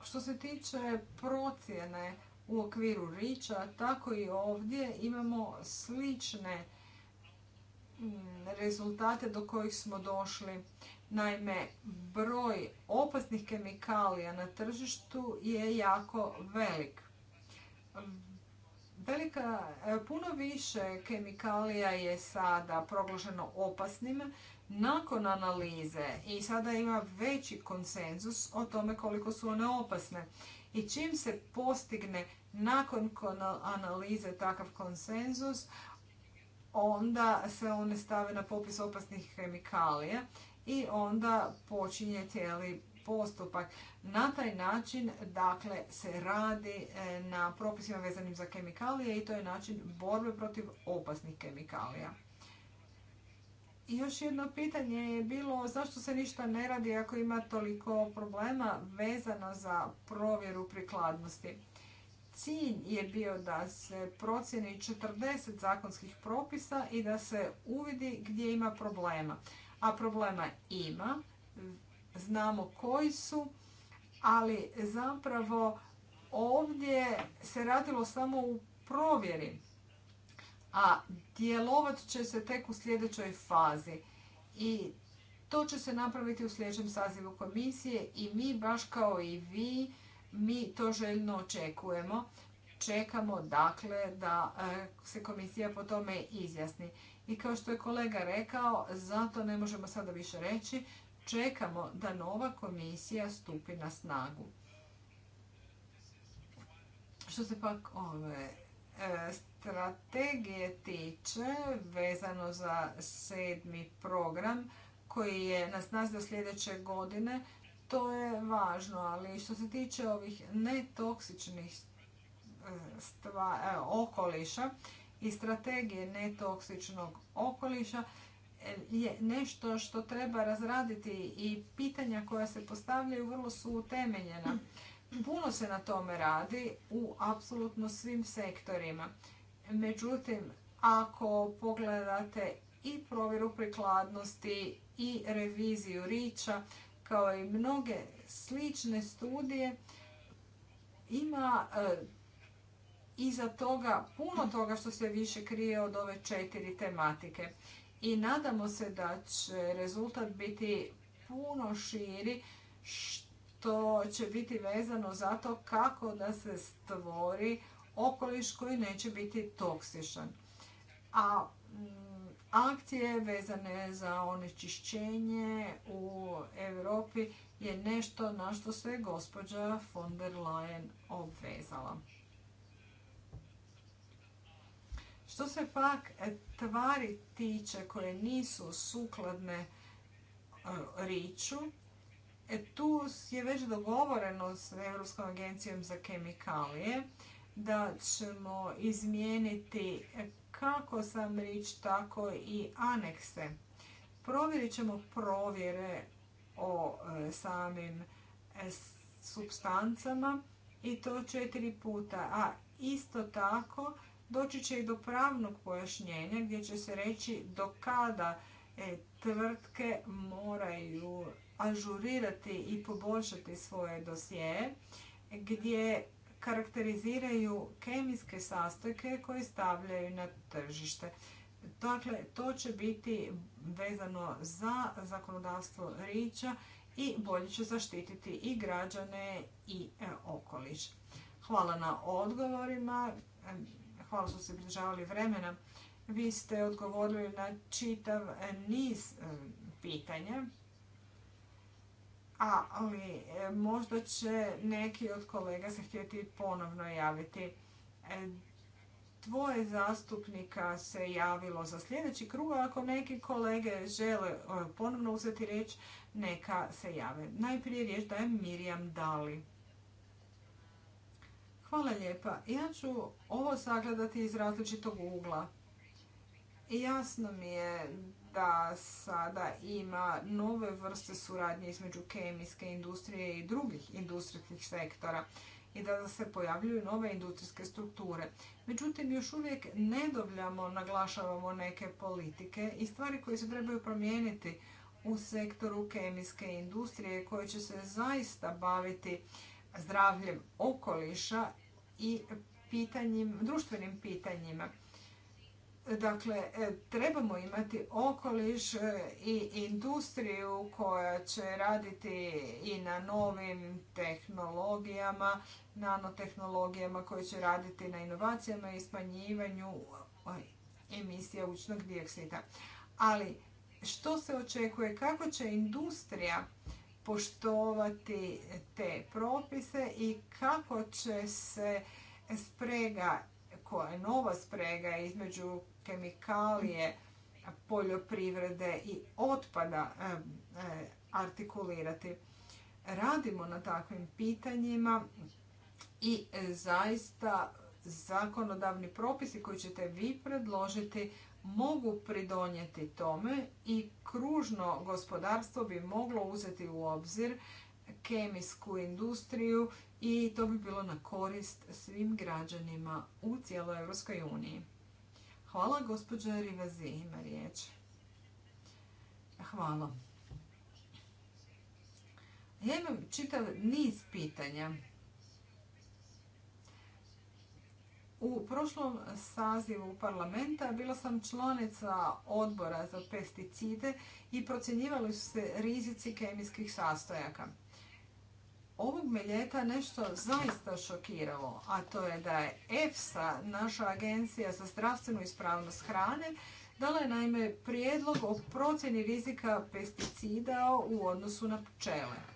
Što se tiče procjene u okviru riča, tako i ovdje imamo slične mm, rezultate do kojih smo došli. Naime, broj opasnih kemikalija na tržištu je jako velik. Velika, e, puno više kemikalija je sada proglašeno opasnim nakon analize i sada ima veći konsenzus o tome koliko su one opasne. I čim se postigne nakon analize takav konsenzus, onda se one stave na popis opasnih kemikalija i onda počinje cijeli postupak. Na taj način dakle, se radi e, na propisima vezanim za kemikalije i to je način borbe protiv opasnih kemikalija. još jedno pitanje je bilo zašto se ništa ne radi ako ima toliko problema vezano za provjeru prikladnosti. Cilj je bio da se procjeni 40 zakonskih propisa i da se uvidi gdje ima problema. A problema ima, znamo koji su, ali zapravo ovdje se radilo samo u provjeri, a djelovat će se tek u sljedećoj fazi. I to će se napraviti u sljedećem sazivu komisije i mi baš kao i vi, mi to željno očekujemo. Čekamo dakle da e, se komisija po tome izjasni. I kao što je kolega rekao, zato ne možemo sada više reći, čekamo da nova komisija stupi na snagu. Što se pak ove e, strategije tiče vezano za sedmi program koji je na snazi do sljedeće godine, to je važno, ali što se tiče ovih netoksičnih e, stva, e, okoliša i strategije netoksičnog okoliša, je nešto što treba razraditi i pitanja koja se postavljaju vrlo su utemeljena. Puno se na tome radi u apsolutno svim sektorima. Međutim, ako pogledate i provjeru prikladnosti i reviziju riča, kao i mnoge slične studije, ima e, iza toga puno toga što se više krije od ove četiri tematike i nadamo se da će rezultat biti puno širi što će biti vezano za to kako da se stvori okoliš koji neće biti toksičan. A mm, akcije vezane za onečišćenje u Europi je nešto na što se gospođa von der Leyen obvezala. Što se pak e, tvari tiče koje nisu sukladne e, riču, e, tu je već dogovoreno s Europskom agencijom za kemikalije da ćemo izmijeniti kako sam rič, tako i anekse. Provjerit ćemo provjere o samim substancama i to četiri puta. A isto tako doći će i do pravnog pojašnjenja gdje će se reći do kada e, tvrtke moraju ažurirati i poboljšati svoje dosije gdje karakteriziraju kemijske sastojke koje stavljaju na tržište. Dakle, to će biti vezano za zakonodavstvo rića i bolje će zaštititi i građane i e, okoliš. Hvala na odgovorima hvala što ste pridržavali vremena. Vi ste odgovorili na čitav niz e, pitanja, ali e, možda će neki od kolega se htjeti ponovno javiti. E, dvoje zastupnika se javilo za sljedeći krug, a ako neki kolege žele ponovno uzeti riječ, neka se jave. Najprije riječ dajem Mirjam Dali. Hvala lijepa. Ja ću ovo sagledati iz različitog ugla. Jasno mi je da sada ima nove vrste suradnje između kemijske industrije i drugih industrijskih sektora i da se pojavljuju nove industrijske strukture. Međutim, još uvijek ne nedovljamo naglašavamo neke politike i stvari koje se trebaju promijeniti u sektoru kemijske industrije koje će se zaista baviti zdravljem okoliša i društvenim pitanjima. Dakle, e, trebamo imati okoliš e, i industriju koja će raditi i na novim tehnologijama, nanotehnologijama koje će raditi na inovacijama i smanjivanju e, emisija učnog dioksida. Ali što se očekuje, kako će industrija poštovati te propise i kako će se sprega, koja je nova sprega između kemikalije, poljoprivrede i otpada artikulirati. Radimo na takvim pitanjima i e, zaista zakonodavni propisi koji ćete vi predložiti mogu pridonijeti tome i kružno gospodarstvo bi moglo uzeti u obzir kemijsku industriju i to bi bilo na korist svim građanima u cijeloj Europskoj uniji. Hvala, gospođa Rivazi ima riječ. Hvala. Ja imam čitav niz pitanja. U prošlom sazivu parlamenta bila sam članica odbora za pesticide i procjenjivali su se rizici kemijskih sastojaka. Ovog me ljeta nešto zaista šokiralo, a to je da je EFSA, naša agencija za zdravstvenu ispravnost hrane, dala je naime prijedlog o procjeni rizika pesticida u odnosu na pčele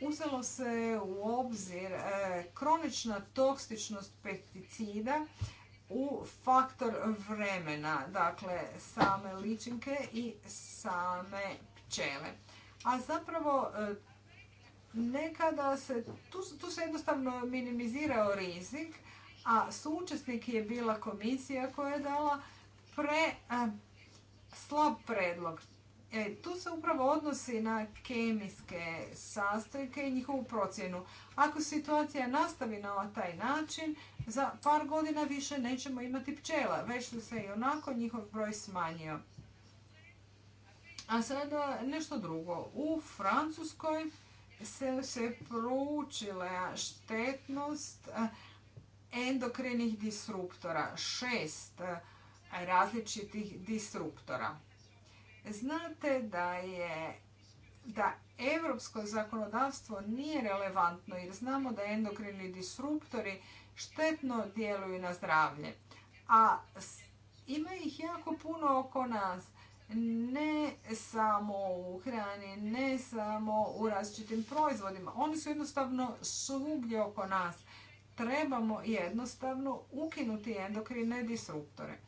uzelo se u obzir e, kronična toksičnost pesticida u faktor vremena, dakle same ličinke i same pčele. A zapravo e, nekada se, tu, se jednostavno minimizirao rizik, a suučesnik je bila komisija koja je dala pre, e, slab predlog. E, tu se upravo odnosi na kemijske sastojke i njihovu procjenu. Ako situacija nastavi na taj način, za par godina više nećemo imati pčela, već su se i onako njihov broj smanjio. A sada nešto drugo. U Francuskoj se, se proučila štetnost endokrinih disruptora, šest različitih disruptora. Znate da je da evropsko zakonodavstvo nije relevantno jer znamo da endokrini disruptori štetno djeluju na zdravlje. A ima ih jako puno oko nas. Ne samo u hrani, ne samo u različitim proizvodima. Oni su jednostavno svugdje oko nas. Trebamo jednostavno ukinuti endokrine disruptore.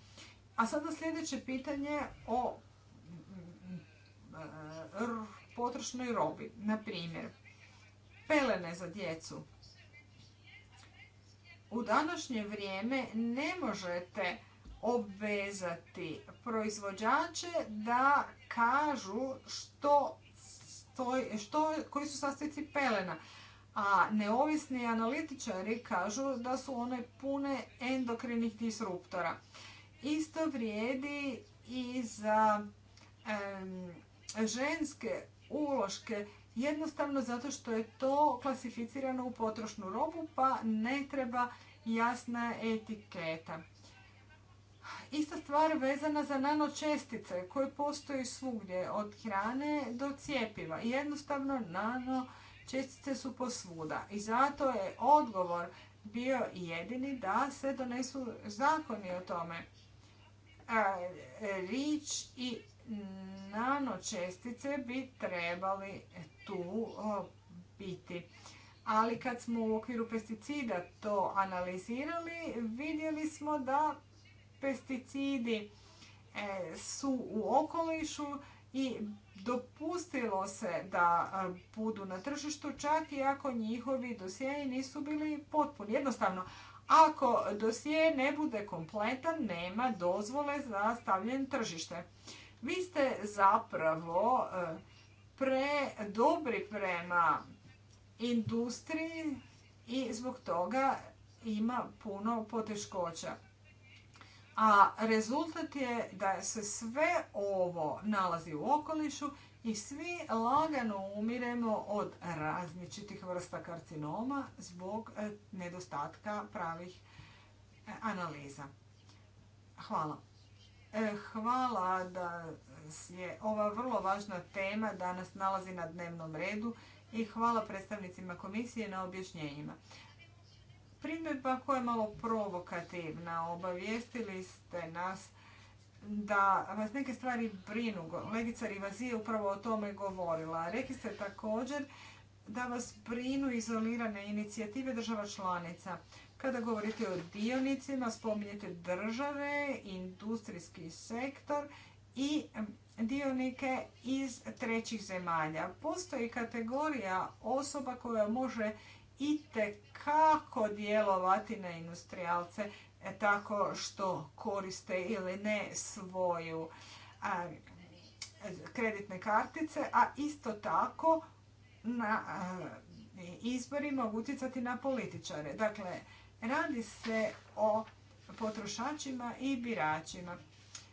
A sada sljedeće pitanje o Eh, potrošnoj robi. Na primjer, pelene za djecu. U današnje vrijeme ne možete obvezati proizvođače da kažu što, što, koji su sastojci pelena. A neovisni analitičari kažu da su one pune endokrinih disruptora. Isto vrijedi i za ženske uloške jednostavno zato što je to klasificirano u potrošnu robu pa ne treba jasna etiketa. Ista stvar vezana za nanočestice koje postoji svugdje, od hrane do cijepiva. Jednostavno nanočestice su posvuda i zato je odgovor bio jedini da se donesu zakoni o tome. E, rič i čestice bi trebali tu biti. Ali kad smo u okviru pesticida to analizirali, vidjeli smo da pesticidi e, su u okolišu i dopustilo se da e, budu na tržištu čak i ako njihovi dosjei nisu bili potpuni. Jednostavno, ako dosije ne bude kompletan, nema dozvole za stavljanje tržište. Vi ste zapravo e, pre dobri prema industriji i zbog toga ima puno poteškoća. A rezultat je da se sve ovo nalazi u okolišu i svi lagano umiremo od različitih vrsta karcinoma zbog e, nedostatka pravih e, analiza. Hvala. E, hvala da je ova vrlo važna tema danas nalazi na dnevnom redu i hvala predstavnicima komisije na objašnjenjima. Primjedba koja je malo provokativna, obavijestili ste nas da vas neke stvari brinu. Legica Rivazi upravo o tome govorila. Rekli ste također da vas brinu izolirane inicijative država članica. Kada govorite o dionicima, spominjete države, industrijski sektor i dionike iz trećih zemalja. Postoji kategorija osoba koja može itekako djelovati na industrijalce e, tako što koriste ili ne svoju kreditne kartice, a isto tako na izborima utjecati na političare. Dakle, Radi se o potrošačima i biračima.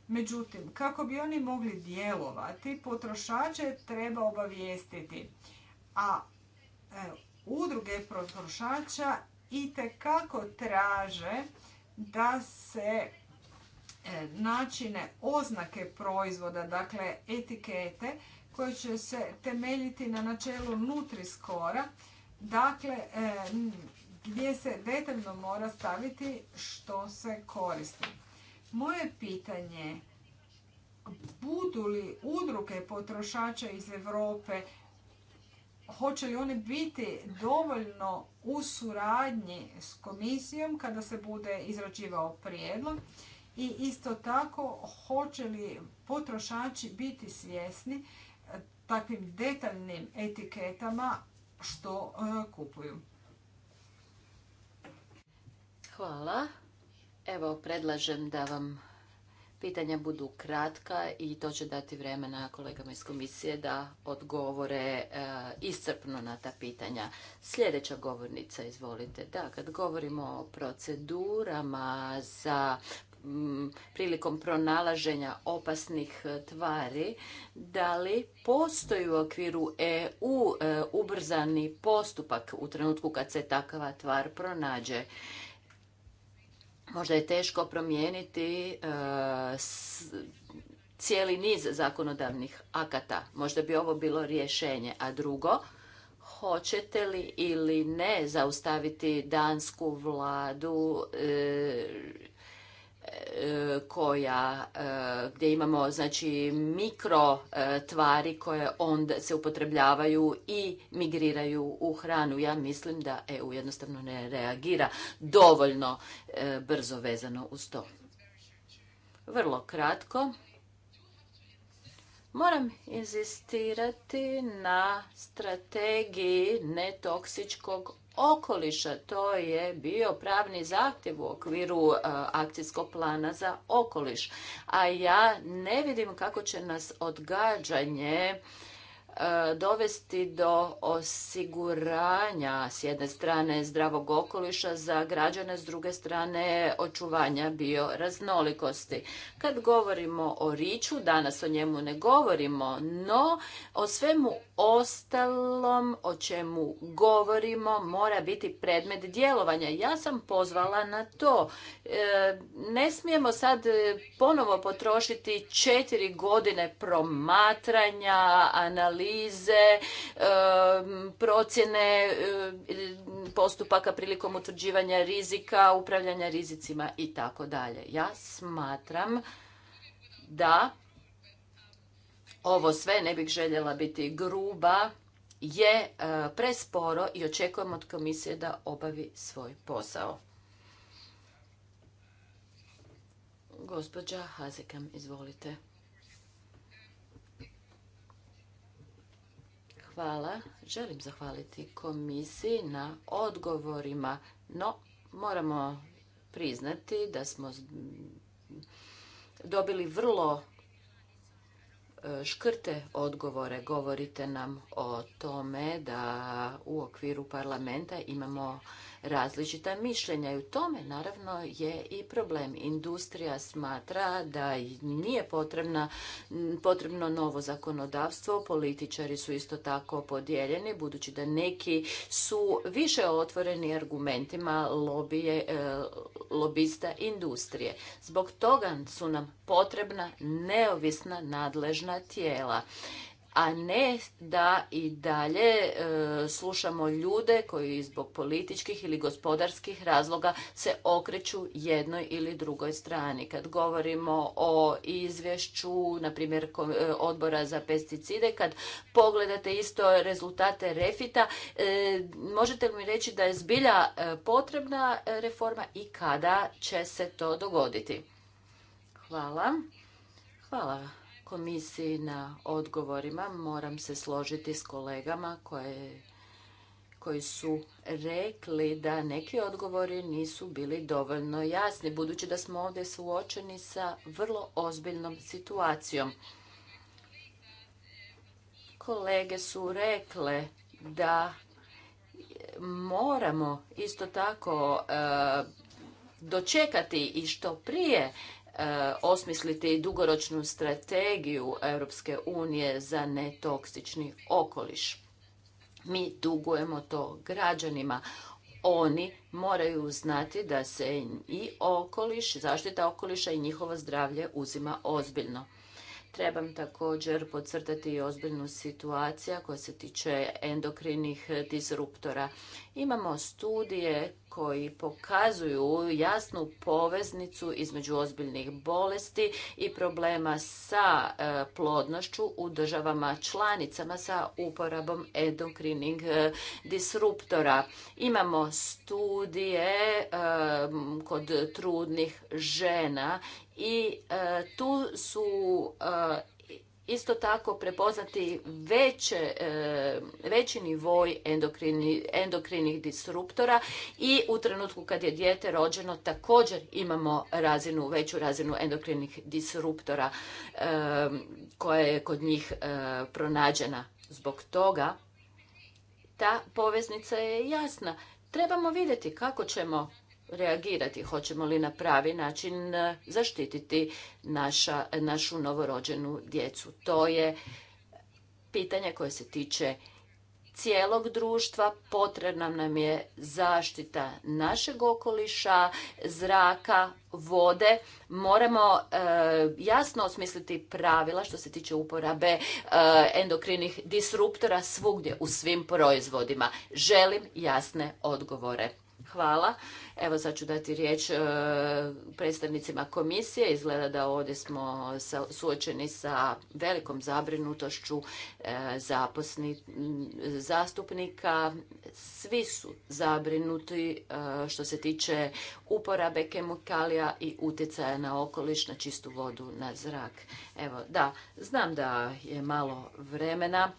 Međutim, kako bi oni mogli djelovati, potrošače treba obavijestiti, a e, udruge potrošača i kako traže da se e, načine oznake proizvoda, dakle etikete, koje će se temeljiti na načelu Nutri-Skora, dakle e, gdje se detaljno mora staviti što se koristi. Moje pitanje budu li udruge potrošača iz Europe hoće li one biti dovoljno u suradnji s komisijom kada se bude izrađivao prijedlog i isto tako hoće li potrošači biti svjesni eh, takvim detaljnim etiketama što eh, kupuju. Hvala. Evo, predlažem da vam pitanja budu kratka i to će dati vremena kolegama iz komisije da odgovore e, iscrpno na ta pitanja. Sljedeća govornica, izvolite. Da, kad govorimo o procedurama za prilikom pronalaženja opasnih tvari, da li postoji u okviru EU e, ubrzani postupak u trenutku kad se takva tvar pronađe? možda je teško promijeniti e, cijeli niz zakonodavnih akata. Možda bi ovo bilo rješenje. A drugo, hoćete li ili ne zaustaviti dansku vladu e, koja, e, gdje imamo znači mikro e, tvari koje onda se upotrebljavaju i migriraju u hranu. Ja mislim da EU jednostavno ne reagira dovoljno e, brzo vezano uz to. Vrlo kratko. Moram inzistirati na strategiji netoksičkog okoliša. To je bio pravni zahtjev u okviru e, akcijskog plana za okoliš. A ja ne vidim kako će nas odgađanje E, dovesti do osiguranja s jedne strane zdravog okoliša za građane, s druge strane očuvanja bioraznolikosti. Kad govorimo o riču, danas o njemu ne govorimo, no o svemu ostalom o čemu govorimo mora biti predmet djelovanja. Ja sam pozvala na to. E, ne smijemo sad ponovo potrošiti četiri godine promatranja, analiza, analize, procjene postupaka prilikom utvrđivanja rizika, upravljanja rizicima i tako dalje. Ja smatram da ovo sve, ne bih željela biti gruba, je e, presporo i očekujem od komisije da obavi svoj posao. Gospođa Hazekam, izvolite. Hvala. Želim zahvaliti komisiji na odgovorima, no moramo priznati da smo dobili vrlo e, škrte odgovore. Govorite nam o tome da u okviru parlamenta imamo različita mišljenja i u tome naravno je i problem. Industrija smatra da nije potrebna, potrebno novo zakonodavstvo, političari su isto tako podijeljeni budući da neki su više otvoreni argumentima lobije, e, lobista industrije. Zbog toga su nam potrebna neovisna nadležna tijela a ne da i dalje e, slušamo ljude koji zbog političkih ili gospodarskih razloga se okreću jednoj ili drugoj strani. Kad govorimo o izvješću, na primjer e, odbora za pesticide, kad pogledate isto rezultate refita, e, možete možete mi reći da je zbilja potrebna reforma i kada će se to dogoditi? Hvala. Hvala komisiji na odgovorima. Moram se složiti s kolegama koje, koji su rekli da neki odgovori nisu bili dovoljno jasni, budući da smo ovdje suočeni sa vrlo ozbiljnom situacijom. Kolege su rekle da moramo isto tako e, dočekati i što prije E, osmisliti dugoročnu strategiju Europske unije za netoksični okoliš. Mi dugujemo to građanima. Oni moraju znati da se i okoliš, zaštita okoliša i njihovo zdravlje uzima ozbiljno. Trebam također podcrtati i ozbiljnu situaciju koja se tiče endokrinih disruptora. Imamo studije koji pokazuju jasnu poveznicu između ozbiljnih bolesti i problema sa e, plodnošću u državama članicama sa uporabom endokrinih e, disruptora. Imamo studije e, kod trudnih žena i tu su isto tako prepoznati e, veći nivoj endokrini, endokrinih disruptora i u trenutku kad je dijete rođeno također imamo razinu, veću razinu endokrinih disruptora e, koja je kod njih e, pronađena. Zbog toga ta poveznica je jasna. Trebamo vidjeti kako ćemo reagirati, hoćemo li na pravi način e, zaštititi naša, našu novorođenu djecu. To je pitanje koje se tiče cijelog društva, potrebna nam je zaštita našeg okoliša, zraka, vode. Moramo e, jasno osmisliti pravila što se tiče uporabe e, endokrinih disruptora svugdje u svim proizvodima. Želim jasne odgovore. Hvala. Evo sad ću dati riječ e, predstavnicima komisije. Izgleda da ovdje smo suočeni sa velikom zabrinutošću e, zaposni, zastupnika. Svi su zabrinuti e, što se tiče uporabe kemikalija i utjecaja na okoliš, na čistu vodu, na zrak. Evo, da, znam da je malo vremena.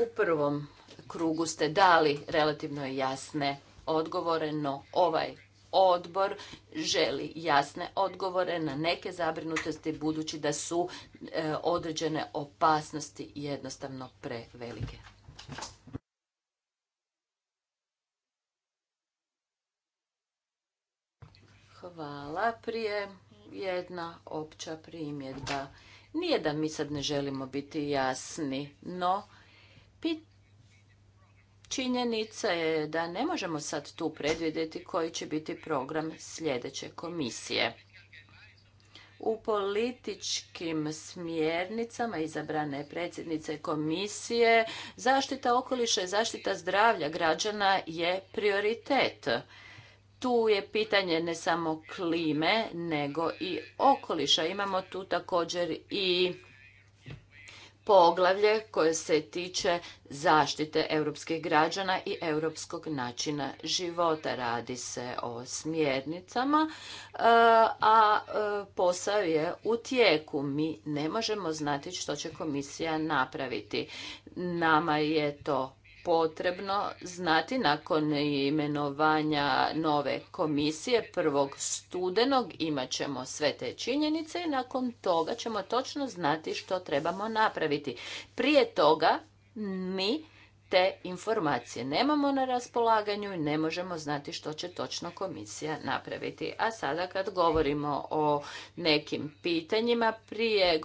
U prvom krugu ste dali relativno jasne odgovore, no ovaj odbor želi jasne odgovore na neke zabrinutosti budući da su e, određene opasnosti jednostavno prevelike. Hvala. Prije jedna opća primjedba. Nije da mi sad ne želimo biti jasni, no Činjenica je da ne možemo sad tu predvidjeti koji će biti program sljedeće komisije. U političkim smjernicama izabrane predsjednice komisije zaštita okoliša i zaštita zdravlja građana je prioritet. Tu je pitanje ne samo klime, nego i okoliša. Imamo tu također i poglavlje koje se tiče zaštite europskih građana i europskog načina života. Radi se o smjernicama, e, a e, posao je u tijeku. Mi ne možemo znati što će komisija napraviti. Nama je to potrebno znati nakon imenovanja nove komisije prvog studenog imat ćemo sve te činjenice i nakon toga ćemo točno znati što trebamo napraviti. Prije toga mi te informacije nemamo na raspolaganju i ne možemo znati što će točno komisija napraviti. A sada kad govorimo o nekim pitanjima, prije,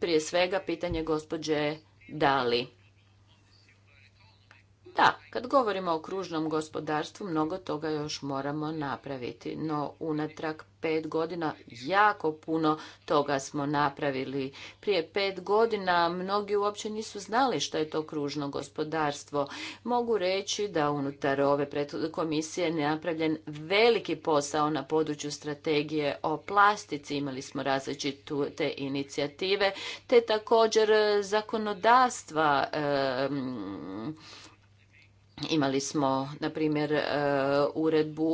prije svega pitanje gospođe Dali da, kad govorimo o kružnom gospodarstvu, mnogo toga još moramo napraviti, no unatrag pet godina jako puno toga smo napravili. Prije pet godina mnogi uopće nisu znali što je to kružno gospodarstvo. Mogu reći da unutar ove komisije je napravljen veliki posao na području strategije o plastici. Imali smo različite te inicijative, te također zakonodavstva Imali smo, na primjer, e, uredbu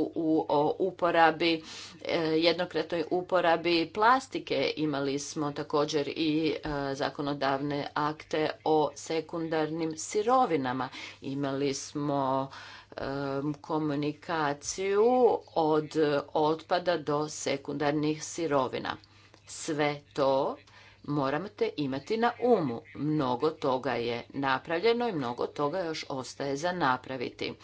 o uporabi, e, jednokratnoj uporabi plastike. Imali smo također i e, zakonodavne akte o sekundarnim sirovinama. Imali smo komunikaciju od otpada do sekundarnih sirovina. Sve to morate imati na umu. Mnogo toga je napravljeno i mnogo toga još ostaje za napraviti.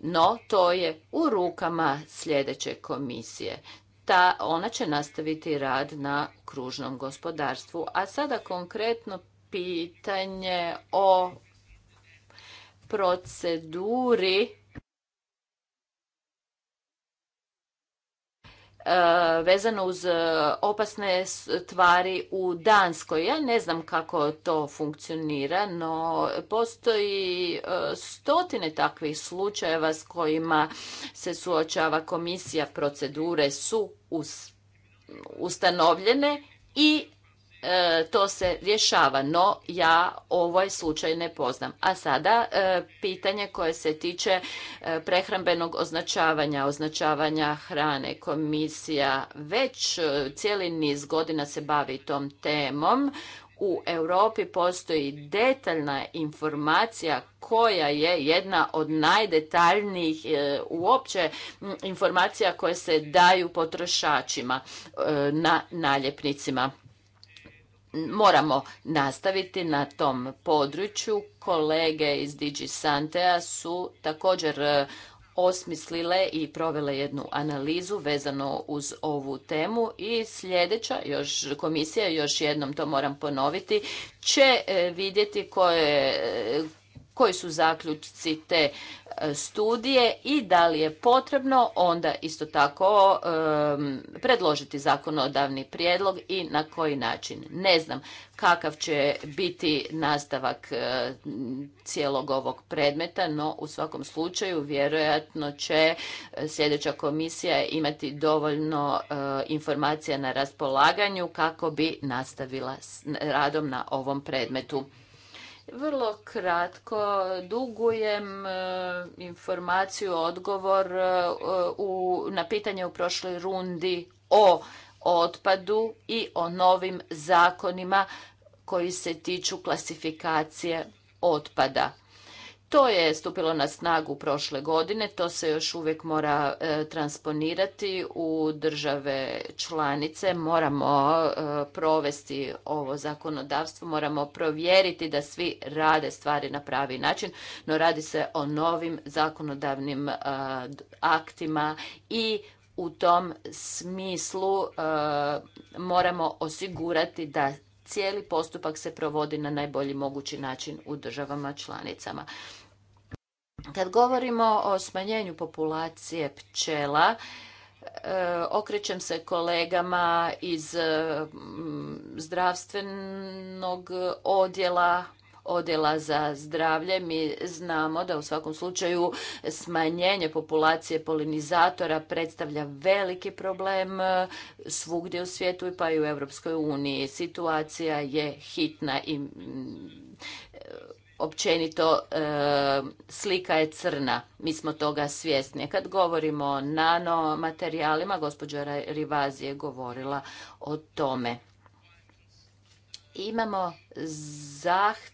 No, to je u rukama sljedeće komisije. Ta, ona će nastaviti rad na kružnom gospodarstvu. A sada konkretno pitanje o proceduri Eh, vezano uz eh, opasne tvari u Danskoj. Ja ne znam kako to funkcionira, no postoji eh, stotine takvih slučajeva s kojima se suočava komisija, procedure su ustanovljene i E, to se rješava, no ja ovaj slučaj ne poznam. A sada e, pitanje koje se tiče e, prehrambenog označavanja, označavanja hrane. Komisija već cijeli niz godina se bavi tom temom. U Europi postoji detaljna informacija koja je jedna od najdetaljnijih uopće informacija koje se daju potrošačima na naljepnicima moramo nastaviti na tom području. Kolege iz Digi Santea su također e, osmislile i provele jednu analizu vezano uz ovu temu i sljedeća još komisija, još jednom to moram ponoviti, će e, vidjeti koje, koji su zaključci te e, studije i da li je potrebno onda isto tako e, predložiti zakonodavni prijedlog i na koji način. Ne znam kakav će biti nastavak e, cijelog ovog predmeta, no u svakom slučaju vjerojatno će sljedeća komisija imati dovoljno informacija na raspolaganju kako bi nastavila radom na ovom predmetu. Vrlo kratko dugujem e, informaciju, odgovor e, u, na pitanje u prošloj rundi o otpadu i o novim zakonima koji se tiču klasifikacije otpada. To je stupilo na snagu prošle godine, to se još uvijek mora e, transponirati u države članice, moramo e, provesti ovo zakonodavstvo, moramo provjeriti da svi rade stvari na pravi način, no radi se o novim zakonodavnim e, aktima i u tom smislu moramo osigurati da cijeli postupak se provodi na najbolji mogući način u državama članicama. Kad govorimo o smanjenju populacije pčela, e, okrećem se kolegama iz e, zdravstvenog odjela, odjela za zdravlje. Mi znamo da u svakom slučaju smanjenje populacije polinizatora predstavlja veliki problem e, svugdje u svijetu pa i u Europskoj uniji. Situacija je hitna i općenito e, slika je crna. Mi smo toga svjesni. Kad govorimo o nanomaterijalima, gospođa Rivazi je govorila o tome. Imamo zaht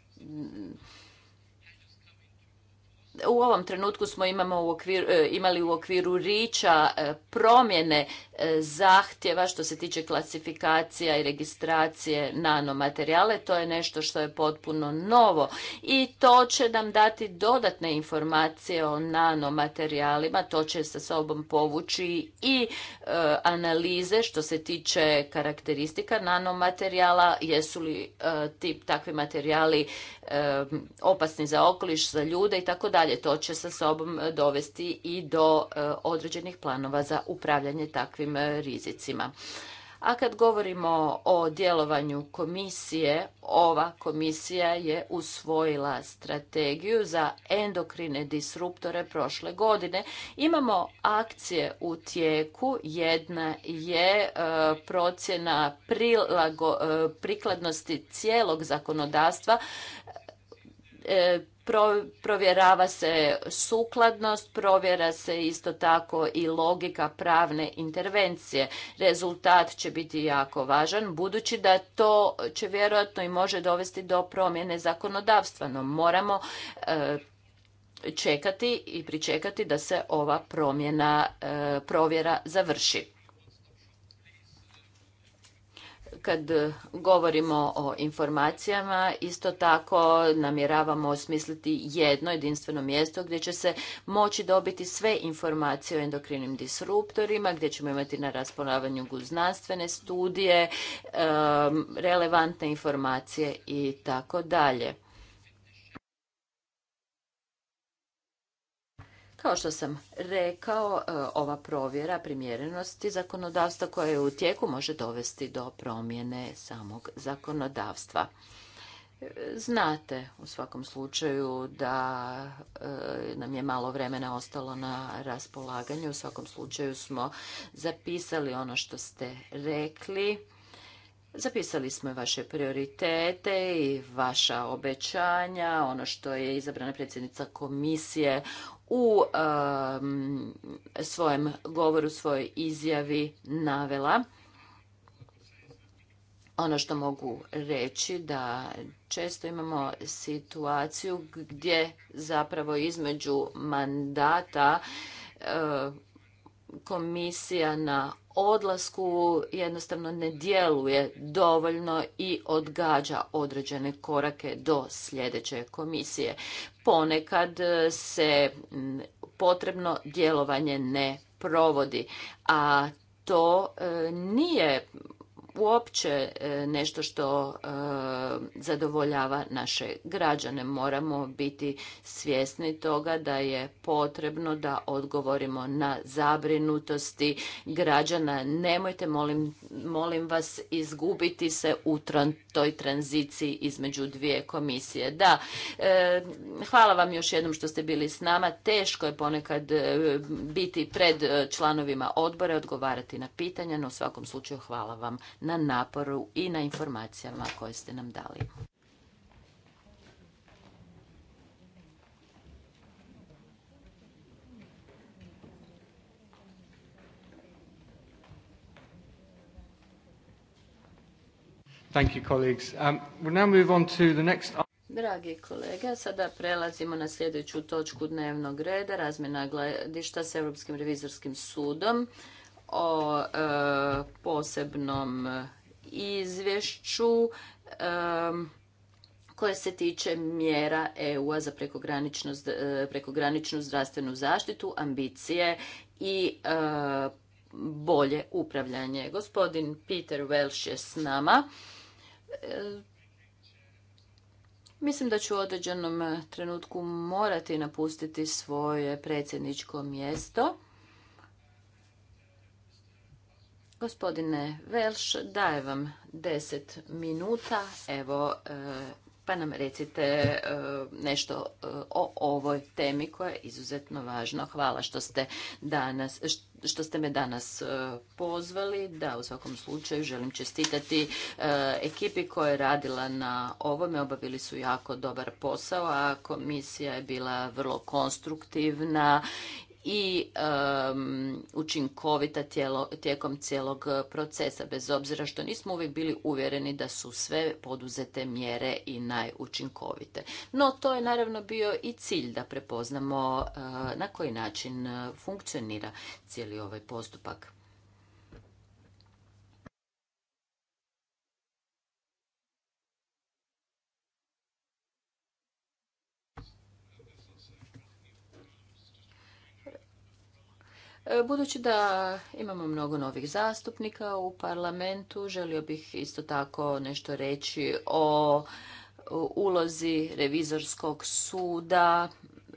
u ovom trenutku smo imamo e, imali u okviru riča e, promjene e, zahtjeva što se tiče klasifikacija i registracije nanomaterijale. To je nešto što je potpuno novo i to će nam dati dodatne informacije o nanomaterijalima. To će sa sobom povući i analize što se tiče karakteristika nanomaterijala, jesu li tip takvi materijali opasni za okoliš, za ljude i tako dalje. To će sa sobom e, dovesti i do e, određenih planova za upravljanje takvim e, rizicima. A kad govorimo o djelovanju komisije, ova komisija je usvojila strategiju za endokrine disruptore prošle godine. Imamo akcije u tijeku, jedna je procjena prikladnosti cijelog zakonodavstva E, provjerava se sukladnost, provjera se isto tako i logika pravne intervencije. Rezultat će biti jako važan, budući da to će vjerojatno i može dovesti do promjene zakonodavstva, no moramo e, čekati i pričekati da se ova promjena e, provjera završi. Kad govorimo o informacijama, isto tako namjeravamo osmisliti jedno jedinstveno mjesto gdje će se moći dobiti sve informacije o endokrinim disruptorima, gdje ćemo imati na raspolaganju znanstvene studije, relevantne informacije i tako dalje. Kao što sam rekao, e, ova provjera primjerenosti zakonodavstva koja je u tijeku može dovesti do promjene samog zakonodavstva. E, znate u svakom slučaju da e, nam je malo vremena ostalo na raspolaganju. U svakom slučaju smo zapisali ono što ste rekli. Zapisali smo vaše prioritete i vaša obećanja, ono što je izabrana predsjednica komisije u svojem govoru, svojoj izjavi navela. Ono što mogu reći da često imamo situaciju gdje zapravo između mandata eh, komisija na odlasku jednostavno ne djeluje dovoljno i odgađa određene korake do sljedeće komisije. Ponekad se mm, potrebno djelovanje ne provodi, a to e, nije uopće e, nešto što e, zadovoljava naše građane. Moramo biti svjesni toga da je potrebno da odgovorimo na zabrinutosti građana. Nemojte, molim, vas, izgubiti se u toj tranziciji između dvije komisije. Da, e, hvala vam još jednom što ste bili s nama. Teško je ponekad biti pred članovima odbora, odgovarati na pitanja, no u svakom slučaju hvala vam na na naporu i na informacijama koje ste nam dali. Thank you, colleagues. Um, now move on to the next... Dragi kolega, sada prelazimo na sljedeću točku dnevnog reda, razmjena gledišta s Europskim revizorskim sudom o e, posebnom izvješću e, koje se tiče mjera EU-a za e, prekograničnu, zdravstvenu zaštitu, ambicije i bolje upravljanje. Gospodin Peter Welsh je s nama. mislim da ću u određenom trenutku morati napustiti svoje predsjedničko mjesto. Gospodine Velš, daje vam deset minuta, evo, e, pa nam recite e, nešto e, o ovoj temi koja je izuzetno važna. Hvala što ste, danas, što ste me danas pozvali, da u svakom slučaju želim čestitati ekipi koja je radila na ovome, obavili su jako dobar posao, a komisija je bila vrlo konstruktivna i um, učinkovita tijelo, tijekom cijelog procesa, bez obzira što nismo uvijek bili uvjereni da su sve poduzete mjere i najučinkovite. No, to je naravno bio i cilj da prepoznamo eh, na koji način eh, funkcionira cijeli ovaj postupak. E, budući da imamo mnogo novih zastupnika u parlamentu, želio bih isto tako nešto reći o ulozi revizorskog suda,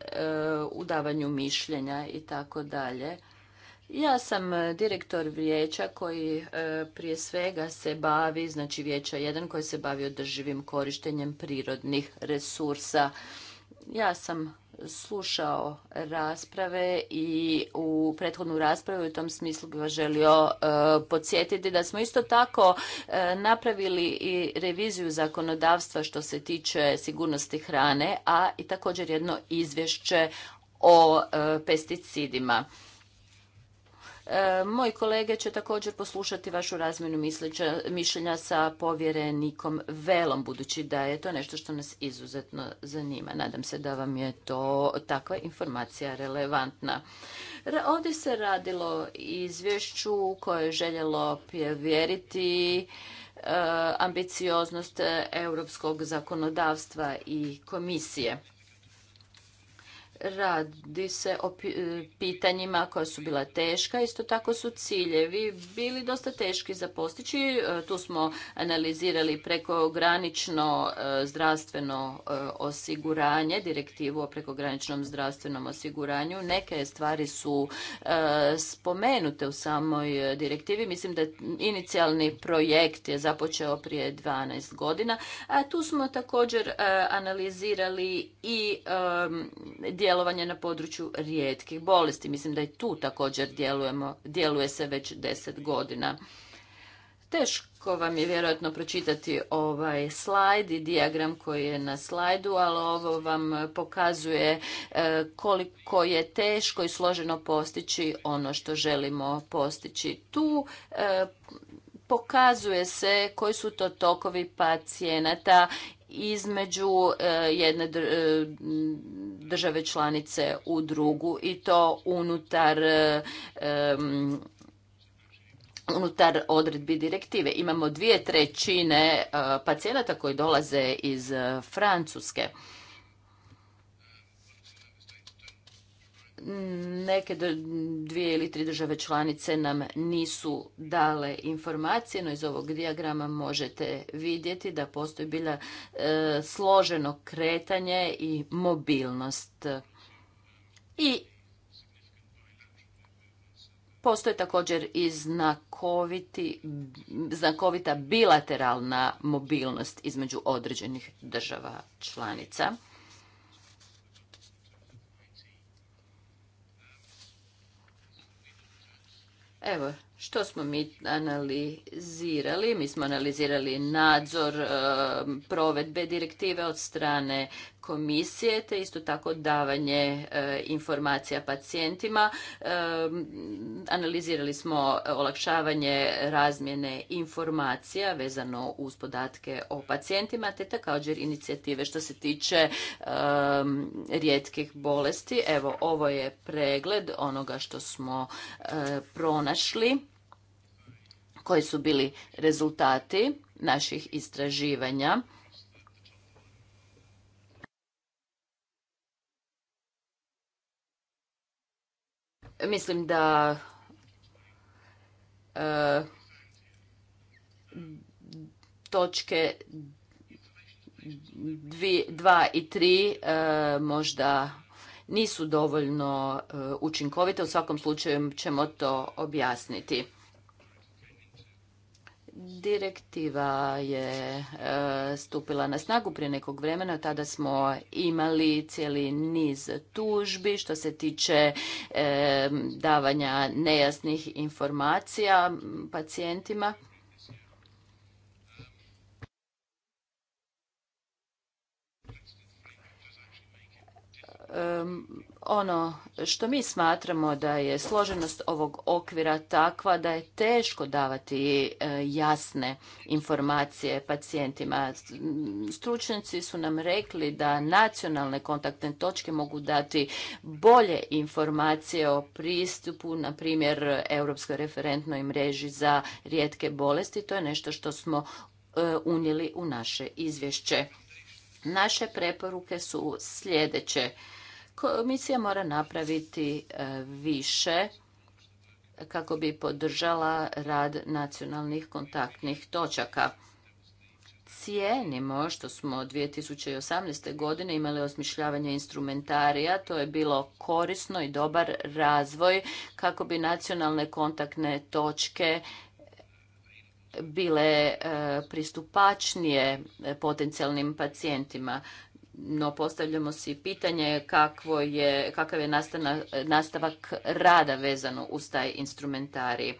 e, u davanju mišljenja i tako dalje. Ja sam direktor vijeća koji e, prije svega se bavi, znači vijeća jedan koji se bavi održivim korištenjem prirodnih resursa. Ja sam slušao rasprave i u prethodnu raspravu u tom smislu bi vas želio e, podsjetiti da smo isto tako e, napravili i reviziju zakonodavstva što se tiče sigurnosti hrane, a i također jedno izvješće o e, pesticidima. E, moji kolege će također poslušati vašu razmjenu mišljenja sa povjerenikom Velom, budući da je to nešto što nas izuzetno zanima. Nadam se da vam je to takva informacija relevantna. Ovdje se radilo izvješću koje je željelo povjeriti e, ambicioznost europskog zakonodavstva i komisije. Radi se o e, pitanjima koja su bila teška, isto tako su ciljevi bili dosta teški za postići. E, tu smo analizirali prekogranično e, zdravstveno osiguranje, direktivu o prekograničnom zdravstvenom osiguranju. Neke stvari su spomenute u samoj direktivi. Mislim da inicijalni projekt je započeo prije 12 godina, tu smo također analizirali i dijelovanje djelovanje na području rijetkih bolesti. Mislim da i tu također djelujemo, djeluje se već deset godina. Teško vam je vjerojatno pročitati ovaj slajd i dijagram koji je na slajdu, ali ovo vam pokazuje e, koliko je teško i složeno postići ono što želimo postići. Tu e, pokazuje se koji su to tokovi pacijenata između e, jedne e, države članice u drugu i to unutar e, unutar odredbi direktive. Imamo dvije trećine pacijenata koji dolaze iz Francuske. Neke dvije ili tri države članice nam nisu dale informacije, no iz ovog dijagrama možete vidjeti da postoji bila e, složeno kretanje i mobilnost. I Postoje također i znakovita bilateralna mobilnost između određenih država članica. Evo, što smo mi analizirali? Mi smo analizirali nadzor e, provedbe direktive od strane komisije, te isto tako davanje e, informacija pacijentima. E, analizirali smo olakšavanje razmjene informacija vezano uz podatke o pacijentima, te također inicijative što se tiče rijetkih bolesti. Evo, ovo je pregled onoga što smo pronašli koji su bili rezultati naših istraživanja. Mislim da e, točke 2 i 3 e, možda nisu dovoljno e, učinkovite. U svakom slučaju ćemo to objasniti. Direktiva je e, stupila na snagu prije nekog vremena, tada smo imali cijeli niz tužbi što se tiče e, davanja nejasnih informacija pacijentima ono što mi smatramo da je složenost ovog okvira takva da je teško davati e, jasne informacije pacijentima. Stručnjaci su nam rekli da nacionalne kontaktne točke mogu dati bolje informacije o pristupu, na primjer, Europskoj referentnoj mreži za rijetke bolesti. To je nešto što smo e, unijeli u naše izvješće. Naše preporuke su sljedeće Komisija mora napraviti e, više kako bi podržala rad nacionalnih kontaktnih točaka. Cijenimo što smo 2018. godine imali osmišljavanje instrumentarija, to je bilo korisno i dobar razvoj kako bi nacionalne kontaktne točke bile e, pristupačnije e, potencijalnim pacijentima no postavljamo si pitanje kakvo je, kakav je nastana, nastavak rada vezano uz taj instrumentarij.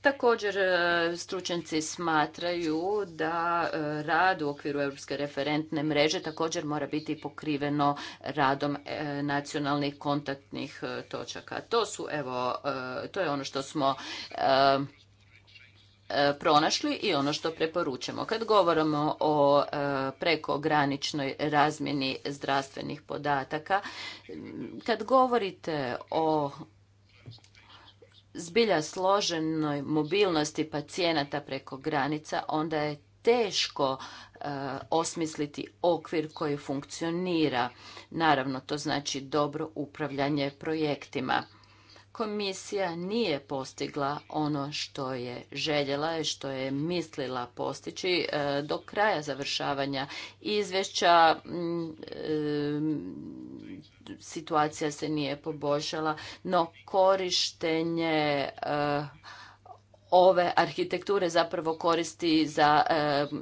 Također, e, stručenci smatraju da e, rad u okviru Europske referentne mreže također mora biti pokriveno radom e, nacionalnih kontaktnih točaka. To su, evo, to je ono što smo E, pronašli i ono što preporučamo. Kad govorimo o e, prekograničnoj razmjeni zdravstvenih podataka, kad govorite o zbilja složenoj mobilnosti pacijenata preko granica, onda je teško e, osmisliti okvir koji funkcionira. Naravno, to znači dobro upravljanje projektima komisija nije postigla ono što je željela i što je mislila postići e, do kraja završavanja izvješća e, situacija se nije poboljšala no korištenje e, ove arhitekture zapravo koristi za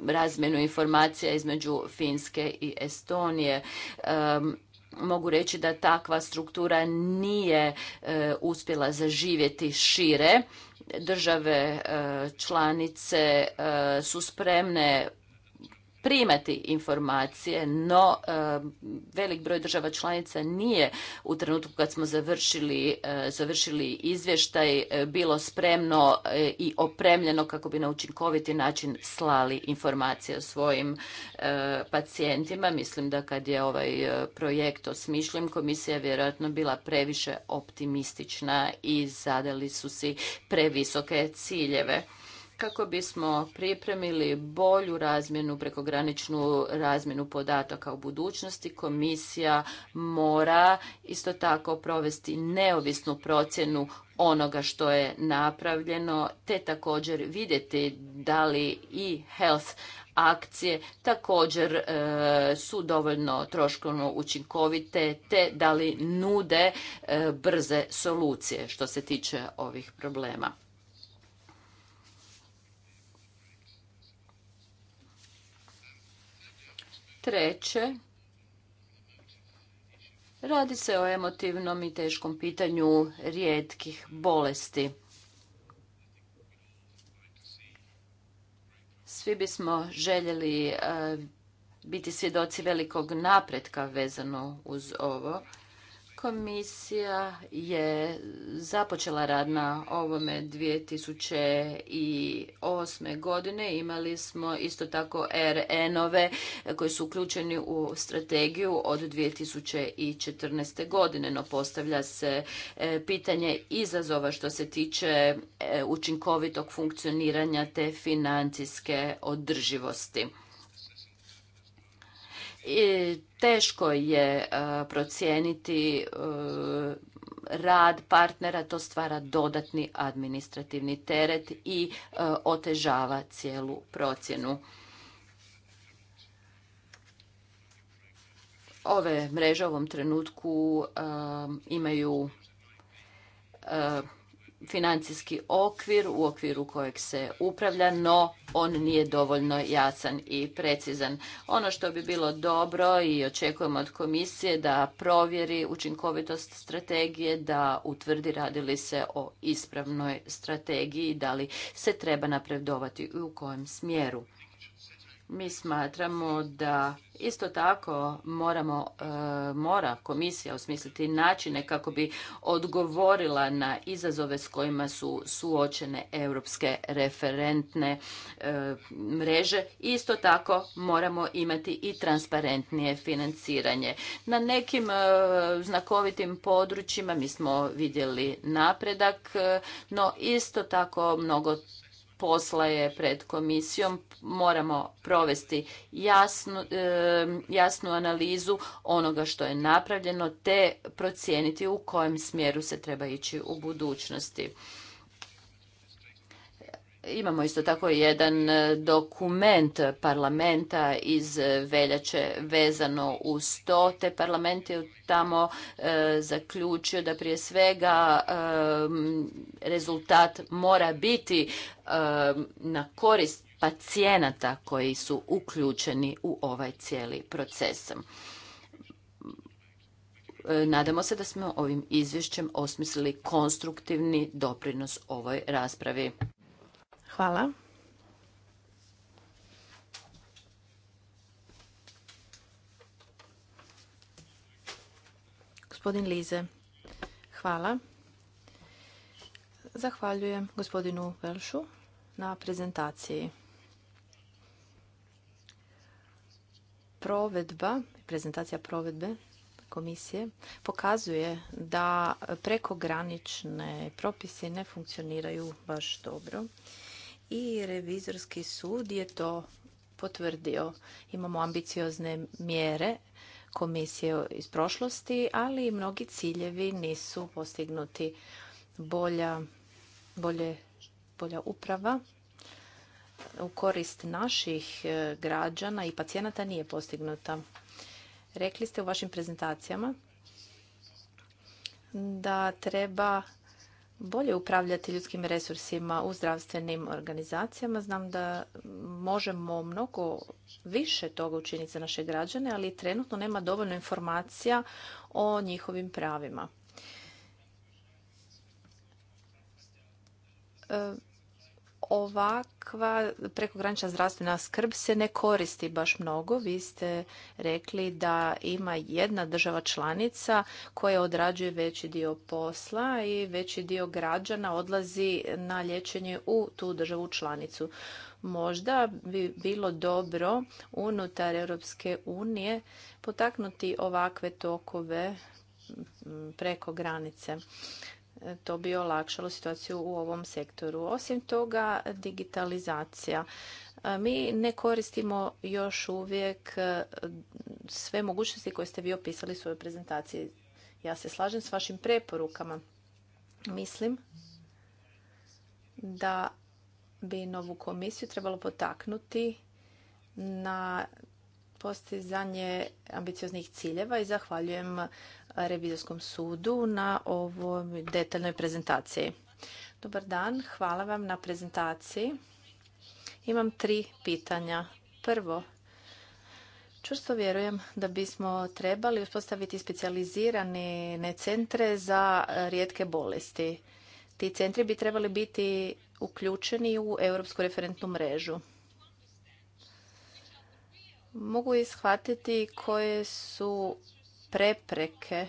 razmjenu informacija između Finske i Estonije mogu reći da takva struktura nije e, uspjela zaživjeti šire države e, članice e, su spremne primati informacije, no e, velik broj država članica nije u trenutku kad smo završili, e, izvještaj e, bilo spremno i opremljeno kako bi na učinkoviti način slali informacije o svojim pacijentima. Mislim da kad je ovaj projekt osmišljen, komisija je vjerojatno bila previše optimistična i zadali su si previsoke ciljeve kako bismo pripremili bolju razmjenu, prekograničnu razmjenu podataka u budućnosti, komisija mora isto tako provesti neovisnu procjenu onoga što je napravljeno, te također vidjeti da li i health akcije također e, su dovoljno troškovno učinkovite te da li nude e, brze solucije što se tiče ovih problema. Treće, radi se o emotivnom i teškom pitanju rijetkih bolesti. Svi bismo željeli eh, biti svjedoci velikog napretka vezano uz ovo Komisija je započela rad na ovome 2008. godine. Imali smo isto tako RN-ove koji su uključeni u strategiju od 2014. godine, no postavlja se e, pitanje izazova što se tiče e, učinkovitog funkcioniranja te financijske održivosti teško je e, procijeniti e, rad partnera, to stvara dodatni administrativni teret i e, otežava cijelu procjenu. Ove mreže u ovom trenutku imaju financijski okvir u okviru kojeg se upravlja, no on nije dovoljno jasan i precizan. Ono što bi bilo dobro i očekujemo od komisije da provjeri učinkovitost strategije, da utvrdi radi li se o ispravnoj strategiji, da li se treba napredovati i u kojem smjeru. Mi smatramo da isto tako moramo, e, mora komisija osmisliti načine kako bi odgovorila na izazove s kojima su suočene europske referentne e, mreže. Isto tako moramo imati i transparentnije financiranje. Na nekim e, znakovitim područjima mi smo vidjeli napredak, no isto tako mnogo posla je pred komisijom. Moramo provesti jasnu, jasnu analizu onoga što je napravljeno te procijeniti u kojem smjeru se treba ići u budućnosti. Imamo isto tako jedan e, dokument parlamenta iz veljače vezano u to, te parlament je tamo e, zaključio da prije svega e, rezultat mora biti na korist pacijenata koji su uključeni u ovaj cijeli proces. Nadamo se da smo ovim izvješćem osmislili konstruktivni doprinos ovoj raspravi. Hvala. Gospodin Lize. Hvala. Zahvaljujem gospodinu Velšu na prezentaciji. Provedba, prezentacija provedbe komisije pokazuje da prekogranične propisi ne funkcioniraju baš dobro i revizorski sud je to potvrdio. Imamo ambiciozne mjere komisije iz prošlosti, ali i mnogi ciljevi nisu postignuti. Bolja, bolje, bolja uprava u korist naših e, građana i pacijenata nije postignuta. Rekli ste u vašim prezentacijama da treba bolje upravljati ljudskim resursima u zdravstvenim organizacijama. Znam da možemo mnogo više toga učiniti za naše građane, ali trenutno nema dovoljno informacija o njihovim pravima. E, ovakva prekogranična zdravstvena skrb se ne koristi baš mnogo. Vi ste rekli da ima jedna država članica koja odrađuje veći dio posla i veći dio građana odlazi na liječenje u tu državu članicu. Možda bi bilo dobro unutar Europske unije potaknuti ovakve tokove preko granice. E, to bi olakšalo situaciju u ovom sektoru. Osim toga, digitalizacija. E, mi ne koristimo još uvijek e, sve mogućnosti koje ste vi opisali u svojoj prezentaciji. Ja se slažem s vašim preporukama. Mislim da bi novu komisiju trebalo potaknuti na postizanje ambicioznih ciljeva i zahvaljujem revizorskom sudu na ovoj detaljnoj prezentaciji. Dobar dan, hvala vam na prezentaciji. Imam tri pitanja. Prvo, Čvrsto vjerujem da bismo trebali uspostaviti specijalizirane centre za rijetke bolesti. Ti centri bi trebali biti uključeni u Europsku referentnu mrežu. Mogu ishvatiti koje su prepreke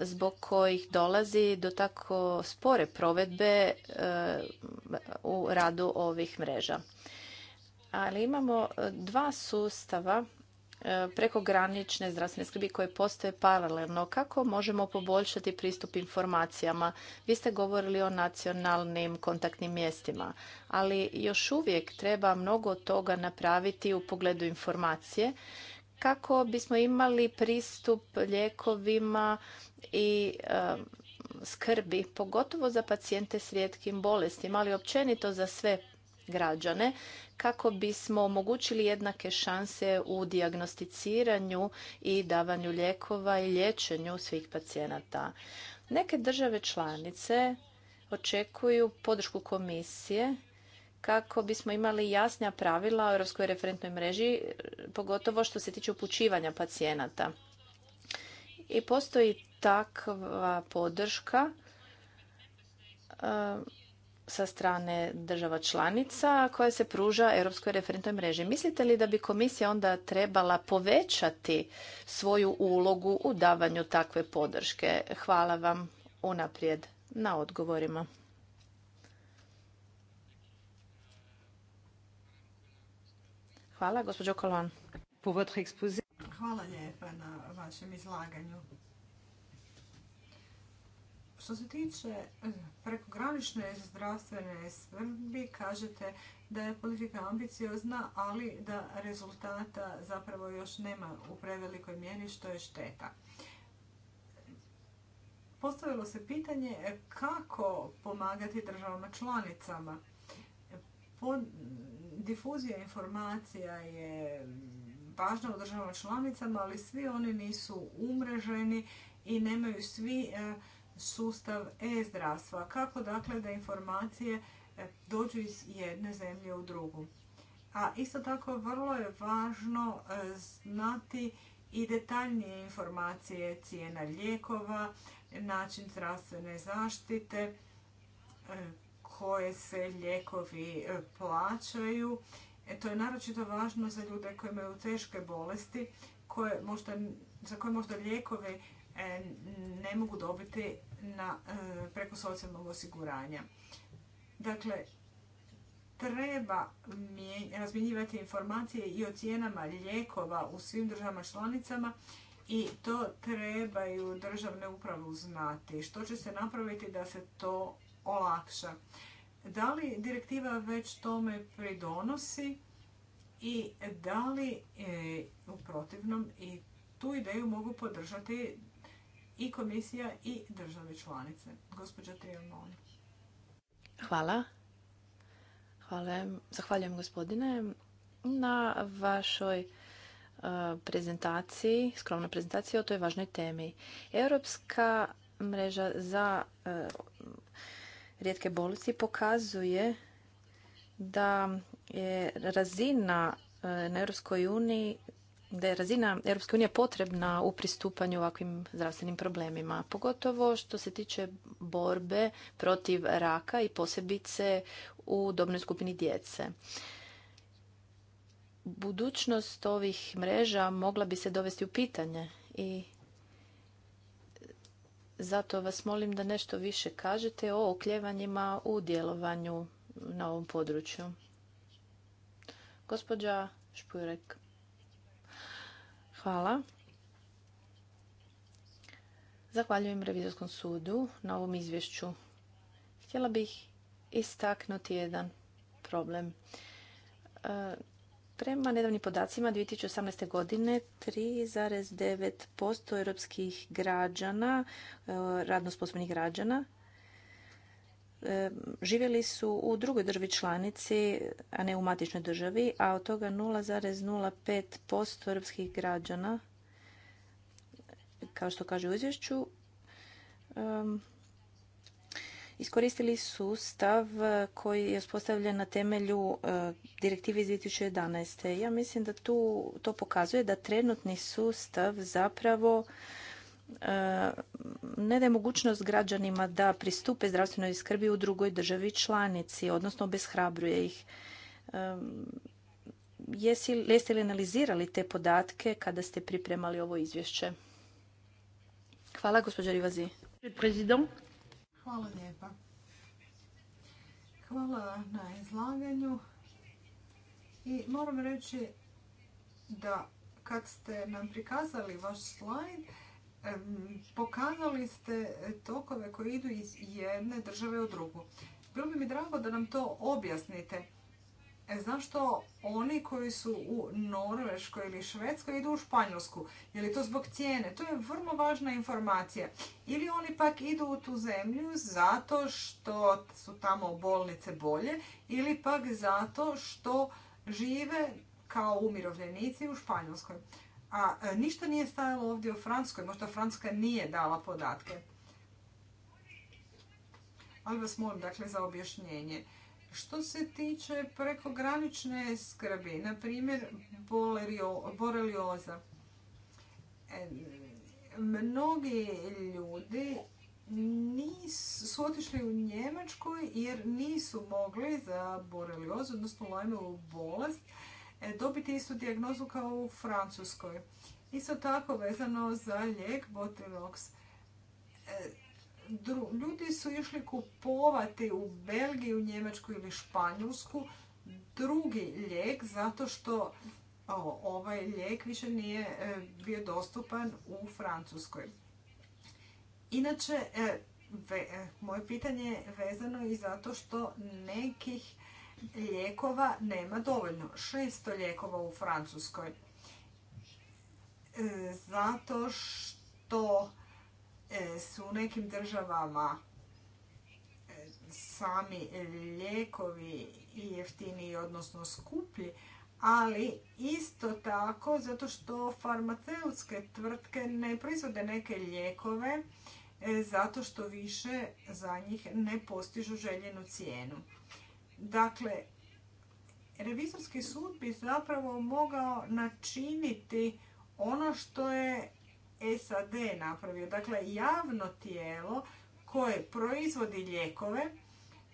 zbog kojih dolazi do tako spore provedbe e, u radu ovih mreža. Ali imamo e, dva sustava e, prekogranične zdravstvene skrbi koje postoje paralelno. Kako možemo poboljšati pristup informacijama? Vi ste govorili o nacionalnim kontaktnim mjestima, ali još uvijek treba mnogo toga napraviti u pogledu informacije kako bismo imali pristup lijekovima i skrbi, pogotovo za pacijente s rijetkim bolestima, ali općenito za sve građane kako bismo omogućili jednake šanse u dijagnosticiranju i davanju lijekova i liječenju svih pacijenata. Neke države članice očekuju podršku komisije kako bismo imali jasnija pravila o Europskoj referentnoj mreži, pogotovo što se tiče upućivanja pacijenata. I postoji takva podrška eh, sa strane država članica koja se pruža Europskoj referentnoj mreži. Mislite li da bi komisija onda trebala povećati svoju ulogu u davanju takve podrške? Hvala vam unaprijed na odgovorima. Hvala, gospođo Kolon. Hvala lijepa na vašem izlaganju. Što se tiče eh, prekogranične zdravstvene skrbi, kažete da je politika ambiciozna, ali da rezultata zapravo još nema u prevelikoj mjeri, što je šteta. Postavilo se pitanje kako pomagati državama članicama. Difuzija informacija je važna u državama članicama, ali svi oni nisu umreženi i nemaju svi e, sustav e-zdravstva. Kako dakle da informacije e, dođu iz jedne zemlje u drugu? A isto tako vrlo je važno e, znati i detaljnije informacije cijena lijekova, način zdravstvene zaštite, koje se lijekovi e, plaćaju. E, to je naročito važno za ljude koji imaju teške bolesti, za koje možda lijekove e, ne mogu dobiti preko socijalnog osiguranja. Dakle, treba razmjenjivati informacije i o cijenama lijekova u svim državama članicama i to trebaju državne uprave znati. Što će se napraviti da se to olakša. Da li direktiva već tome pridonosi i da li e, u protivnom i tu ideju mogu podržati i komisija i države članice. Gospođa Hvala. Hvala. Zahvaljujem gospodine na vašoj e, prezentaciji, skromnoj prezentaciji o toj važnoj temi. Europska mreža za e, rijetke bolesti pokazuje da je razina e, na Europskoj uniji da je razina Europske unije potrebna u pristupanju ovakvim zdravstvenim problemima, pogotovo što se tiče borbe protiv raka i posebice u dobnoj skupini djece. Budućnost ovih mreža mogla bi se dovesti u pitanje i zato vas molim da nešto više kažete o okljevanjima u djelovanju na ovom području. Gospođa Špurek. Hvala. Zahvaljujem Revizorskom sudu na ovom izvješću. Htjela bih istaknuti jedan problem. E, Prema nedavnim podacima 2018. godine 3,9% europskih građana, e, radno sposobnih građana, e, živjeli su u drugoj državi članici, a ne u matičnoj državi, a od toga 0,05% europskih građana, kao što kaže u izvješću, e, iskoristili sustav e, koji je uspostavljen na temelju e, direktive iz 2011. Ja mislim da tu to pokazuje da trenutni sustav zapravo e, ne daje mogućnost građanima da pristupe zdravstvenoj skrbi u drugoj državi članici, odnosno obeshrabruje ih. Jeste li analizirali te podatke kada ste pripremali ovo izvješće? Hvala, gospođa Rivazi. Hvala lijepa. Hvala na izlaganju. I moram reći da kad ste nam prikazali vaš slajd, pokazali ste tokove koji idu iz jedne države u drugu. Bilo bi mi drago da nam to objasnite. E, što oni koji su u Norveškoj ili Švedskoj idu u Španjolsku? Je li to zbog cijene? To je vrlo važna informacija. Ili oni pak idu u tu zemlju zato što su tamo bolnice bolje ili pak zato što žive kao umirovljenici u Španjolskoj. A e, ništa nije stajalo ovdje u Francuskoj, možda Francuska nije dala podatke. Ali vas molim dakle za objašnjenje. Što se tiče prekogranične skrbi, na primjer borelioza, e, mnogi ljudi su otišli u Njemačkoj jer nisu mogli za boreliozu, odnosno Lymeovu bolest, e, dobiti istu dijagnozu kao u Francuskoj. Isto tako vezano za lijek Botrilox. E, ljudi su išli kupovati u Belgiju, Njemačku ili Španjolsku drugi lijek zato što ovaj lijek više nije e, bio dostupan u Francuskoj. Inače, e, e, moje pitanje je vezano i zato što nekih lijekova nema dovoljno. 600 lijekova u Francuskoj. Zato što E, su u nekim državama e, sami lijekovi i jeftiniji, odnosno skuplji, ali isto tako zato što farmaceutske tvrtke ne proizvode neke lijekove e, zato što više za njih ne postižu željenu cijenu. Dakle, revizorski sud bi zapravo mogao načiniti ono što je SAD napravio. Dakle, javno tijelo koje proizvodi lijekove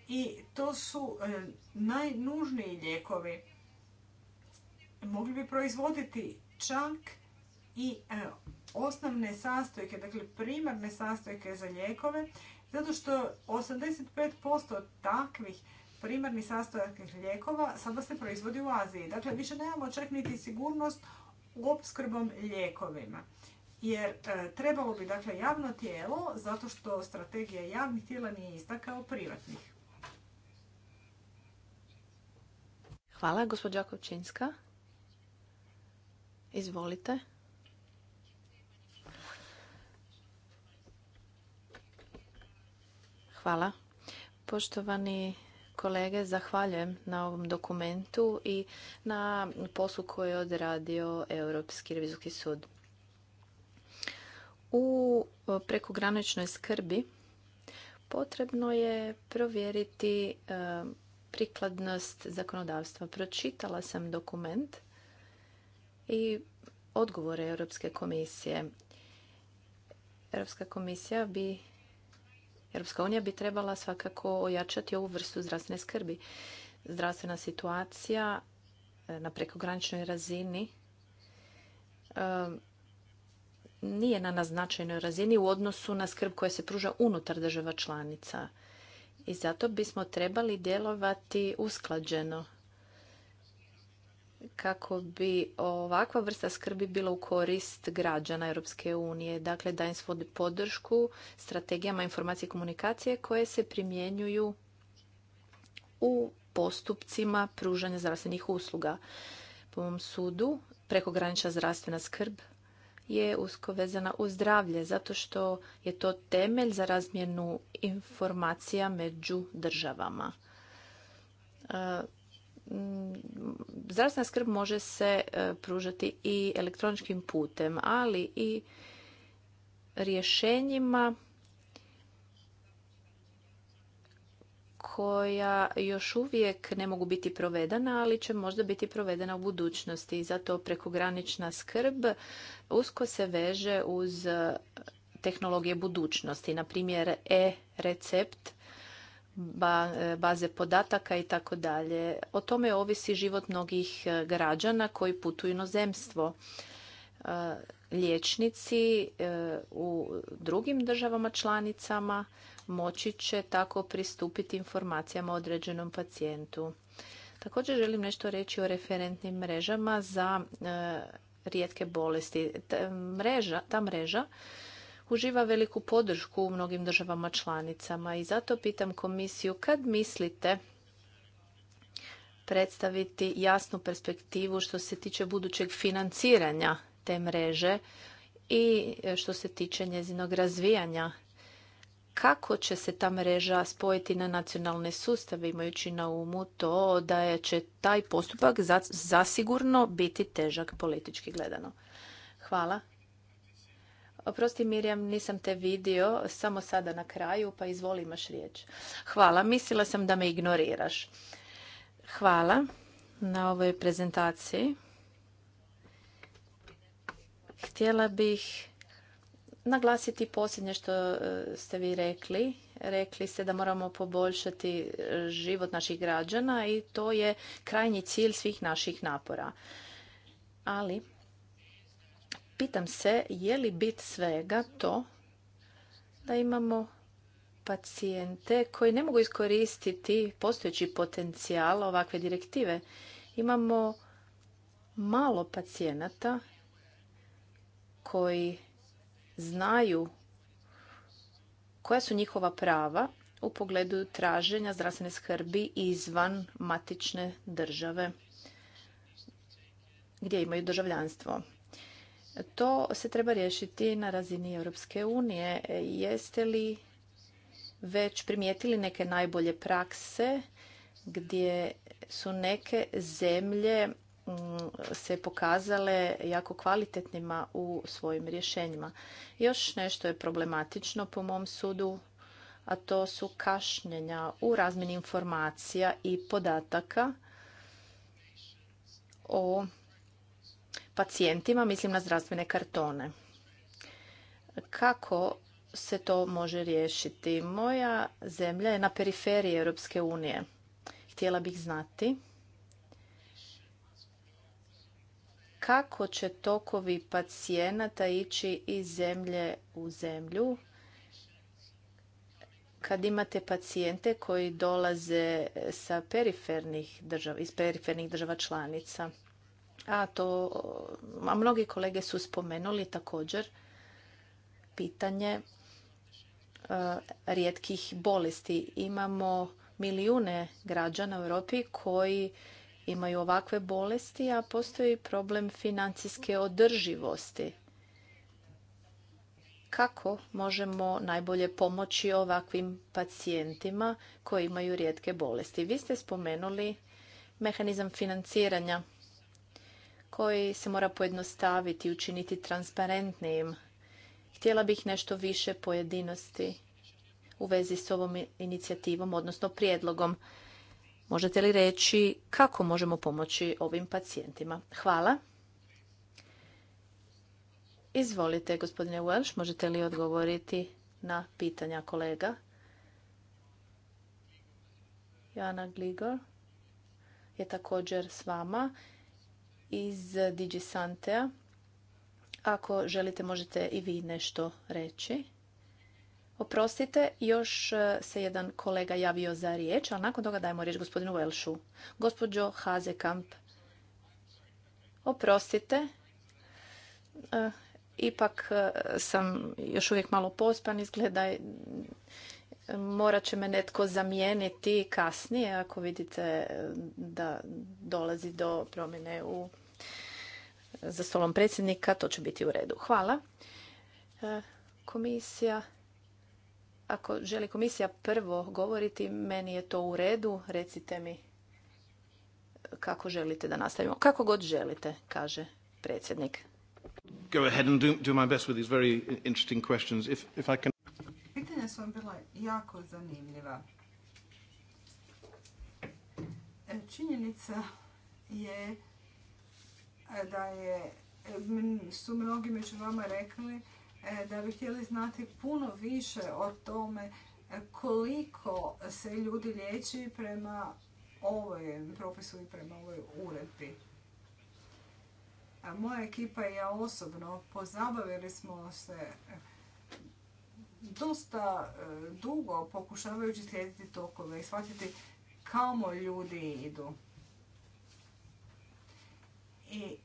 i to su e, najnužniji lijekovi. Mogli bi proizvoditi čak i e, osnovne sastojke, dakle primarne sastojke za lijekove, zato što 85% takvih primarnih sastojaka lijekova sada se proizvodi u Aziji. Dakle, više nemamo čak niti sigurnost opskrbom lijekovima. Jer e, trebalo bi dakle javno tijelo zato što strategija javnih tijela nije ista kao privatnih. Hvala, gospođa Kovčinska. Izvolite. Hvala. Poštovani kolege, zahvaljujem na ovom dokumentu i na poslu koji je odradio Europski revizorski sud u e, prekograničnoj skrbi potrebno je provjeriti e, prikladnost zakonodavstva. Pročitala sam dokument i odgovore Europske komisije. Europska komisija bi Europska unija bi trebala svakako ojačati ovu vrstu zdravstvene skrbi. Zdravstvena situacija e, na prekograničnoj razini nije na naznačajnoj razini u odnosu na skrb koja se pruža unutar država članica. I zato bismo trebali djelovati usklađeno kako bi ovakva vrsta skrbi bila u korist građana Europske unije. Dakle, im svodi podršku strategijama informacije i komunikacije koje se primjenjuju u postupcima pružanja zdravstvenih usluga. Po mom sudu, prekogranična zdravstvena skrb je usko vezana uz zdravlje zato što je to temelj za razmjenu informacija među državama. E, zdravstvena skrb može se e, pružati i elektroničkim putem, ali i rješenjima koja još uvijek ne mogu biti provedena, ali će možda biti provedena u budućnosti. I zato prekogranična skrb usko se veže uz e, tehnologije budućnosti, na primjer e-recept, e, baze podataka i tako dalje. O tome ovisi život mnogih e, građana koji putuju zemstvo. liječnici u drugim državama članicama moći će tako pristupiti informacijama o određenom pacijentu. Također želim nešto reći o referentnim mrežama za e, rijetke bolesti. Ta mreža, ta mreža uživa veliku podršku u mnogim državama članicama i zato pitam komisiju kad mislite predstaviti jasnu perspektivu što se tiče budućeg financiranja te mreže i što se tiče njezinog razvijanja kako će se ta mreža spojiti na nacionalne sustave imajući na umu to da će taj postupak zasigurno biti težak politički gledano. Hvala. Oprosti Mirjam, nisam te vidio, samo sada na kraju, pa izvoli imaš riječ. Hvala, mislila sam da me ignoriraš. Hvala na ovoj prezentaciji. Htjela bih naglasiti posljednje što e, ste vi rekli. Rekli ste da moramo poboljšati život naših građana i to je krajnji cilj svih naših napora. Ali pitam se je li bit svega to da imamo pacijente koji ne mogu iskoristiti postojeći potencijal ovakve direktive. Imamo malo pacijenata koji znaju koja su njihova prava u pogledu traženja zdravstvene skrbi izvan matične države gdje imaju državljanstvo. To se treba riješiti na razini Europske unije. Jeste li već primijetili neke najbolje prakse gdje su neke zemlje Mm, se pokazale jako kvalitetnima u svojim rješenjima. Još nešto je problematično po mom sudu, a to su kašnjenja u razmini informacija i podataka o pacijentima, mislim na zdravstvene kartone. Kako se to može riješiti? Moja zemlja je na periferiji Europske unije. Htjela bih znati kako će tokovi pacijenata ići iz zemlje u zemlju kad imate pacijente koji dolaze sa perifernih država, iz perifernih država članica. A to, a mnogi kolege su spomenuli također pitanje e, rijetkih bolesti. Imamo milijune građana u Europi koji imaju ovakve bolesti, a postoji problem financijske održivosti. Kako možemo najbolje pomoći ovakvim pacijentima koji imaju rijetke bolesti? Vi ste spomenuli mehanizam financiranja koji se mora pojednostaviti i učiniti transparentnijim. Htjela bih nešto više pojedinosti u vezi s ovom inicijativom, odnosno prijedlogom. Možete li reći kako možemo pomoći ovim pacijentima? Hvala. Izvolite, gospodine Welsh, možete li odgovoriti na pitanja kolega? Jana Gligor je također s vama iz Digisantea. Ako želite, možete i vi nešto reći. Oprostite, još e, se jedan kolega javio za riječ, ali nakon toga dajemo riječ gospodinu Welšu. Gospođo Hazekamp, oprostite, e, ipak e, sam još uvijek malo pospan, izgleda morat će me netko zamijeniti kasnije ako vidite da dolazi do promjene u za stolom predsjednika, to će biti u redu. Hvala. Komisija ako želi komisija prvo govoriti, meni je to u redu, recite mi kako želite da nastavimo. Kako god želite, kaže predsjednik. Pitanja su vam bila jako zanimljiva. E, činjenica je e, da je, su mnogi među vama rekli E, da bi htjeli znati puno više o tome e, koliko se ljudi liječi prema ovoj propisu i prema ovoj uredbi. moja ekipa i ja osobno pozabavili smo se e, dosta dugo pokušavajući slijediti tokove i shvatiti kamo ljudi idu. I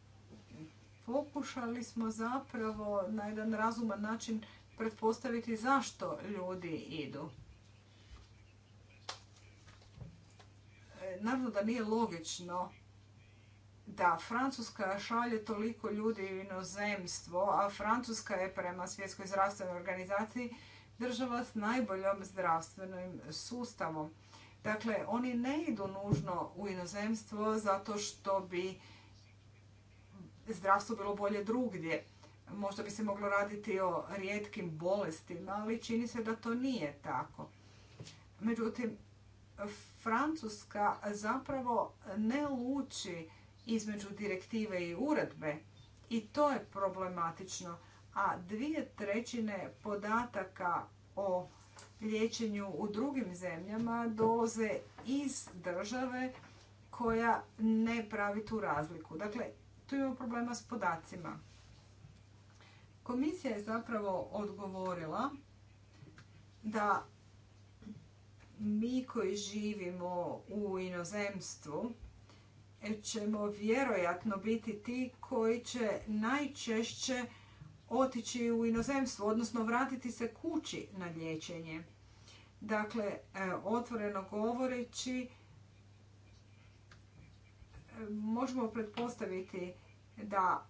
pokušali smo zapravo na jedan razuman način pretpostaviti zašto ljudi idu. E, naravno da nije logično da Francuska šalje toliko ljudi u inozemstvo, a Francuska je prema Svjetskoj zdravstvenoj organizaciji država s najboljom zdravstvenim sustavom. Dakle, oni ne idu nužno u inozemstvo zato što bi zdravstvo bilo bolje drugdje. Možda bi se moglo raditi o rijetkim bolestima, ali čini se da to nije tako. Međutim, Francuska zapravo ne luči između direktive i uredbe i to je problematično. A dvije trećine podataka o liječenju u drugim zemljama dolaze iz države koja ne pravi tu razliku. Dakle, tu imamo problema s podacima. Komisija je zapravo odgovorila da mi koji živimo u inozemstvu ćemo vjerojatno biti ti koji će najčešće otići u inozemstvo, odnosno vratiti se kući na liječenje. Dakle, e, otvoreno govoreći, možemo pretpostaviti da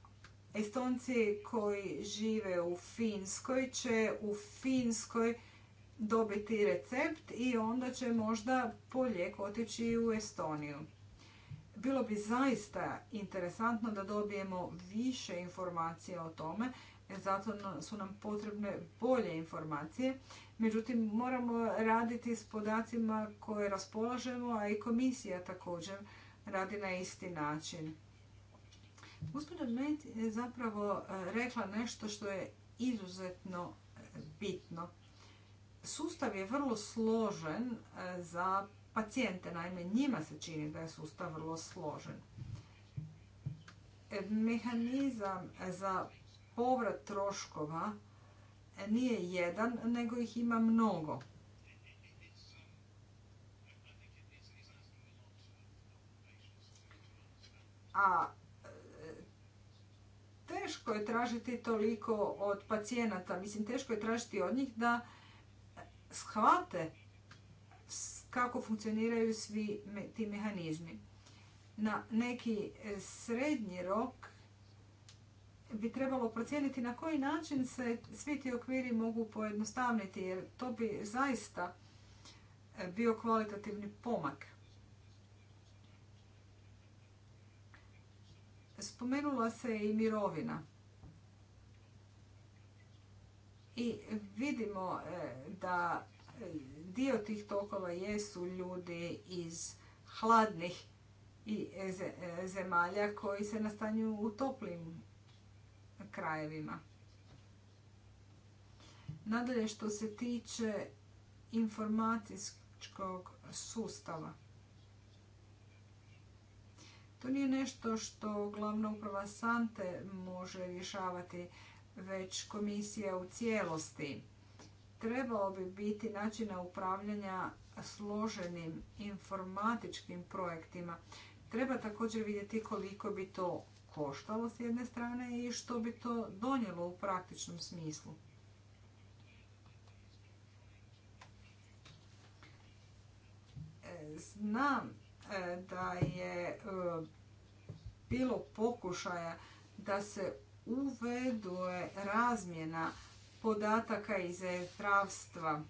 Estonci koji žive u Finskoj će u Finskoj dobiti recept i onda će možda po otići u Estoniju. Bilo bi zaista interesantno da dobijemo više informacija o tome, zato su nam potrebne bolje informacije. Međutim, moramo raditi s podacima koje raspolažemo, a i komisija također radi na isti način. Gospoda Met je zapravo e, rekla nešto što je izuzetno e, bitno. Sustav je vrlo složen e, za pacijente, naime njima se čini da je sustav vrlo složen. Mehanizam za povrat troškova nije jedan, nego ih ima mnogo. a e, teško je tražiti toliko od pacijenata, mislim teško je tražiti od njih da shvate kako funkcioniraju svi ti mehanizmi. Na neki e, srednji rok bi trebalo procijeniti na koji način se svi ti okviri mogu pojednostavniti jer to bi zaista e, bio kvalitativni pomak. Spomenula se i mirovina. I vidimo e, da dio tih tokova jesu ljudi iz hladnih zemalja koji se nastanju u toplim krajevima. Nadalje što se tiče informacijskog sustava. To nije nešto što glavna uprava Sante može rješavati, već komisija u cijelosti. Trebao bi biti načina upravljanja složenim informatičkim projektima. Treba također vidjeti koliko bi to koštalo s jedne strane i što bi to donijelo u praktičnom smislu. Znam E, da je e, bilo pokušaja da se uvedu e, razmjena podataka iz zdravstva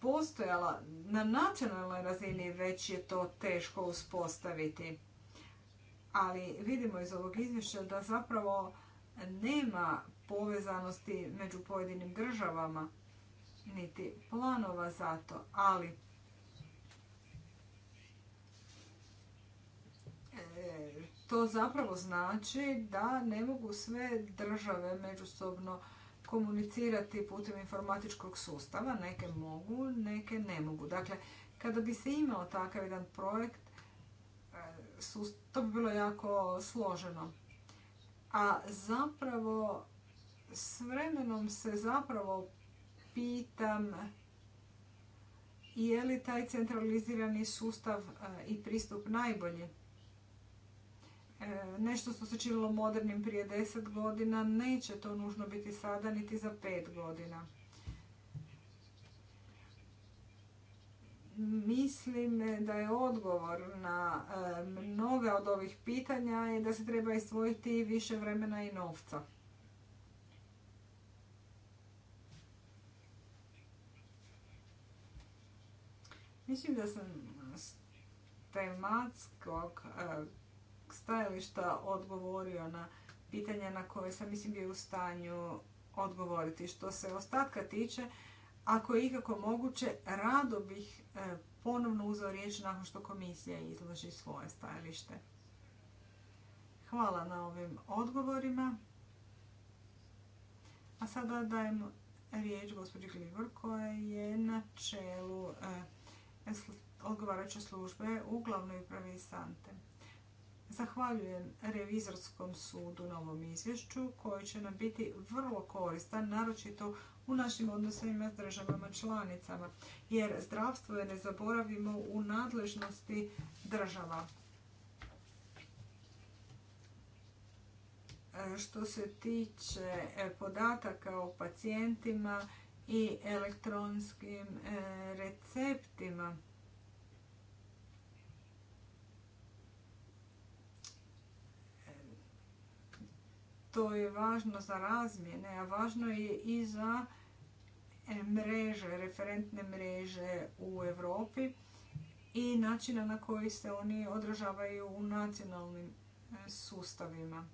postojala na nacionalnoj razini već je to teško uspostaviti. Ali vidimo iz ovog izvješća da zapravo nema povezanosti među pojedinim državama niti planova za to, ali e, to zapravo znači da ne mogu sve države međusobno komunicirati putem informatičkog sustava. Neke mogu, neke ne mogu. Dakle, kada bi se imao takav jedan projekt, e, to bi bilo jako složeno. A zapravo s vremenom se zapravo pitam je li taj centralizirani sustav e, i pristup najbolji? E, nešto što se činilo modernim prije deset godina, neće to nužno biti sada niti za pet godina. Mislim da je odgovor na e, mnoge od ovih pitanja i da se treba izdvojiti više vremena i novca. Mislim da sam mm, tematskog e, stajališta odgovorio na pitanja na koje sam mislim bio u stanju odgovoriti. Što se ostatka tiče, ako je ikako moguće, rado bih e, ponovno uzeo riječ nakon što komisija izloži svoje stajalište. Hvala na ovim odgovorima. A sada dajem riječ gospođi Glivor koja je na čelu e, odgovarajuće službe u glavnoj upravi Zahvaljujem Revizorskom sudu na ovom izvješću koji će nam biti vrlo koristan, naročito u našim odnosima s državama članicama, jer zdravstvo je ne zaboravimo u nadležnosti država. E, što se tiče e, podataka o pacijentima i elektronskim e, receptima. To je važno za razmjene, a važno je i za e, mreže, referentne mreže u Europi i načina na koji se oni odražavaju u nacionalnim e, sustavima.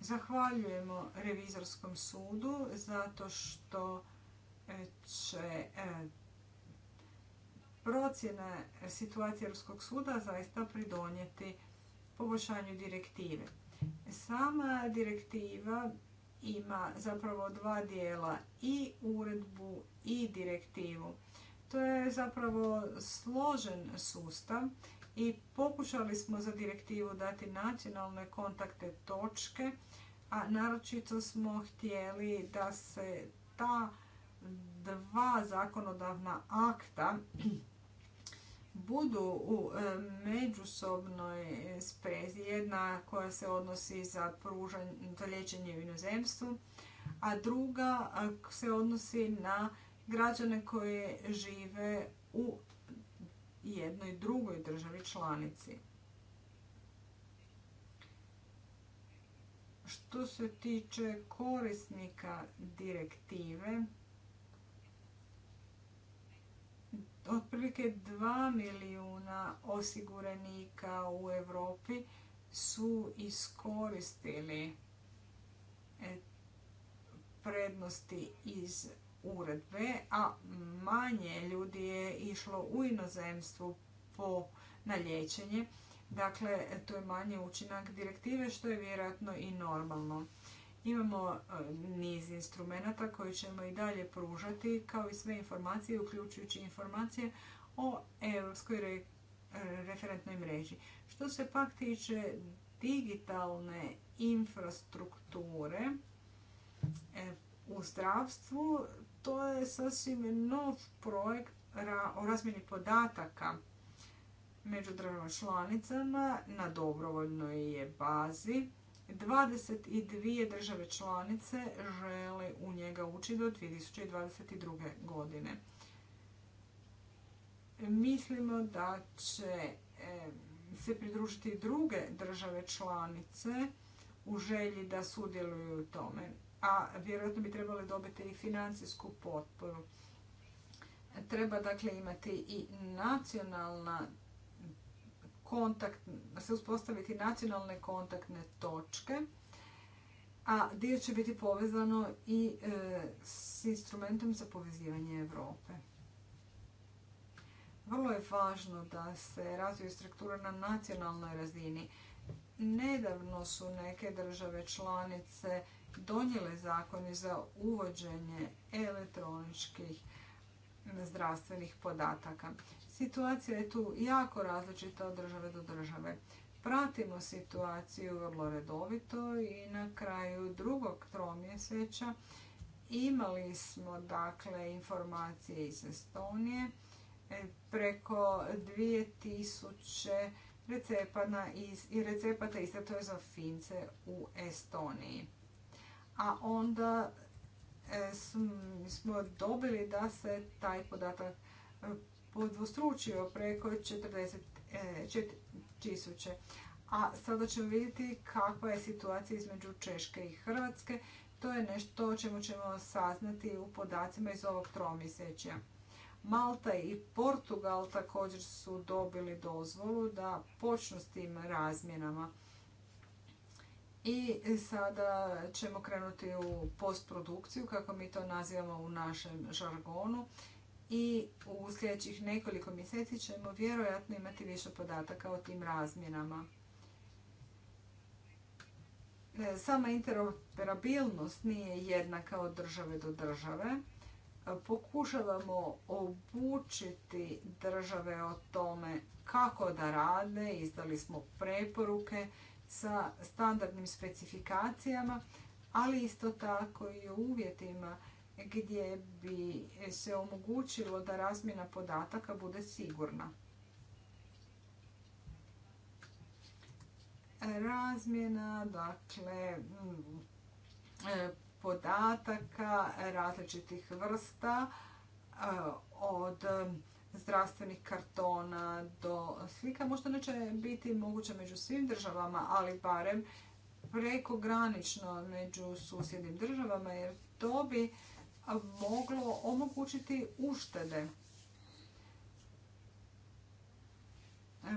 Zahvaljujemo revizorskom sudu zato što će e, procjena situacije Europskog suda zaista pridonijeti poboljšanju direktive. Sama direktiva ima zapravo dva dijela, i uredbu i direktivu. To je zapravo složen sustav i pokušali smo za direktivu dati nacionalne kontakte točke, a naročito smo htjeli da se ta dva zakonodavna akta budu u e, međusobnoj sprezi. Jedna koja se odnosi za pružanje, liječenje u inozemstvu, a druga se odnosi na građane koje žive u jednoj drugoj državi članici. Što se tiče korisnika direktive, Otprilike 2 milijuna osiguranika u Europi su iskoristili e, prednosti iz uredbe, a manje ljudi je išlo u inozemstvo po, na liječenje. Dakle, to je manji učinak direktive, što je vjerojatno i normalno. Imamo e, niz instrumenata koji ćemo i dalje pružati, kao i sve informacije, uključujući informacije o europskoj referentnoj mreži. Što se pak tiče digitalne infrastrukture e, u zdravstvu, to je sasvim nov projekt o razmjeni podataka među državama članicama na dobrovoljnoj je bazi 22 države članice žele u njega ući do 2022. godine. Mislimo da će se pridružiti druge države članice u želji da sudjeluju u tome, a vjerojatno bi trebali dobiti i financijsku potporu. Treba dakle imati i nacionalna kontakt, se uspostaviti nacionalne kontaktne točke, a dio će biti povezano i e, s instrumentom za povezivanje Europe. Vrlo je važno da se razvije struktura na nacionalnoj razini. Nedavno su neke države članice donijele zakone za uvođenje elektroničkih zdravstvenih podataka. Situacija je tu jako različita od države do države. Pratimo situaciju vrlo redovito i na kraju drugog tromjeseća imali smo dakle informacije iz Estonije e, preko 2000 recepana iz, i recepata to je za Fince u Estoniji. A onda e, smo dobili da se taj podatak e, udvostručio preko 40 e, tisuće. A sada ćemo vidjeti kakva je situacija između Češke i Hrvatske. To je nešto o čemu ćemo saznati u podacima iz ovog tromjesečja. Malta i Portugal također su dobili dozvolu da počnu s tim razmjenama. I sada ćemo krenuti u postprodukciju, kako mi to nazivamo u našem žargonu, i u sljedećih nekoliko mjeseci ćemo vjerojatno imati više podataka o tim razmjenama. E, sama interoperabilnost nije jednaka od države do države. E, pokušavamo obučiti države o tome kako da rade. Izdali smo preporuke sa standardnim specifikacijama, ali isto tako i uvjetima gdje bi se omogućilo da razmjena podataka bude sigurna. Razmjena, dakle, mm, podataka različitih vrsta eh, od mm, zdravstvenih kartona do slika. Možda neće biti moguće među svim državama, ali barem prekogranično među susjednim državama, jer to bi moglo omogućiti uštede. E,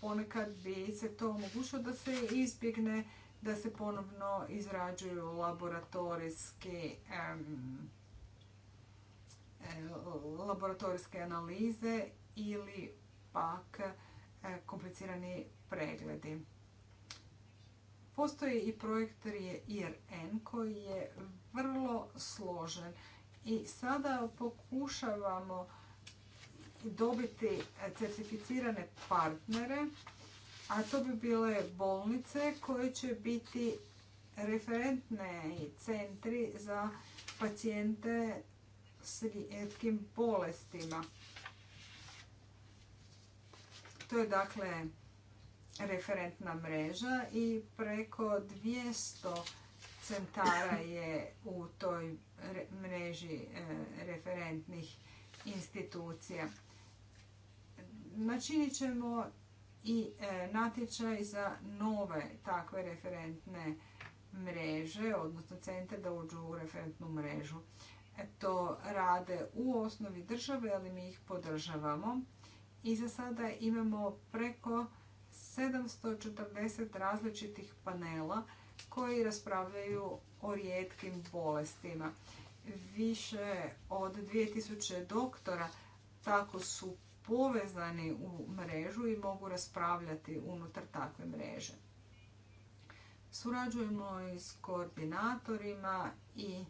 ponekad bi se to omogućilo da se izbjegne da se ponovno izrađuju laboratorijski e, laboratorijske analize ili pak e, komplicirani pregledi. Postoji i projekt IRN koji je vrlo složen i sada pokušavamo dobiti certificirane partnere, a to bi bile bolnice koje će biti referentne centri za pacijente s rijetkim bolestima. To je dakle referentna mreža i preko 200 centara je u toj mreži e, referentnih institucija. Načinit ćemo i e, natječaj za nove takve referentne mreže, odnosno centar da uđu u referentnu mrežu. E, to rade u osnovi države, ali mi ih podržavamo. I za sada imamo preko 740 različitih panela koji raspravljaju o rijetkim bolestima. Više od 2000 doktora tako su povezani u mrežu i mogu raspravljati unutar takve mreže. Surađujemo i s koordinatorima i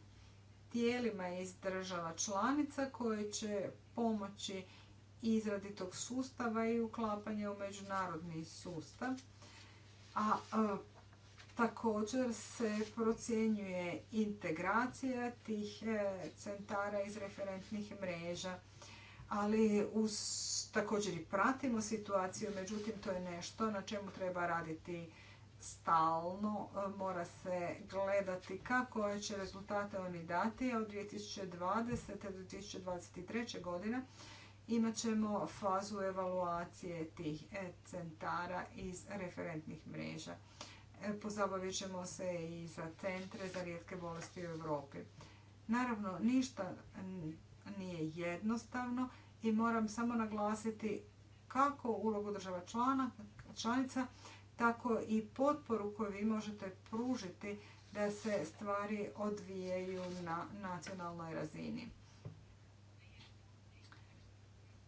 tijelima iz država članica koje će pomoći izradi tog sustava i uklapanje u međunarodni sustav. A, e, također se procjenjuje integracija tih e, centara iz referentnih mreža. Ali uz, također i pratimo situaciju, međutim to je nešto na čemu treba raditi stalno e, mora se gledati kako će rezultate oni dati od 2020. do 2023. godine imat ćemo fazu evaluacije tih e, centara iz referentnih mreža. E, pozabavit ćemo se i za centre za rijetke bolesti u Europi. Naravno, ništa nije jednostavno i moram samo naglasiti kako ulogu država članica, tako i potporu koju vi možete pružiti da se stvari odvijaju na nacionalnoj razini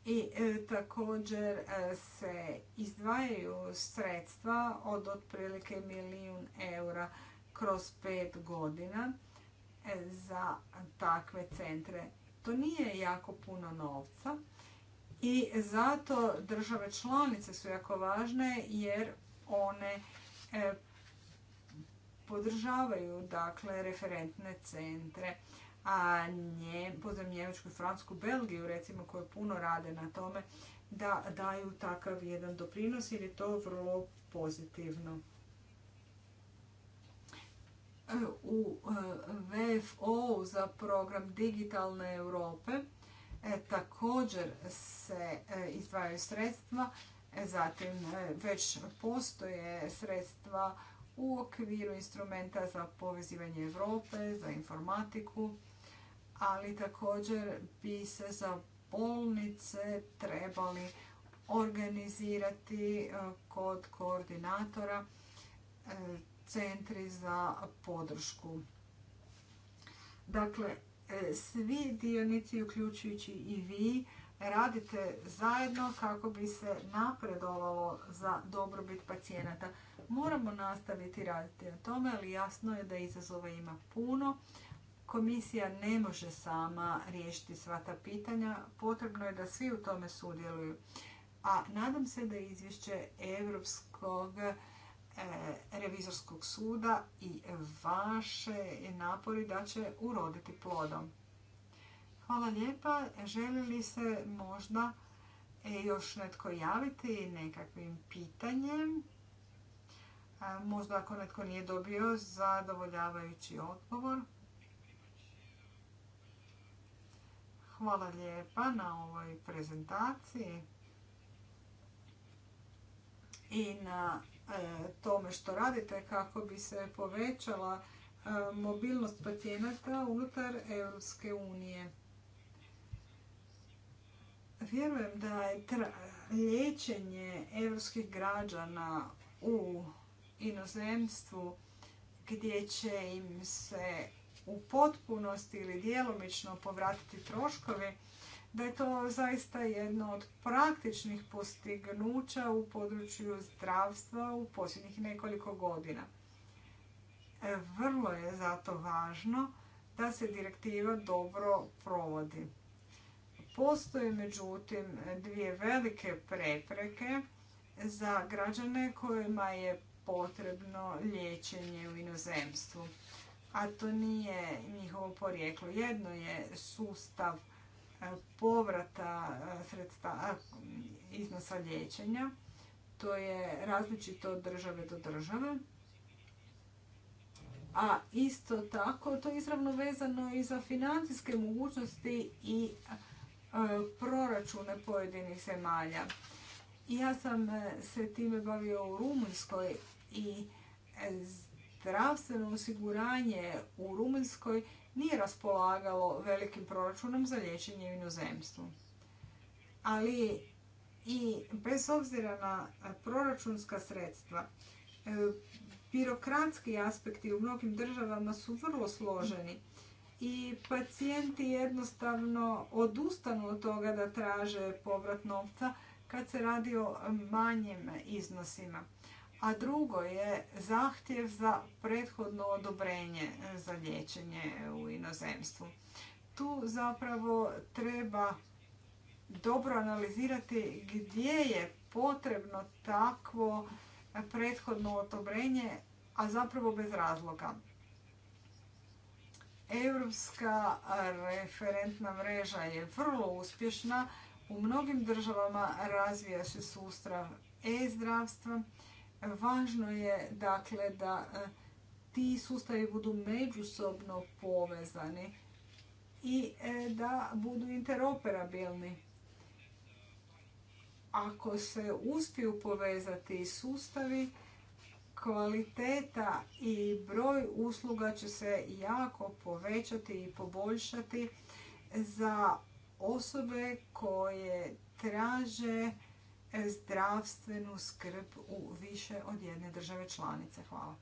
i e, također e, se izdvajaju sredstva od otprilike milijun eura kroz pet godina e, za takve centre. To nije jako puno novca i zato države članice su jako važne jer one podržavaju dakle referentne centre a nje, i Njemačku, Francku, Belgiju recimo koje puno rade na tome da daju takav jedan doprinos jer je to vrlo pozitivno. U e, VFO za program Digitalne Europe e, također se e, izdvajaju sredstva, zatim već postoje sredstva u okviru instrumenta za povezivanje Europe, za informatiku ali također bi se za bolnice trebali organizirati e, kod koordinatora e, centri za podršku. Dakle, e, svi dionici, uključujući i vi, radite zajedno kako bi se napredovalo za dobrobit pacijenata. Moramo nastaviti raditi na tome, ali jasno je da izazova ima puno, Komisija ne može sama riješiti sva ta pitanja, potrebno je da svi u tome sudjeluju. A nadam se da izvješće Europskog e, revizorskog suda i vaše napori da će uroditi plodom. Hvala lijepa. Želi li se možda e, još netko javiti nekakvim pitanjem? Možda ako netko nije dobio zadovoljavajući odgovor. Hvala lijepa na ovoj prezentaciji i na e, tome što radite kako bi se povećala e, mobilnost pacijenata unutar Europske unije. Vjerujem da je liječenje europskih građana u inozemstvu gdje će im se u potpunosti ili djelomično povratiti troškove, da je to zaista jedno od praktičnih postignuća u području zdravstva u posljednjih nekoliko godina. E, vrlo je zato važno da se direktiva dobro provodi. Postoje međutim dvije velike prepreke za građane kojima je potrebno liječenje u inozemstvu a to nije njihovo porijeklo. Jedno je sustav e, povrata e, sredstava iznosa liječenja. To je različito od države do države. A isto tako to je izravno vezano i za financijske mogućnosti i e, proračune pojedinih zemalja. Ja sam se time bavio u Rumunjskoj i zdravstveno osiguranje u Rumunjskoj nije raspolagalo velikim proračunom za liječenje u inozemstvu. Ali i bez obzira na proračunska sredstva, e, birokratski aspekti u mnogim državama su vrlo složeni i pacijenti jednostavno odustanu od toga da traže povrat novca kad se radi o manjim iznosima a drugo je zahtjev za prethodno odobrenje e, za liječenje u inozemstvu. Tu zapravo treba dobro analizirati gdje je potrebno takvo prethodno odobrenje, a zapravo bez razloga. Europska referentna mreža je vrlo uspješna. U mnogim državama razvija se sustav e-zdravstva Važno je dakle da e, ti sustavi budu međusobno povezani i e, da budu interoperabilni. Ako se uspiju povezati sustavi, kvaliteta i broj usluga će se jako povećati i poboljšati za osobe koje traže zdravstvenu skrb u više od jedne države članice. Hvala.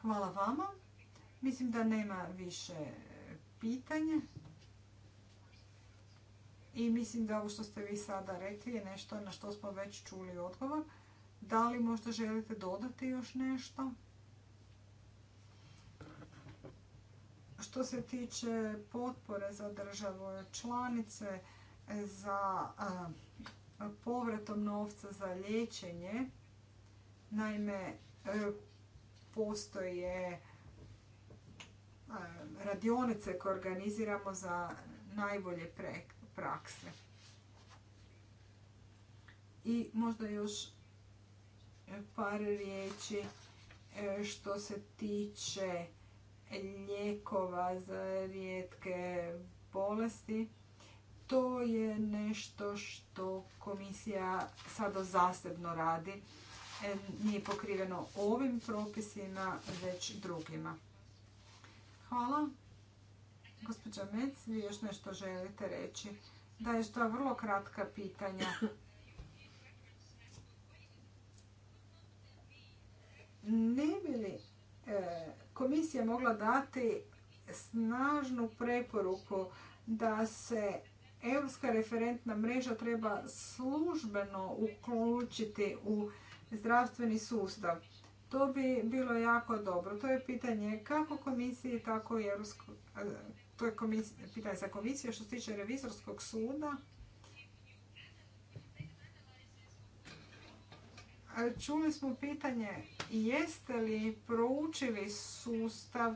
Hvala vama. Mislim da nema više pitanja. I mislim da ovo što ste vi sada rekli je nešto na što smo već čuli odgovor. Da li možda želite dodati još nešto? Što se tiče potpore za državu članice, za povratom novca za liječenje. Naime, e, postoje e, radionice koje organiziramo za najbolje prakse. I možda još e, par riječi što se tiče lijekova za rijetke bolesti to je nešto što komisija sada zasebno radi. E, nije pokriveno ovim propisima, već drugima. Hvala. Gospođa Mec, vi još nešto želite reći? Da, je što vrlo kratka pitanja. Ne bi li e, komisija mogla dati snažnu preporuku da se Europska referentna mreža treba službeno uključiti u zdravstveni sustav. To bi bilo jako dobro. To je pitanje kako komisije, tako i eh, To je za komisiju što se tiče revizorskog suda. Čuli smo pitanje jeste li proučili sustav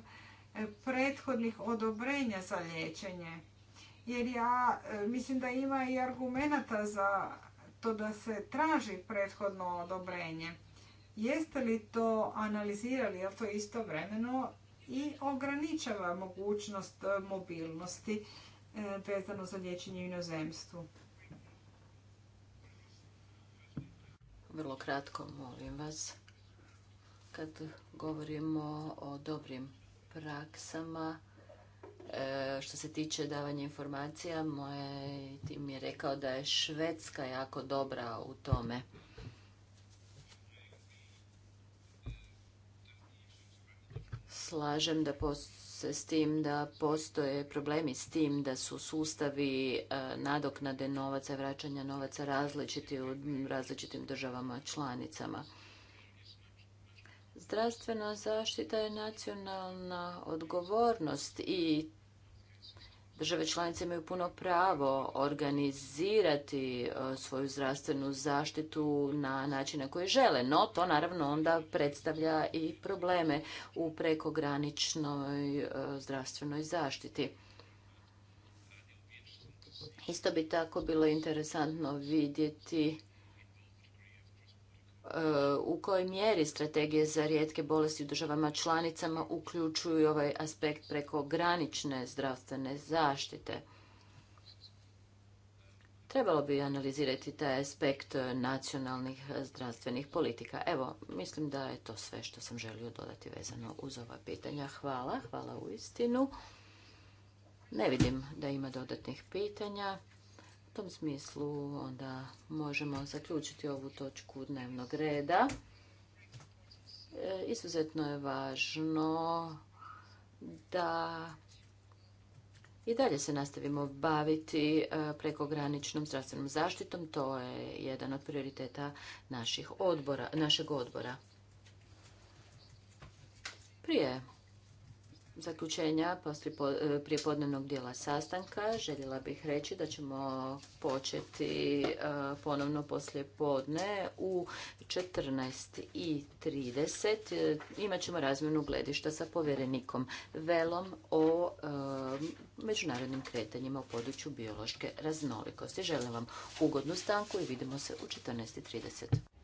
eh, prethodnih odobrenja za liječenje jer ja e, mislim da ima i argumenata za to da se traži prethodno odobrenje. Jeste li to analizirali, jer to istovremeno i ograničava mogućnost e, mobilnosti e, vezano za liječenje u inozemstvu? Vrlo kratko, molim vas. Kad govorimo o dobrim praksama, E, što se tiče davanja informacija, moj tim je rekao da je Švedska jako dobra u tome. Slažem da se s tim da postoje problemi s tim da su sustavi e, nadoknade novaca vraćanja novaca različiti u različitim državama članicama. Zdravstvena zaštita je nacionalna odgovornost i Države članice imaju puno pravo organizirati e, svoju zdravstvenu zaštitu na način na koji žele, no to naravno onda predstavlja i probleme u prekograničnoj e, zdravstvenoj zaštiti. Isto bi tako bilo interesantno vidjeti u kojoj mjeri strategije za rijetke bolesti u državama članicama uključuju ovaj aspekt preko granične zdravstvene zaštite. Trebalo bi analizirati taj aspekt nacionalnih zdravstvenih politika. Evo, mislim da je to sve što sam želio dodati vezano uz ova pitanja. Hvala, hvala u istinu. Ne vidim da ima dodatnih pitanja tom smislu onda možemo zaključiti ovu točku dnevnog reda. E, izuzetno je važno da i dalje se nastavimo baviti e, prekograničnom zdravstvenom zaštitom. To je jedan od prioriteta našeg odbora. Prije zaključenja e, prije podnevnog dijela sastanka željela bih reći da ćemo početi e, ponovno poslije podne u 14.30. E, imat ćemo razmjenu gledišta sa povjerenikom Velom o međunarodnim kretanjima u području biološke raznolikosti. Želim vam ugodnu stanku i vidimo se u 14.30.